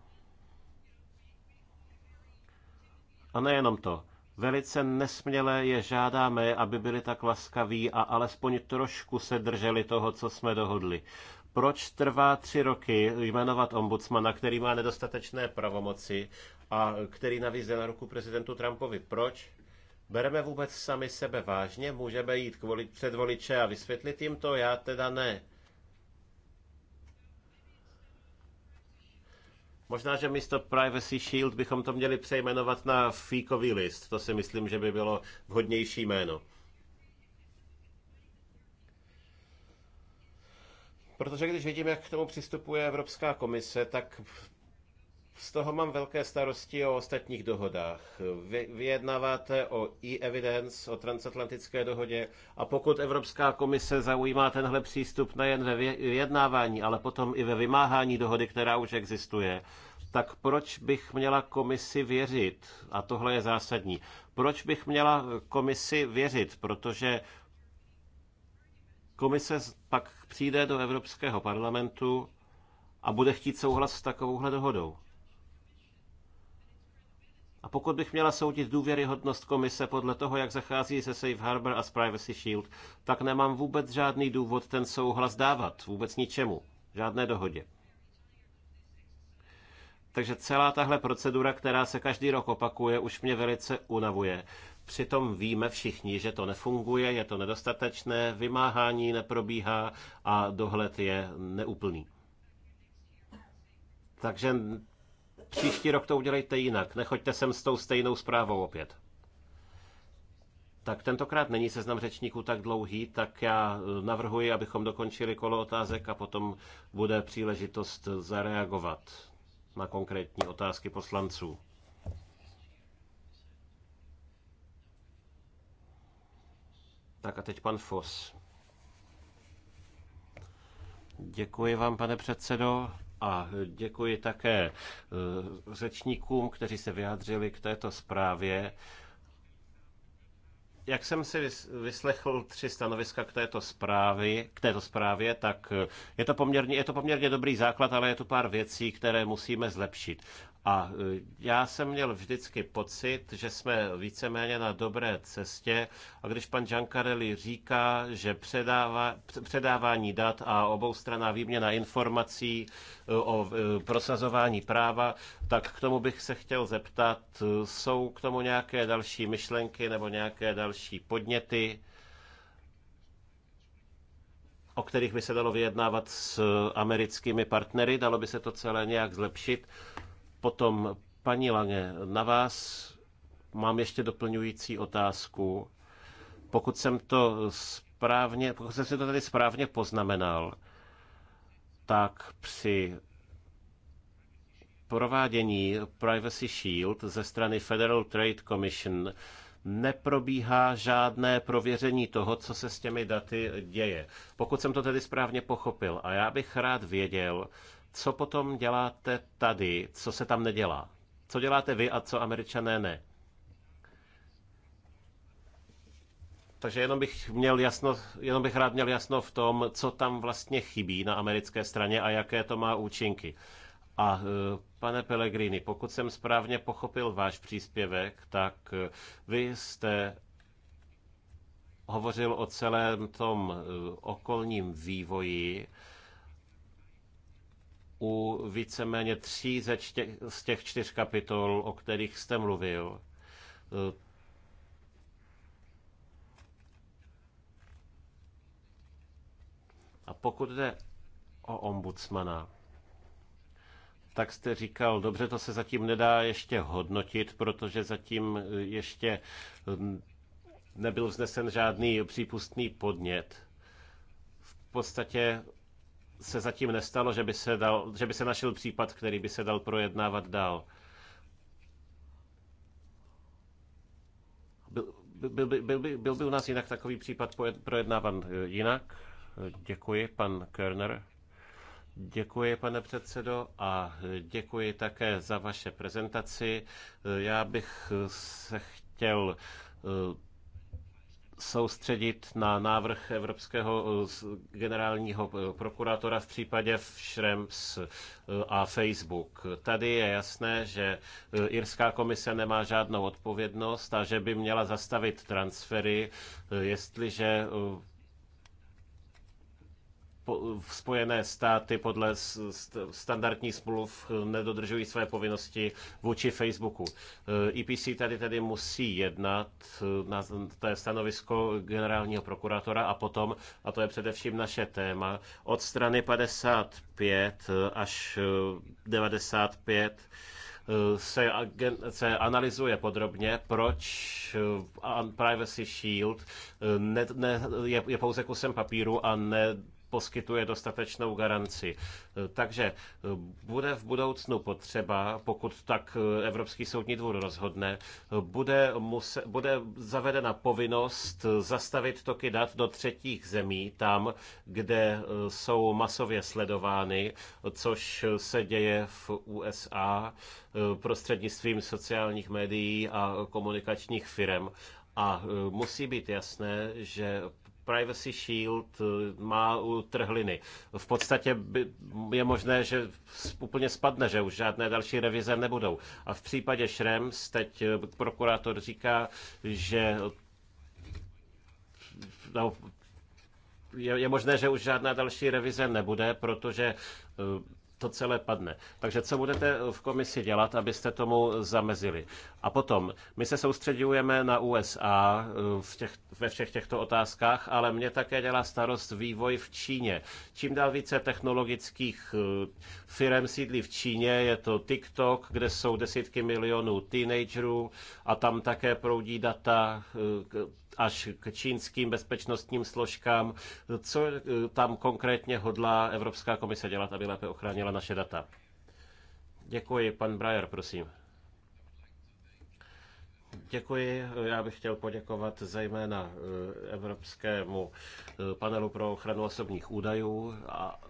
A nejenom to. Velice nesměle je žádáme, aby byli tak laskaví a alespoň trošku se drželi toho, co jsme dohodli. Proč trvá tři roky jmenovat ombudsmana, který má nedostatečné pravomoci a který navízde na ruku prezidentu Trumpovi. Proč? Bereme vůbec sami sebe vážně? Můžeme jít kvůli před voliče a vysvětlit jim to? Já teda ne. Možná, že místo Privacy Shield bychom to měli přejmenovat na fíkový list. To si myslím, že by bylo vhodnější jméno. Protože když vidím, jak k tomu přistupuje Evropská komise, tak z toho mám velké starosti o ostatních dohodách. Vy, vyjednáváte o e-evidence, o transatlantické dohodě a pokud Evropská komise zaujímá tenhle přístup nejen ve vyjednávání, ale potom i ve vymáhání dohody, která už existuje, tak proč bych měla komisi věřit? A tohle je zásadní. Proč bych měla komisi věřit? Protože komise pak přijde do Evropského parlamentu a bude chtít souhlas s takovouhle dohodou. A pokud bych měla soudit důvěryhodnost komise podle toho, jak zachází se Safe Harbor a s Privacy Shield, tak nemám vůbec žádný důvod ten souhlas dávat, vůbec ničemu, žádné dohodě. Takže celá tahle procedura, která se každý rok opakuje, už mě velice unavuje. Přitom víme všichni, že to nefunguje, je to nedostatečné, vymáhání neprobíhá a dohled je neúplný. Takže Příští rok to udělejte jinak. Nechoďte sem s tou stejnou zprávou opět. Tak tentokrát není seznam řečníků tak dlouhý, tak já e, navrhuji, abychom dokončili kolo otázek a potom bude příležitost zareagovat na konkrétní otázky poslanců. Tak a teď pan Fos. Děkuji vám, pane předsedo. A děkuji také eh, řečníkům, kteří se vyjádřili k této zprávě. Jak jsem si vyslechl tři stanoviska k této, zprávy, k této zprávě, tak eh, je to, poměrně, je to poměrně dobrý základ, ale je tu pár věcí, které musíme zlepšit. A e, já jsem měl vždycky pocit, že jsme víceméně na dobré cestě a když pan Giancarelli říká, že předává, předávání dat a oboustraná výměna informací e, o e, prosazování práva, tak k tomu bych se chtěl zeptat, jsou k tomu nějaké další myšlenky nebo nějaké další podněty? o kterých by se dalo vyjednávat s americkými partnery, dalo by se to celé nějak zlepšit. Potom, paní Lange, na vás mám ještě doplňující otázku. Pokud jsem to správně, pokud jsem si to tady správně poznamenal, tak při provádění Privacy Shield ze strany Federal Trade Commission neprobíhá žádné prověření toho, co se s těmi daty děje. Pokud jsem to tedy správně pochopil, a já bych rád věděl, co potom děláte tady, co se tam nedělá? Co děláte vy a co američané ne? Takže jenom bych, měl jasno, jenom bych rád měl jasno v tom, co tam vlastně chybí na americké straně a jaké to má účinky. A e, pane Pellegrini, pokud jsem správně pochopil váš příspěvek, tak e, vy jste hovořil o celém tom e, okolním vývoji, u víceméně tří ze čtě, z těch čtyř kapitol, o kterých jste mluvil. A pokud jde o ombudsmana, tak jste říkal, dobře, to se zatím nedá ještě hodnotit, protože zatím ještě hm, nebyl vznesen žádný přípustný podnět. V podstatě se zatím nestalo, že by se, dal, že by se našel případ, který by se dal projednávat dál. Byl, by, byl, by, byl by u nás jinak takový případ projednávan eh, jinak? Eh, děkuji, pan Körner. Děkuji, pane předsedo, a eh, děkuji také za vaše prezentaci. Já bych se chtěl soustředit na návrh evropského eh, generálního eh, prokurátora v případě Schrems eh, a Facebook. Tady je jasné, že Irská komise nemá žádnou odpovědnost a že by měla zastavit transfery, jestliže v Spojené státy podle standardní smluv nedodržují své povinnosti vůči Facebooku. IPC eh, e tady tedy musí jednat, eh, na, to je stanovisko generálního prokurátora a potom, a to je především naše téma, od strany 55 eh, až 95 se, se analyzuje podrobně, proč Privacy Shield ne, ne, je, je pouze kusem papíru a ne poskytuje dostatečnou garanci. Takže eh, bude v budoucnu potřeba, pokud tak eh, Evropský soudní dvůr rozhodne, eh, bude, muse, bude zavedena povinnost zastavit toky dat do třetích zemí, tam, kde jsou masově sledovány, což se děje v USA prostřednictvím sociálních médií a komunikačních firm. A musí být jasné, že Privacy Shield eh, má u trhliny. V podstatě by je možné, že úplně spadne, že už žádné další revize nebudou. A v případě Schrems teď eh, prokurátor říká, že no, je, je možné, že už žádná další revize nebude, protože eh, to celé padne. Takže co budete v komisi dělat, abyste tomu zamezili? A potom, my se soustředujeme na USA eh, v těch, ve všech těchto otázkách, ale mě také dělá starost vývoj v Číně. Čím dál více technologických eh, firm sídlí v Číně, je to TikTok, kde jsou desítky milionů teenagerů a tam také proudí data, eh, až k čínským bezpečnostním složkám. Co eh, tam konkrétně hodlá Evropská komise dělat, aby lépe ochránila naše data? Děkuji. Pan Brajer, prosím. Děkuji. Já bych chtěl poděkovat zejména eh, Evropskému eh, panelu pro ochranu osobních údajů a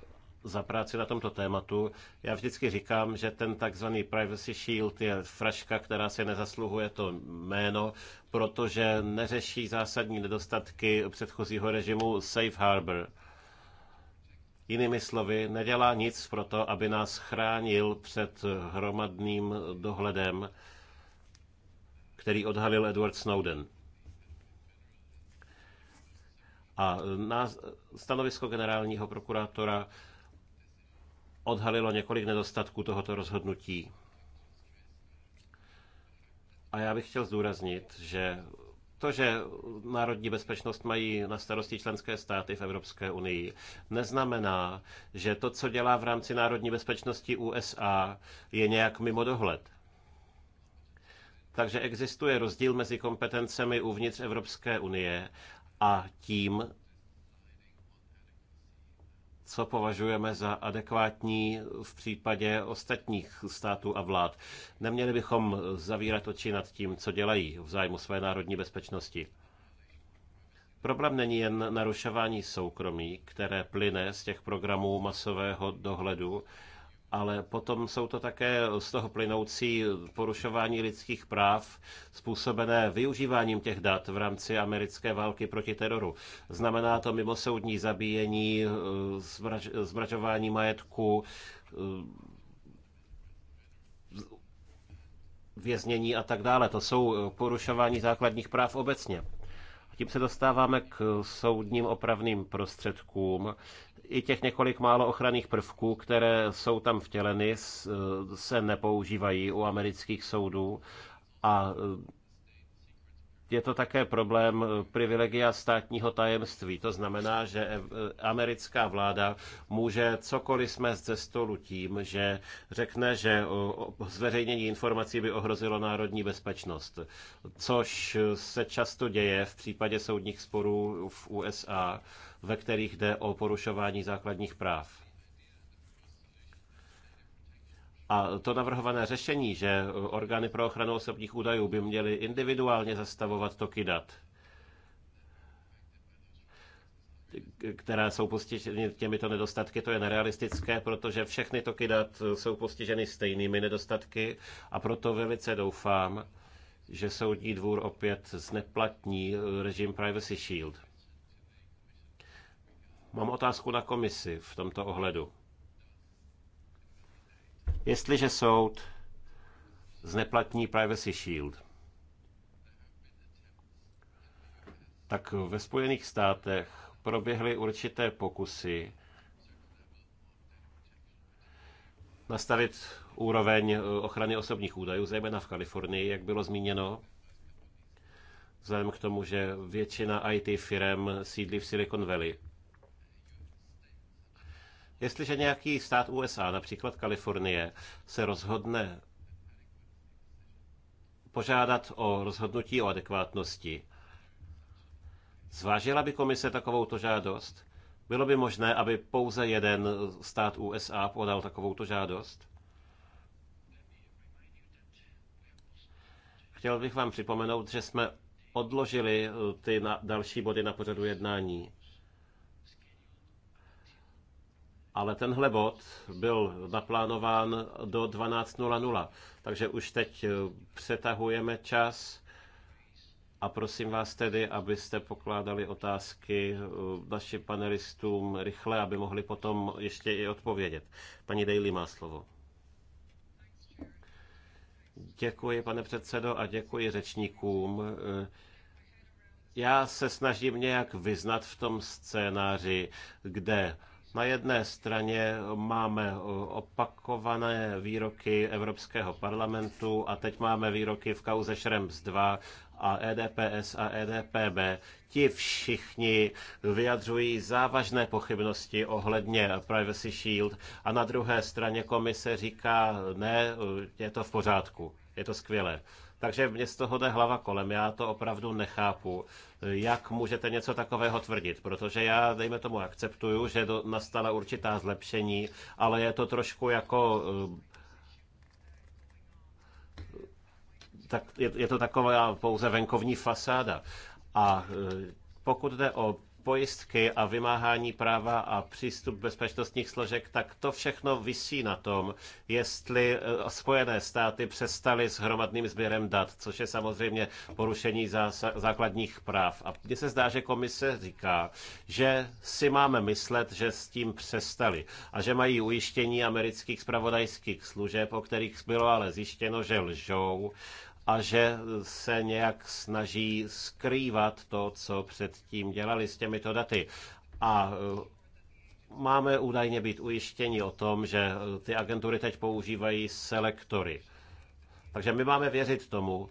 za práci na tomto tématu. Já vždycky říkám, že ten takzvaný Privacy Shield je fraška, která si nezasluhuje to jméno, protože neřeší zásadní nedostatky předchozího režimu Safe Harbor. Jinými slovy, nedělá nic pro to, aby nás chránil před hromadným dohledem, který odhalil Edward Snowden. A na stanovisko generálního prokurátora odhalilo několik nedostatků tohoto rozhodnutí. A já bych chtěl zdůraznit, že to, že národní bezpečnost mají na starosti členské státy v Evropské unii, neznamená, že to, co dělá v rámci národní bezpečnosti USA, je nějak mimo dohled. Takže existuje rozdíl mezi kompetencemi uvnitř Evropské unie a tím, co považujeme za adekvátní v případě ostatních států a vlád. Neměli bychom zavírat oči nad tím, co dělají v zájmu své národní bezpečnosti. Problém není jen narušování soukromí, které plyne z těch programů masového dohledu, ale potom jsou to také z toho plynoucí porušování lidských práv způsobené využíváním těch dat v rámci americké války proti teroru. Znamená to mimosoudní zabíjení, zmraž, zmražování majetku, věznění a tak dále. To jsou porušování základních práv obecně. Tím se dostáváme k soudním opravným prostředkům, i těch několik málo ochranných prvků, které jsou tam vtěleny, eh, se nepoužívají u amerických soudů a eh, je to také problém eh, privilegia státního tajemství. To znamená, že americká vláda může cokoliv jsme ze stolu tím, že řekne, že zveřejnění informací by ohrozilo národní bezpečnost, což se často děje v případě soudních sporů v USA ve kterých jde o porušování základních práv. A to navrhované řešení, že orgány pro ochranu osobních údajů by měly individuálně zastavovat toky dat, které jsou postiženy těmito nedostatky, to je nerealistické, protože všechny toky dat jsou postiženy stejnými nedostatky a proto velice doufám, že Soudní dvůr opět zneplatní režim Privacy Shield. Mám otázku na komisi v tomto ohledu. Jestliže soud zneplatní Privacy Shield, tak ve Spojených státech proběhly určité pokusy nastavit úroveň eh, ochrany osobních údajů, zejména v Kalifornii, jak bylo zmíněno, vzhledem k tomu, že většina IT firm sídlí v Silicon Valley. Jestliže nějaký stát USA, například Kalifornie, se rozhodne požádat o rozhodnutí o adekvátnosti, zvážila by komise takovouto žádost? Bylo by možné, aby pouze jeden stát USA podal takovouto žádost? Chtěl bych vám připomenout, že jsme odložili ty další body na pořadu jednání. ale tenhle bod byl naplánován do 12.00, takže už teď eh, přetahujeme čas a prosím vás tedy, abyste pokládali otázky eh, našim panelistům rychle, aby mohli potom ještě i odpovědět. Paní Daly má slovo. Děkuji, pane předsedo, a děkuji řečníkům. Eh, já se snažím nějak vyznat v tom scénáři, kde na jedné straně máme e, opakované výroky Evropského parlamentu a teď máme výroky v kauze Šrems 2 a EDPS a EDPB. Ti všichni vyjadřují závažné pochybnosti ohledně Privacy Shield a na druhé straně komise říká, ne, e, je to v pořádku, je to skvělé. Takže mě z toho jde hlava kolem, já to opravdu nechápu jak můžete něco takového tvrdit, protože já, dejme tomu, akceptuju, že do, nastala určitá zlepšení, ale je to trošku jako eh, tak je, je to taková pouze venkovní fasáda. A eh, pokud jde o pojistky a vymáhání práva a přístup bezpečnostních složek, tak to všechno visí na tom, jestli eh, Spojené státy přestaly s hromadným sběrem dat, což je samozřejmě porušení základních práv. A mně se zdá, že komise říká, že si máme myslet, že s tím přestali a že mají ujištění amerických spravodajských služeb, o kterých bylo ale zjištěno, že lžou a že se nějak snaží skrývat to, co předtím dělali s těmito daty. A e, máme údajně být ujištěni o tom, že e, ty agentury teď používají selektory. Takže my máme věřit tomu,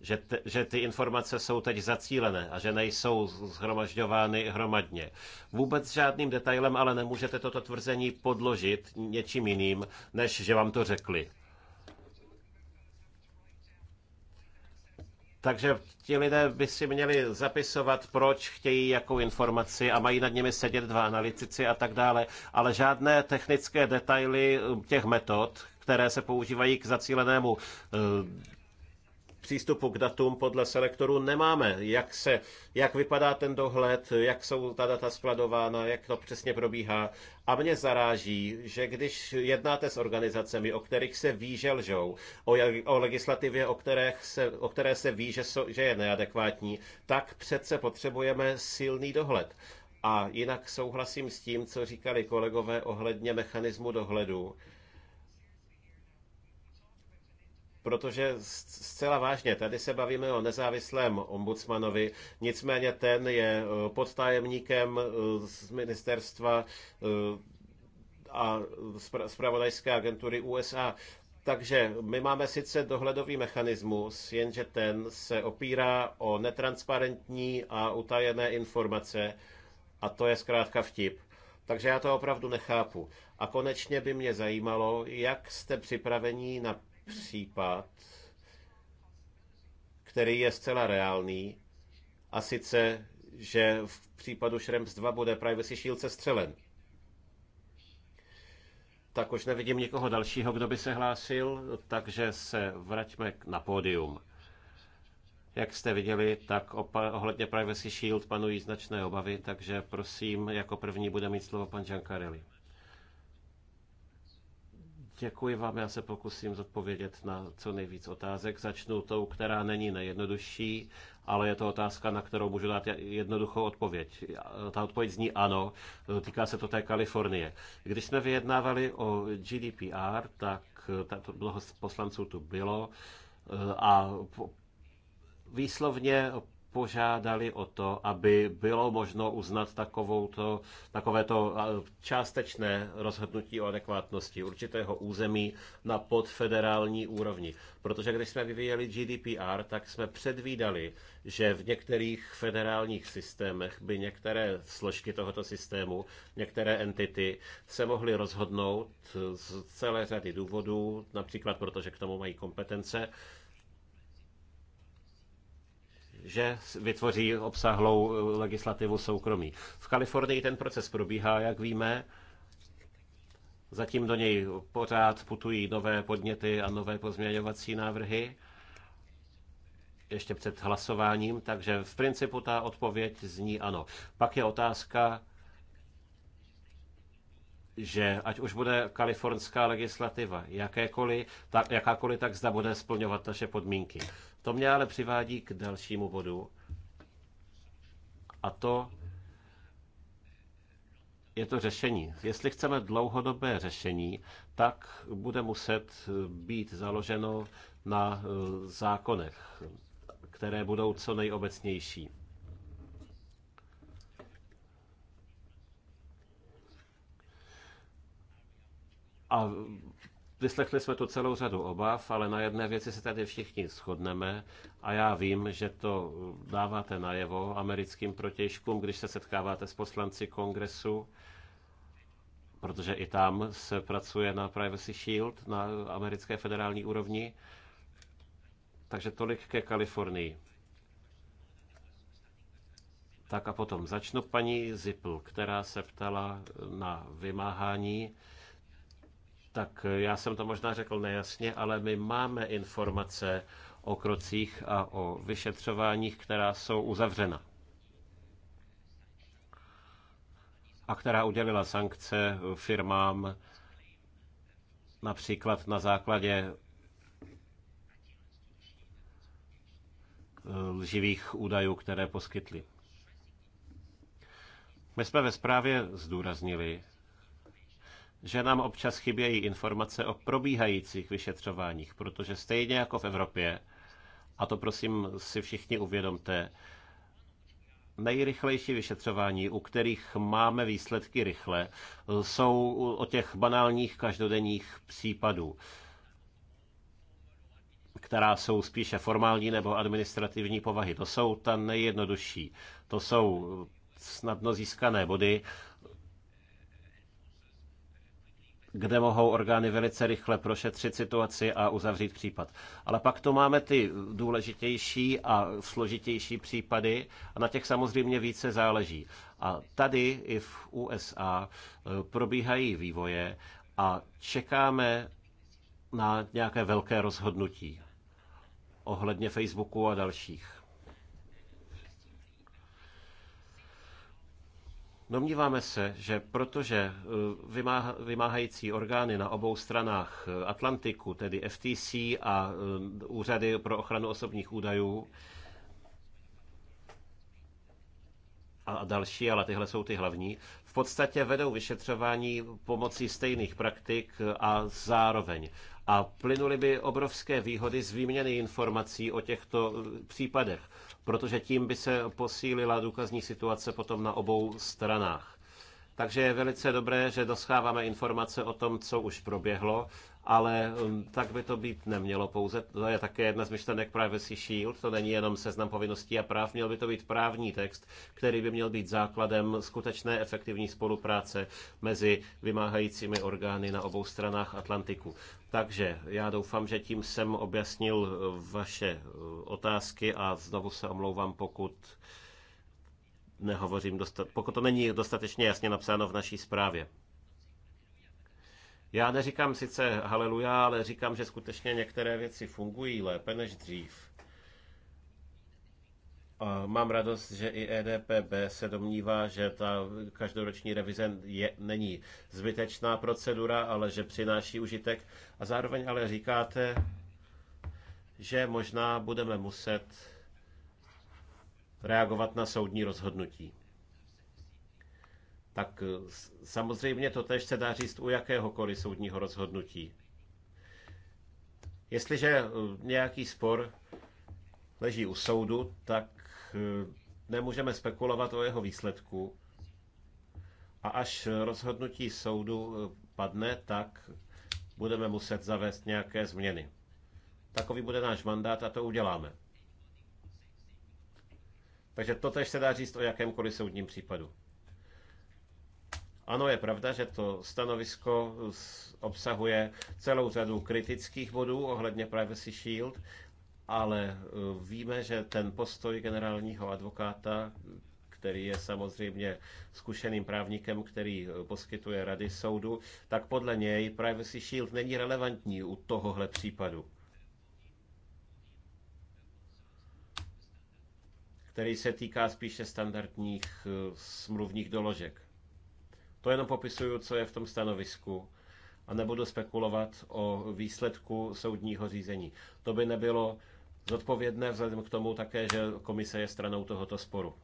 že, te, že ty informace jsou teď zacílené a že nejsou zhromažďovány hromadně. Vůbec žádným detailem ale nemůžete toto tvrzení podložit něčím jiným, než že vám to řekli. Takže ti lidé by si měli zapisovat, proč chtějí jakou informaci a mají nad nimi sedět dva analytici a tak dále, ale žádné technické detaily těch metod, které se používají k zacílenému eh, přístupu k datům podle selektoru nemáme. Jak, se, jak vypadá ten dohled, jak jsou ta data skladována, jak to přesně probíhá. A mě zaráží, že když jednáte s organizacemi, o kterých se ví, že lžou, o, o legislativě, o, se, o které se ví, že, so, že je neadekvátní, tak přece potřebujeme silný dohled. A jinak souhlasím s tím, co říkali kolegové ohledně mechanismu dohledu protože zcela vážně, tady se bavíme o nezávislém ombudsmanovi, nicméně ten je e, tajemníkem e, z ministerstva e, a zpravodajské agentury USA. Takže my máme sice dohledový mechanismus, jenže ten se opírá o netransparentní a utajené informace a to je zkrátka vtip. Takže já to opravdu nechápu. A konečně by mě zajímalo, jak jste připraveni na případ, který je zcela reálný, a sice, že v případu Shrems 2 bude Privacy Shield sestřelen. Tak už nevidím nikoho dalšího, kdo by se hlásil, takže se vraťme na pódium. Jak jste viděli, tak ohledně Privacy Shield panují značné obavy, takže prosím, jako první bude mít slovo pan Giancarelli. Děkuji vám, já se pokusím zodpovědět na co nejvíc otázek. Začnu tou, která není nejjednodušší, ale je to otázka, na kterou můžu dát jednoduchou odpověď. Ta odpověď zní ano, týká se to té Kalifornie. Když jsme vyjednávali o GDPR, tak mnoho poslanců tu bylo a výslovně požádali o to, aby bylo možno uznat takovouto, takovéto částečné rozhodnutí o adekvátnosti určitého území na podfederální úrovni. Protože když jsme vyvíjeli GDPR, tak jsme předvídali, že v některých federálních systémech by některé složky tohoto systému, některé entity se mohly rozhodnout z celé řady důvodů, například protože k tomu mají kompetence, že vytvoří obsáhlou eh, legislativu soukromí. V Kalifornii ten proces probíhá, jak víme. Zatím do něj pořád putují nové podněty a nové pozměňovací návrhy ještě před hlasováním, takže v principu ta odpověď zní ano. Pak je otázka, že ať už bude kalifornská legislativa jakékoliv, tak, jakákoliv, tak zda bude splňovat naše podmínky. To mě ale přivádí k dalšímu bodu. A to je to řešení. Jestli chceme dlouhodobé řešení, tak bude muset být založeno na e, zákonech, které budou co nejobecnější. A Vyslechli jsme tu celou řadu obav, ale na jedné věci se tady všichni shodneme a já vím, že to dáváte najevo americkým protějškům, když se setkáváte s poslanci kongresu, protože i tam se pracuje na Privacy Shield na americké federální úrovni. Takže tolik ke Kalifornii. Tak a potom začnu paní Zipl, která se ptala na vymáhání tak já jsem to možná řekl nejasně, ale my máme informace o krocích a o vyšetřováních, která jsou uzavřena. A která udělila sankce firmám například na základě eh, lživých údajů, které poskytli. My jsme ve zprávě zdůraznili, že nám občas chybějí informace o probíhajících vyšetřováních, protože stejně jako v Evropě, a to prosím si všichni uvědomte, nejrychlejší vyšetřování, u kterých máme výsledky rychle, jsou o těch banálních každodenních případů, která jsou spíše formální nebo administrativní povahy. To jsou ta nejjednodušší. To jsou snadno získané body, kde mohou orgány velice rychle prošetřit situaci a uzavřít případ. Ale pak tu máme ty důležitější a složitější případy a na těch samozřejmě více záleží. A tady i v USA eh, probíhají vývoje a čekáme na nějaké velké rozhodnutí ohledně Facebooku a dalších. Domníváme se, že protože eh, vymáhající orgány na obou stranách eh, Atlantiku, tedy FTC a eh, úřady pro ochranu osobních údajů, a další, ale tyhle jsou ty hlavní, podstatě vedou vyšetřování pomocí stejných praktik a zároveň. A plynuly by obrovské výhody z výměny informací o těchto eh, případech, protože tím by se posílila důkazní situace potom na obou stranách. Takže je velice dobré, že doscháváme informace o tom, co už proběhlo ale um, tak by to být nemělo pouze. To je také jedna z myšlenek Privacy Shield, to není jenom seznam povinností a práv, měl by to být právní text, který by měl být základem skutečné efektivní spolupráce mezi vymáhajícími orgány na obou stranách Atlantiku. Takže já doufám, že tím jsem objasnil uh, vaše uh, otázky a znovu se omlouvám, pokud nehovořím dostat, pokud to není dostatečně jasně napsáno v naší zprávě. Já neříkám sice haleluja, ale říkám, že skutečně některé věci fungují lépe než dřív. Mám radost, že i EDPB se domnívá, že ta každoroční revize je, není zbytečná procedura, ale že přináší užitek. A zároveň ale říkáte, že možná budeme muset reagovat na soudní rozhodnutí tak eh, samozřejmě to tež se dá říct u jakéhokoliv soudního rozhodnutí. Jestliže eh, nějaký spor leží u soudu, tak eh, nemůžeme spekulovat o jeho výsledku. A až rozhodnutí soudu padne, tak budeme muset zavést nějaké změny. Takový bude náš mandát a to uděláme. Takže to tež se dá říct o jakémkoliv soudním případu. Ano, je pravda, že to stanovisko obsahuje celou řadu kritických bodů ohledně Privacy Shield, ale e, víme, že ten postoj generálního advokáta, který je samozřejmě zkušeným právníkem, který e, poskytuje rady soudu, tak podle něj Privacy Shield není relevantní u tohohle případu. který se týká spíše standardních e, smluvních doložek. To jenom popisuju, co je v tom stanovisku a nebudu spekulovat o výsledku soudního řízení. To by nebylo zodpovědné vzhledem k tomu také, že komise je stranou tohoto sporu.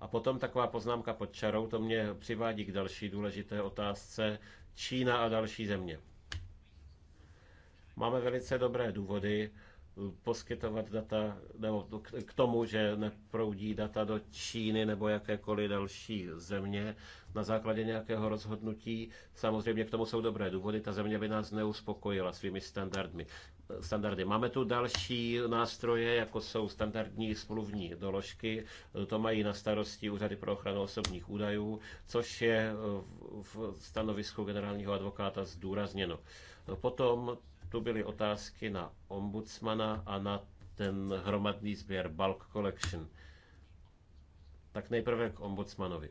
A potom taková poznámka pod čarou, to mě přivádí k další důležité otázce Čína a další země. Máme velice dobré důvody, poskytovat data, nebo k tomu, že neproudí data do Číny nebo jakékoliv další země na základě nějakého rozhodnutí. Samozřejmě k tomu jsou dobré důvody, ta země by nás neuspokojila svými standardmi. standardy. Máme tu další nástroje, jako jsou standardní smluvní doložky, to mají na starosti úřady pro ochranu osobních údajů, což je v stanovisku generálního advokáta zdůrazněno. Potom tu byly otázky na ombudsmana a na ten hromadný sběr Bulk Collection. Tak nejprve k ombudsmanovi.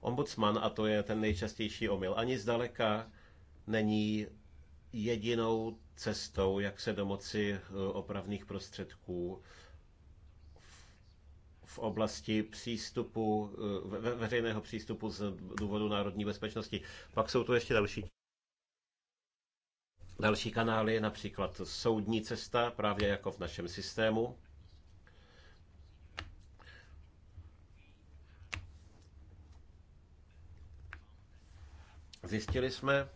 Ombudsman, a to je ten nejčastější omyl, ani zdaleka není jedinou cestou, jak se domoci eh, opravných prostředků v oblasti přístupu, eh, ve, veřejného přístupu z důvodu národní bezpečnosti. Pak jsou tu ještě další Další kanály, například soudní cesta, právě jako v našem systému. Zjistili jsme,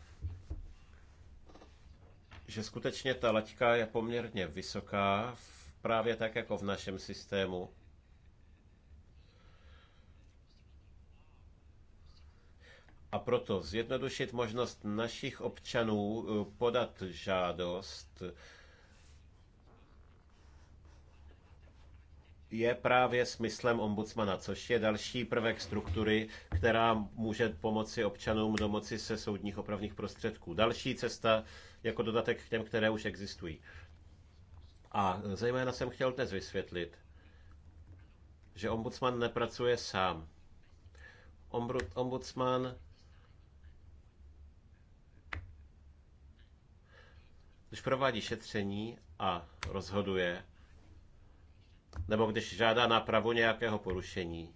že skutečně ta laťka je poměrně vysoká, právě tak jako v našem systému. A proto zjednodušit možnost našich občanů eh, podat žádost je právě smyslem ombudsmana, což je další prvek struktury, která může pomoci občanům domoci se soudních opravných prostředků. Další cesta jako dodatek k těm, které už existují. A zejména jsem chtěl dnes vysvětlit, že ombudsman nepracuje sám. Ombudsman když provádí šetření a rozhoduje, nebo když žádá nápravu nějakého porušení,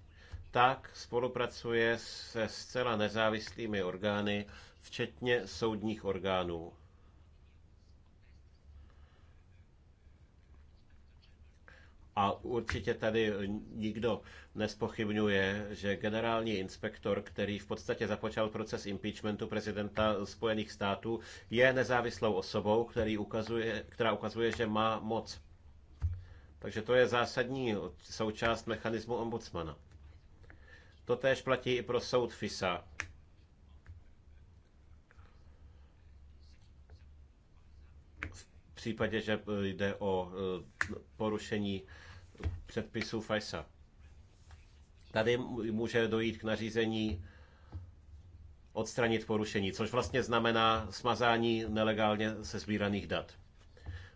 tak spolupracuje se zcela nezávislými orgány, včetně soudních orgánů. A určitě tady nikdo nespochybňuje, že generální inspektor, který v podstatě započal proces impeachmentu prezidenta Spojených států, je nezávislou osobou, který ukazuje, která ukazuje, že má moc. Takže to je zásadní součást mechanismu ombudsmana. To též platí i pro soud FISA. V případě, že jde o eh, porušení předpisů FISA. Tady může dojít k nařízení odstranit porušení, což vlastně znamená smazání nelegálně sezbíraných dat.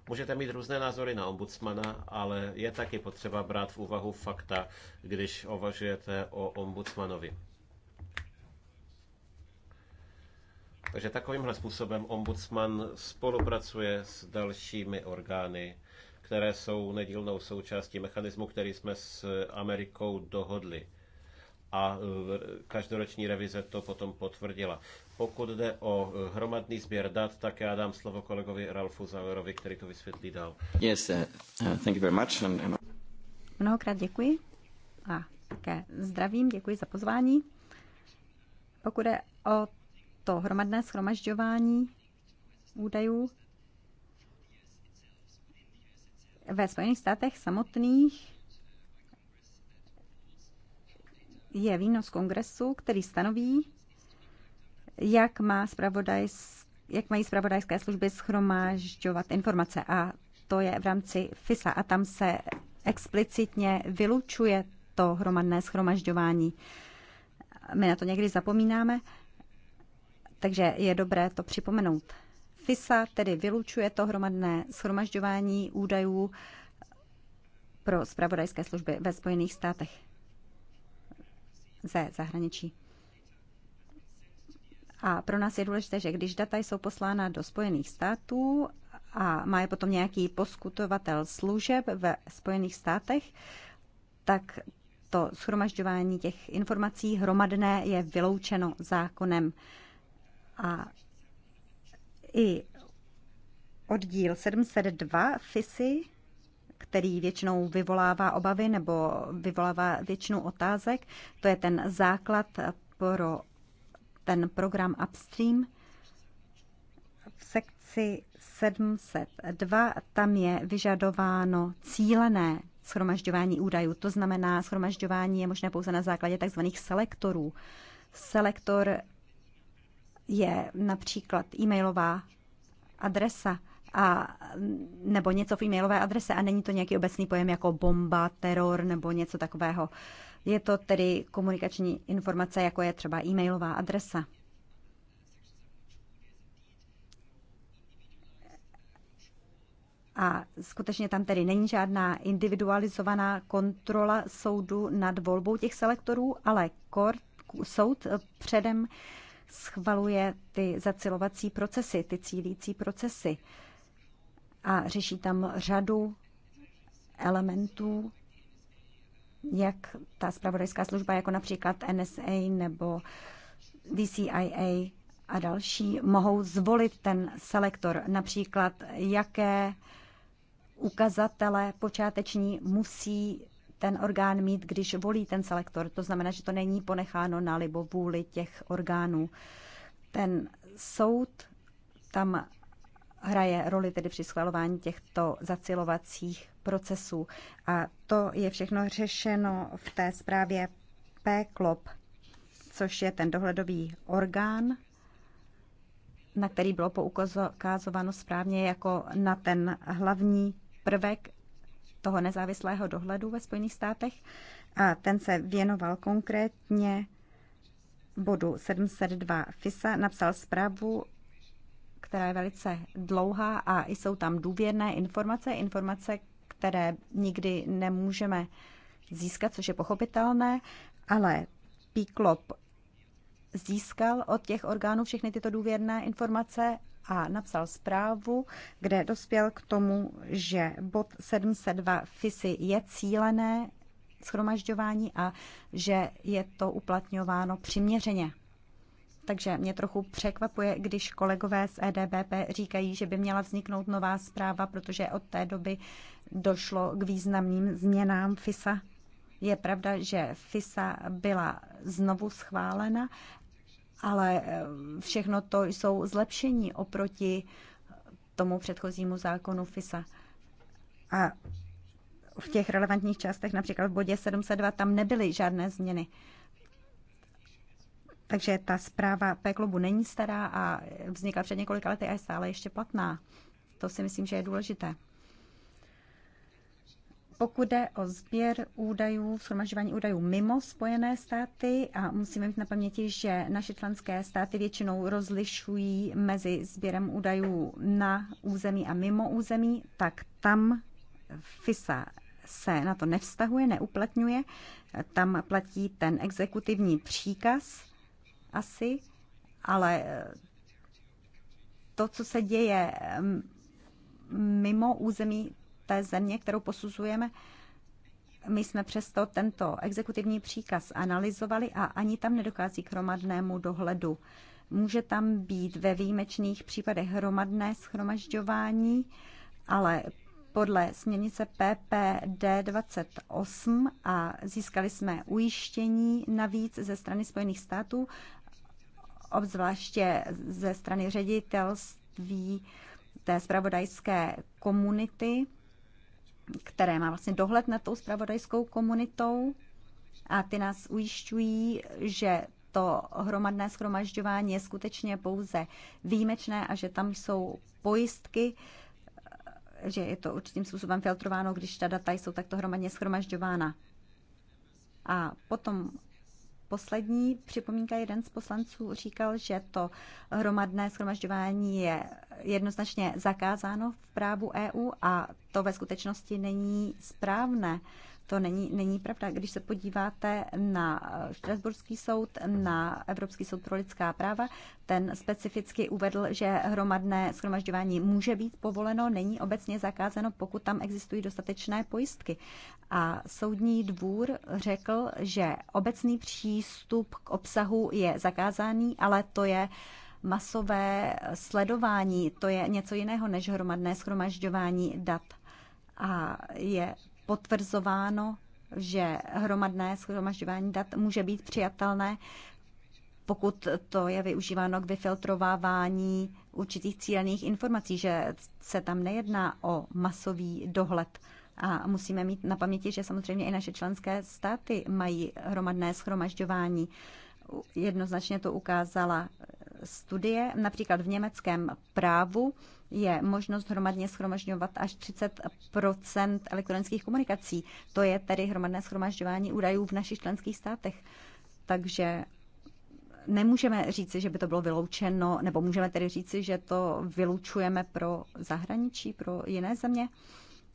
Můžete mít různé názory na ombudsmana, ale je taky potřeba brát v úvahu fakta, když uvažujete o ombudsmanovi. Takže takovýmhle způsobem ombudsman spolupracuje s dalšími orgány které jsou nedílnou součástí mechanismu, který jsme s Amerikou dohodli. A e, každoroční revize to potom potvrdila. Pokud jde o e, hromadný sběr dat, tak já dám slovo kolegovi Ralfu Zauerovi, který to vysvětlí dál. Yes, uh, uh, thank you very much. And, and... Mnohokrát děkuji a také zdravím, děkuji za pozvání. Pokud jde o to hromadné schromažďování údajů, ve Spojených státech samotných je výnos kongresu, který stanoví, jak, má jak mají zpravodajské služby schromážďovat informace. A to je v rámci FISA a tam se explicitně vylučuje to hromadné schromažďování. My na to někdy zapomínáme, takže je dobré to připomenout. FISA tedy vylučuje to hromadné schromažďování údajů pro spravodajské služby ve Spojených státech ze zahraničí. A pro nás je důležité, že když data jsou poslána do Spojených států a má je potom nějaký poskutovatel služeb ve Spojených státech, tak to schromažďování těch informací hromadné je vyloučeno zákonem. A i oddíl 702 FISI, který většinou vyvolává obavy nebo vyvolává většinu otázek. To je ten základ pro ten program Upstream. V sekci 702 tam je vyžadováno cílené schromažďování údajů. To znamená, schromažďování je možné pouze na základě tzv. selektorů. Selektor je například e-mailová adresa a, nebo něco v e-mailové adrese a není to nějaký obecný pojem jako bomba, teror nebo něco takového. Je to tedy komunikační informace, jako je třeba e-mailová adresa. A skutečně tam tedy není žádná individualizovaná kontrola soudu nad volbou těch selektorů, ale kort, soud předem uh, schvaluje ty zacilovací procesy, ty cílící procesy a řeší tam řadu elementů, jak ta spravodajská služba, jako například NSA nebo DCIA a další, mohou zvolit ten selektor, například jaké ukazatele počáteční musí ten orgán mít, když volí ten selektor. To znamená, že to není ponecháno na libovůli těch orgánů. Ten soud tam hraje roli tedy při schvalování těchto zacilovacích procesů. A to je všechno řešeno v té zprávě PKLOP, což je ten dohledový orgán, na který bylo poukazováno správně jako na ten hlavní prvek toho nezávislého dohledu ve Spojených státech a ten se věnoval konkrétně bodu 702 FISA, napsal zprávu, která je velice dlouhá a jsou tam důvěrné informace, informace, které nikdy nemůžeme získat, což je pochopitelné, ale Píklop získal od těch orgánů všechny tyto důvěrné informace a napsal zprávu, kde dospěl k tomu, že bod 702 FISI je cílené schromažďování a že je to uplatňováno přiměřeně. Takže mě trochu překvapuje, když kolegové z EDBP říkají, že by měla vzniknout nová zpráva, protože od té doby došlo k významným změnám FISA. Je pravda, že FISA byla znovu schválena, ale eh, všechno to jsou zlepšení oproti tomu předchozímu zákonu FISA. A v těch relevantních částech, například v bodě 702, tam nebyly žádné změny. Takže ta zpráva P-klubu není stará a vznikla před několika lety a je stále ještě platná. To si myslím, že je důležité. Pokud jde o sběr údajů, shromažďování údajů mimo Spojené státy, a musíme mít na paměti, že naše členské státy většinou rozlišují mezi sběrem údajů na území a mimo území, tak tam FISA se na to nevztahuje, neuplatňuje. Tam platí ten exekutivní příkaz asi, ale eh, to, co se děje mm, mimo území, té země, kterou posuzujeme, my jsme přesto tento exekutivní příkaz analyzovali a ani tam nedochází k hromadnému dohledu. Může tam být ve výjimečných případech hromadné schromažďování, ale podle směrnice PPD 28 a získali jsme ujištění navíc ze strany Spojených států, obzvláště ze strany ředitelství té spravodajské komunity které má vlastně dohled nad tou spravodajskou komunitou a ty nás ujišťují, že to hromadné schromažďování je skutečně pouze výjimečné a že tam jsou pojistky, že je to určitým způsobem filtrováno, když ta data jsou takto hromadně schromažďována. A potom poslední připomínka, jeden z poslanců říkal, že to hromadné schromažďování je jednoznačně zakázáno v právu EU a to ve skutečnosti není správné. To není, není pravda. Když se podíváte na eh, Štrasburský soud, na Evropský soud pro lidská práva, ten specificky uvedl, že hromadné schromažďování může být povoleno, není obecně zakázeno, pokud tam existují dostatečné pojistky. A soudní dvůr řekl, že obecný přístup k obsahu je zakázaný, ale to je masové sledování, to je něco jiného než hromadné schromažďování dat. A je potvrzováno, že hromadné schromažďování dat může být přijatelné, pokud to je využíváno k vyfiltrovávání určitých cílených informací, že se tam nejedná o masový dohled. A musíme mít na paměti, že samozřejmě i naše členské státy mají hromadné schromažďování. Jednoznačně to ukázala studie. Například v německém právu je možnost hromadně schromažďovat až 30 elektronických komunikací. To je tedy hromadné schromažďování údajů v našich členských státech. Takže nemůžeme říci, že by to bylo vyloučeno, nebo můžeme tedy říci, že to vylučujeme pro zahraničí, pro jiné země.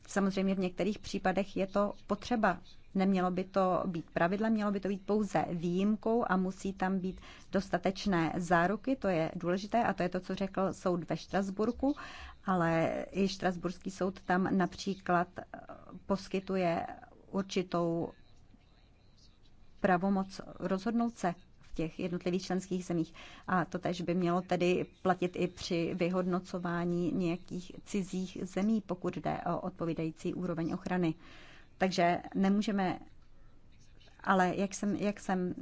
Samozřejmě v některých případech je to potřeba. Nemělo by to být pravidlem, mělo by to být pouze výjimkou a musí tam být dostatečné záruky, to je důležité a to je to, co řekl soud ve Štrasburku, ale i Štrasburský soud tam například eh, poskytuje určitou pravomoc rozhodnout se, v těch jednotlivých členských zemích. A to tež by mělo tedy platit i při vyhodnocování nějakých cizích zemí, pokud jde o odpovídající úroveň ochrany. Takže nemůžeme, ale jak jsem, jak jsem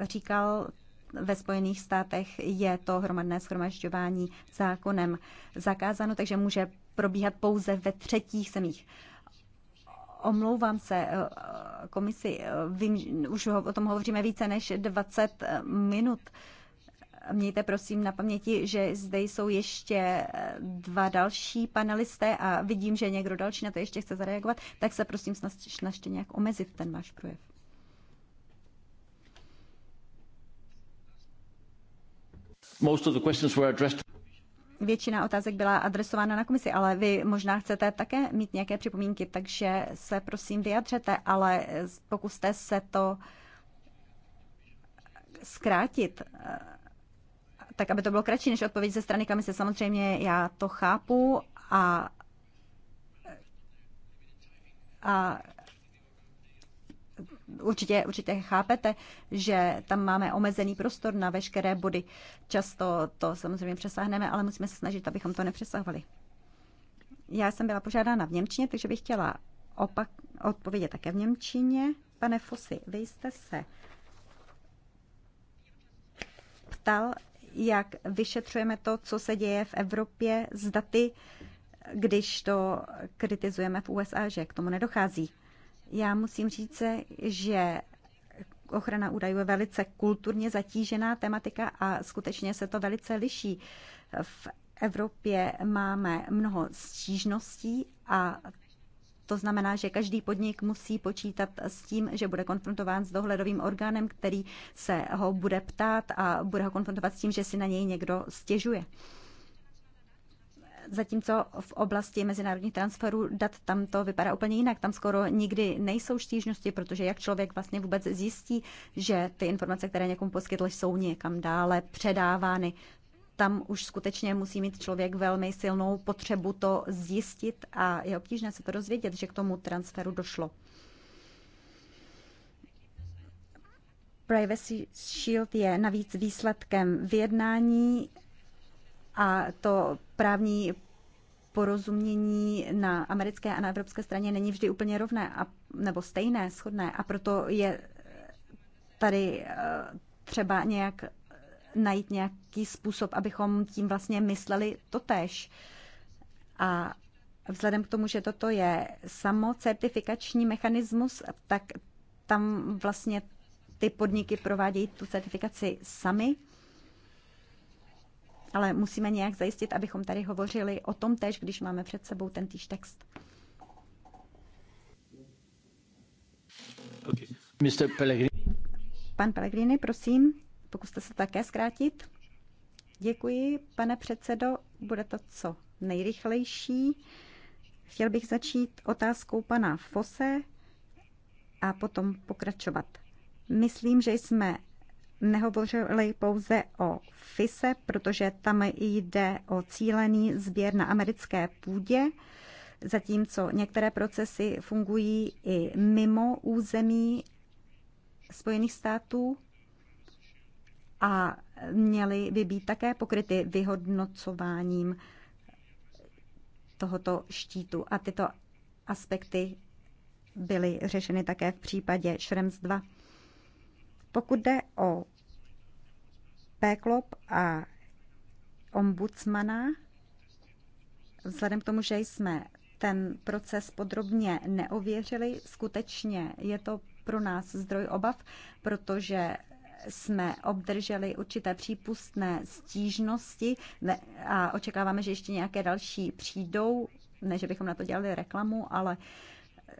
říkal, ve Spojených státech je to hromadné schromažďování zákonem zakázáno, takže může probíhat pouze ve třetích zemích omlouvám se eh, komisi, eh, vím, už o tom hovoříme více než 20 eh, minut. Mějte prosím na paměti, že zde jsou ještě dva další panelisté a vidím, že někdo další na to ještě chce zareagovat, tak se prosím snažte nějak omezit ten váš projev. Most of the questions were addressed většina otázek byla adresována na komisi, ale vy možná chcete také mít nějaké připomínky, takže se prosím vyjadřete, ale pokuste se to zkrátit, eh, tak aby to bylo kratší než odpověď ze strany komise. Samozřejmě já to chápu a, a určitě, určitě chápete, že tam máme omezený prostor na veškeré body. Často to samozřejmě přesáhneme, ale musíme se snažit, abychom to nepřesahovali. Já jsem byla požádána v Němčině, takže bych chtěla opak odpovědět také v Němčině. Pane Fosy, vy jste se ptal, jak vyšetřujeme to, co se děje v Evropě s daty, když to kritizujeme v USA, že k tomu nedochází. Já musím říct, že ochrana údajů je velice kulturně zatížená tematika a skutečně se to velice liší. V Evropě máme mnoho stížností a to znamená, že každý podnik musí počítat s tím, že bude konfrontován s dohledovým orgánem, který se ho bude ptát a bude ho konfrontovat s tím, že si na něj někdo stěžuje zatímco v oblasti mezinárodních transferů dat tam to vypadá úplně jinak. Tam skoro nikdy nejsou stížnosti, protože jak člověk vlastně vůbec zjistí, že ty informace, které někomu poskytl, jsou někam dále předávány. Tam už skutečně musí mít člověk velmi silnou potřebu to zjistit a je obtížné se to dozvědět, že k tomu transferu došlo. Privacy Shield je navíc výsledkem vyjednání a to právní porozumění na americké a na evropské straně není vždy úplně rovné a, nebo stejné, shodné a proto je tady eh, třeba nějak najít nějaký způsob, abychom tím vlastně mysleli totéž. A vzhledem k tomu, že toto je samocertifikační mechanismus, tak tam vlastně ty podniky provádějí tu certifikaci sami ale musíme nějak zajistit, abychom tady hovořili o tom tež, když máme před sebou ten týž text. Okay. Mr. Pellegrini. Pan Pellegrini, prosím, pokuste se také zkrátit. Děkuji, pane předsedo, bude to co nejrychlejší. Chtěl bych začít otázkou pana Fose a potom pokračovat. Myslím, že jsme nehovořili pouze o FISE, protože tam jde o cílený sběr na americké půdě, zatímco některé procesy fungují i mimo území Spojených států a měly by být také pokryty vyhodnocováním tohoto štítu. A tyto aspekty byly řešeny také v případě Šrems 2. Pokud jde o Péklop a ombudsmana. Vzhledem k tomu, že jsme ten proces podrobně neověřili, skutečně je to pro nás zdroj obav, protože jsme obdrželi určité přípustné stížnosti a očekáváme, že ještě nějaké další přijdou. Ne, že bychom na to dělali reklamu, ale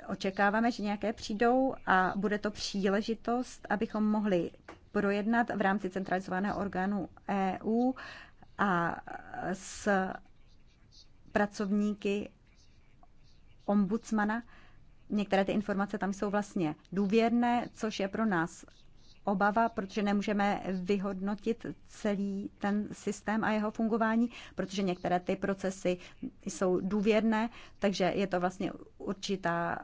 očekáváme, že nějaké přijdou a bude to příležitost, abychom mohli projednat v rámci centralizovaného orgánu EU a s pracovníky ombudsmana. Některé ty informace tam jsou vlastně důvěrné, což je pro nás obava, protože nemůžeme vyhodnotit celý ten systém a jeho fungování, protože některé ty procesy jsou důvěrné, takže je to vlastně určitá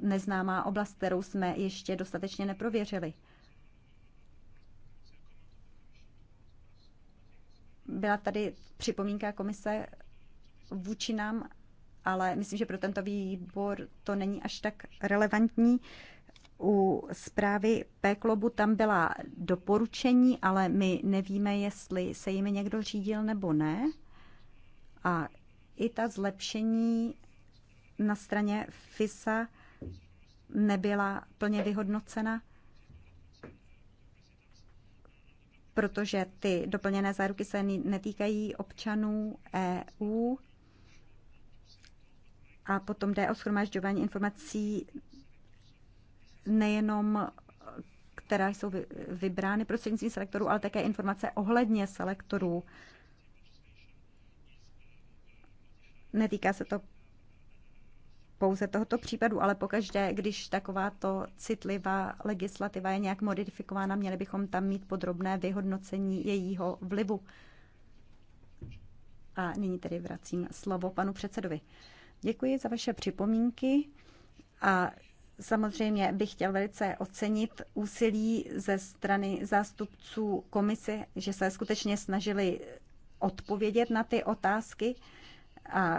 neznámá oblast, kterou jsme ještě dostatečně neprověřili. Byla tady připomínka komise vůči nám, ale myslím, že pro tento výbor to není až tak relevantní. U zprávy P-klobu tam byla doporučení, ale my nevíme, jestli se jimi někdo řídil nebo ne. A i ta zlepšení na straně FISA nebyla plně vyhodnocena, protože ty doplněné záruky se netýkají občanů EU. A potom jde o schromažďování informací nejenom která jsou vybrány prostřednictvím selektorů, ale také informace ohledně selektorů. Netýká se to pouze tohoto případu, ale pokaždé, když takováto citlivá legislativa je nějak modifikována, měli bychom tam mít podrobné vyhodnocení jejího vlivu. A nyní tedy vracím slovo panu předsedovi. Děkuji za vaše připomínky a samozřejmě bych chtěl velice ocenit úsilí ze strany zástupců komise, že se skutečně snažili odpovědět na ty otázky a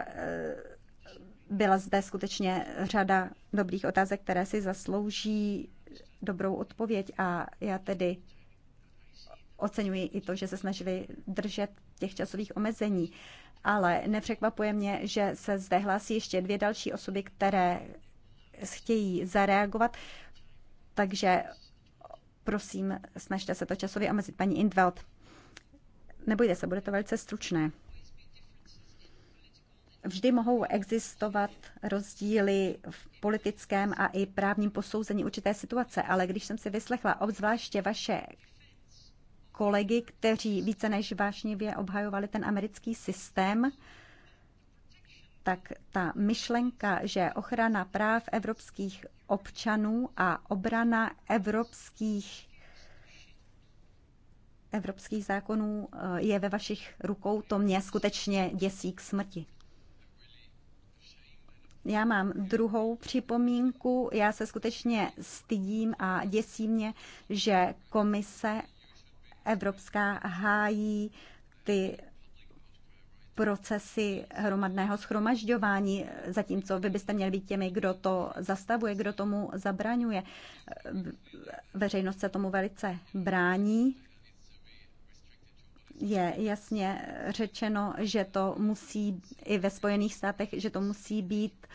byla zde skutečně řada dobrých otázek, které si zaslouží dobrou odpověď a já tedy oceňuji i to, že se snažili držet těch časových omezení. Ale nepřekvapuje mě, že se zde hlásí ještě dvě další osoby, které chtějí zareagovat. Takže prosím, snažte se to časově omezit. Paní Indveld, nebojte se, bude to velice stručné. Vždy mohou existovat rozdíly v politickém a i právním posouzení určité situace, ale když jsem si vyslechla obzvláště vaše kolegy, kteří více než vášnivě obhajovali ten americký systém, tak ta myšlenka, že ochrana práv evropských občanů a obrana evropských evropských zákonů eh, je ve vašich rukou, to mě skutečně děsí k smrti. Já mám druhou připomínku. Já se skutečně stydím a děsí mě, že komise Evropská hájí ty procesy hromadného schromažďování, zatímco vy byste měli být těmi, kdo to zastavuje, kdo tomu zabraňuje. Veřejnost se tomu velice brání je jasně řečeno, že to musí i ve Spojených státech, že to musí být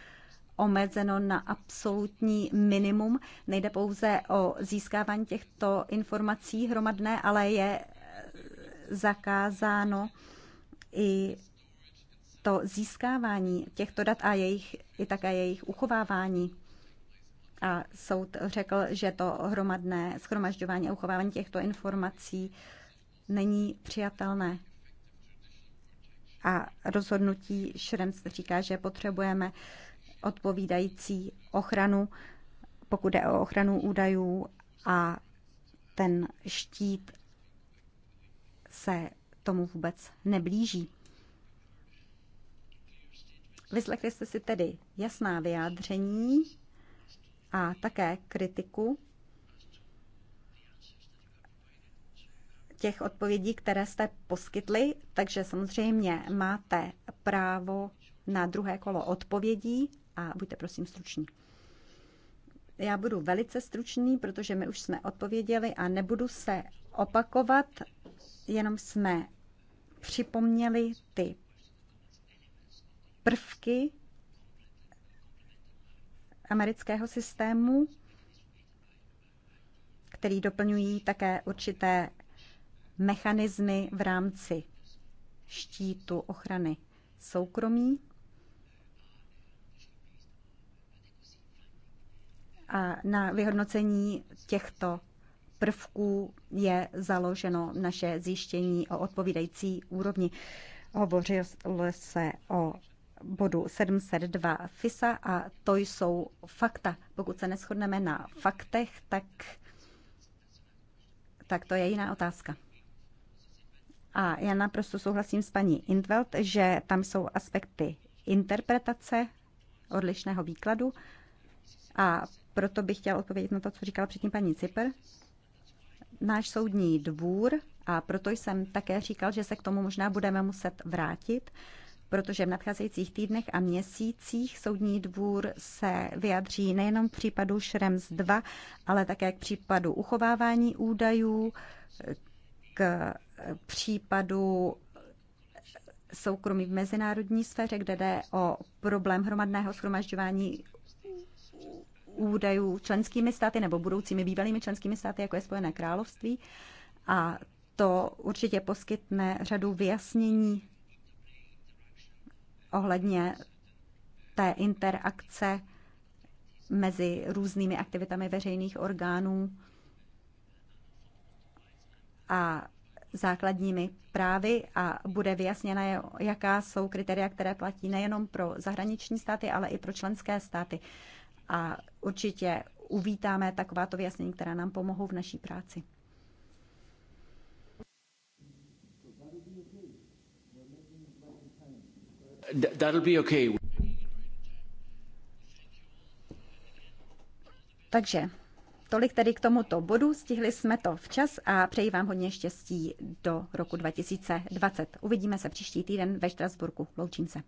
omezeno na absolutní minimum. Nejde pouze o získávání těchto informací hromadné, ale je zakázáno i to získávání těchto dat a jejich, i také jejich uchovávání. A soud řekl, že to hromadné schromažďování a uchovávání těchto informací není přijatelné. A rozhodnutí Šrems říká, že potřebujeme odpovídající ochranu, pokud jde o ochranu údajů a ten štít se tomu vůbec neblíží. Vyslechli jste si tedy jasná vyjádření a také kritiku těch odpovědí, které jste poskytli, takže samozřejmě máte právo na druhé kolo odpovědí a buďte prosím struční. Já budu velice stručný, protože my už jsme odpověděli a nebudu se opakovat, jenom jsme připomněli ty prvky amerického systému, který doplňují také určité mechanismy v rámci štítu ochrany soukromí a na vyhodnocení těchto prvků je založeno naše zjištění o odpovídající úrovni. Hovořilo se o bodu 702 FISA a to jsou fakta. Pokud se neschodneme na faktech, tak, tak to je jiná otázka. A já naprosto souhlasím s paní Intveld, že tam jsou aspekty interpretace, odlišného výkladu. A proto bych chtěla odpovědět na to, co říkala předtím paní Cipr. Náš soudní dvůr, a proto jsem také říkal, že se k tomu možná budeme muset vrátit, protože v nadcházejících týdnech a měsících soudní dvůr se vyjadří nejenom k případu Šrems 2, ale také k případu uchovávání údajů, k případu, soukromí v mezinárodní sféře, kde jde o problém hromadného schromažďování údajů členskými státy nebo budoucími bývalými členskými státy, jako je Spojené království. A to určitě poskytne řadu vyjasnění ohledně té interakce mezi různými aktivitami veřejných orgánů a základními právy a bude vyjasněna, jaká jsou kritéria, které platí nejenom pro zahraniční státy, ale i pro členské státy. A určitě uvítáme takováto vyjasnění, která nám pomohou v naší práci. That'll be okay. Takže Tolik tedy k tomuto bodu. Stihli jsme to včas a přeji vám hodně štěstí do roku 2020. Uvidíme se příští týden ve Štrasburku. Loučím se.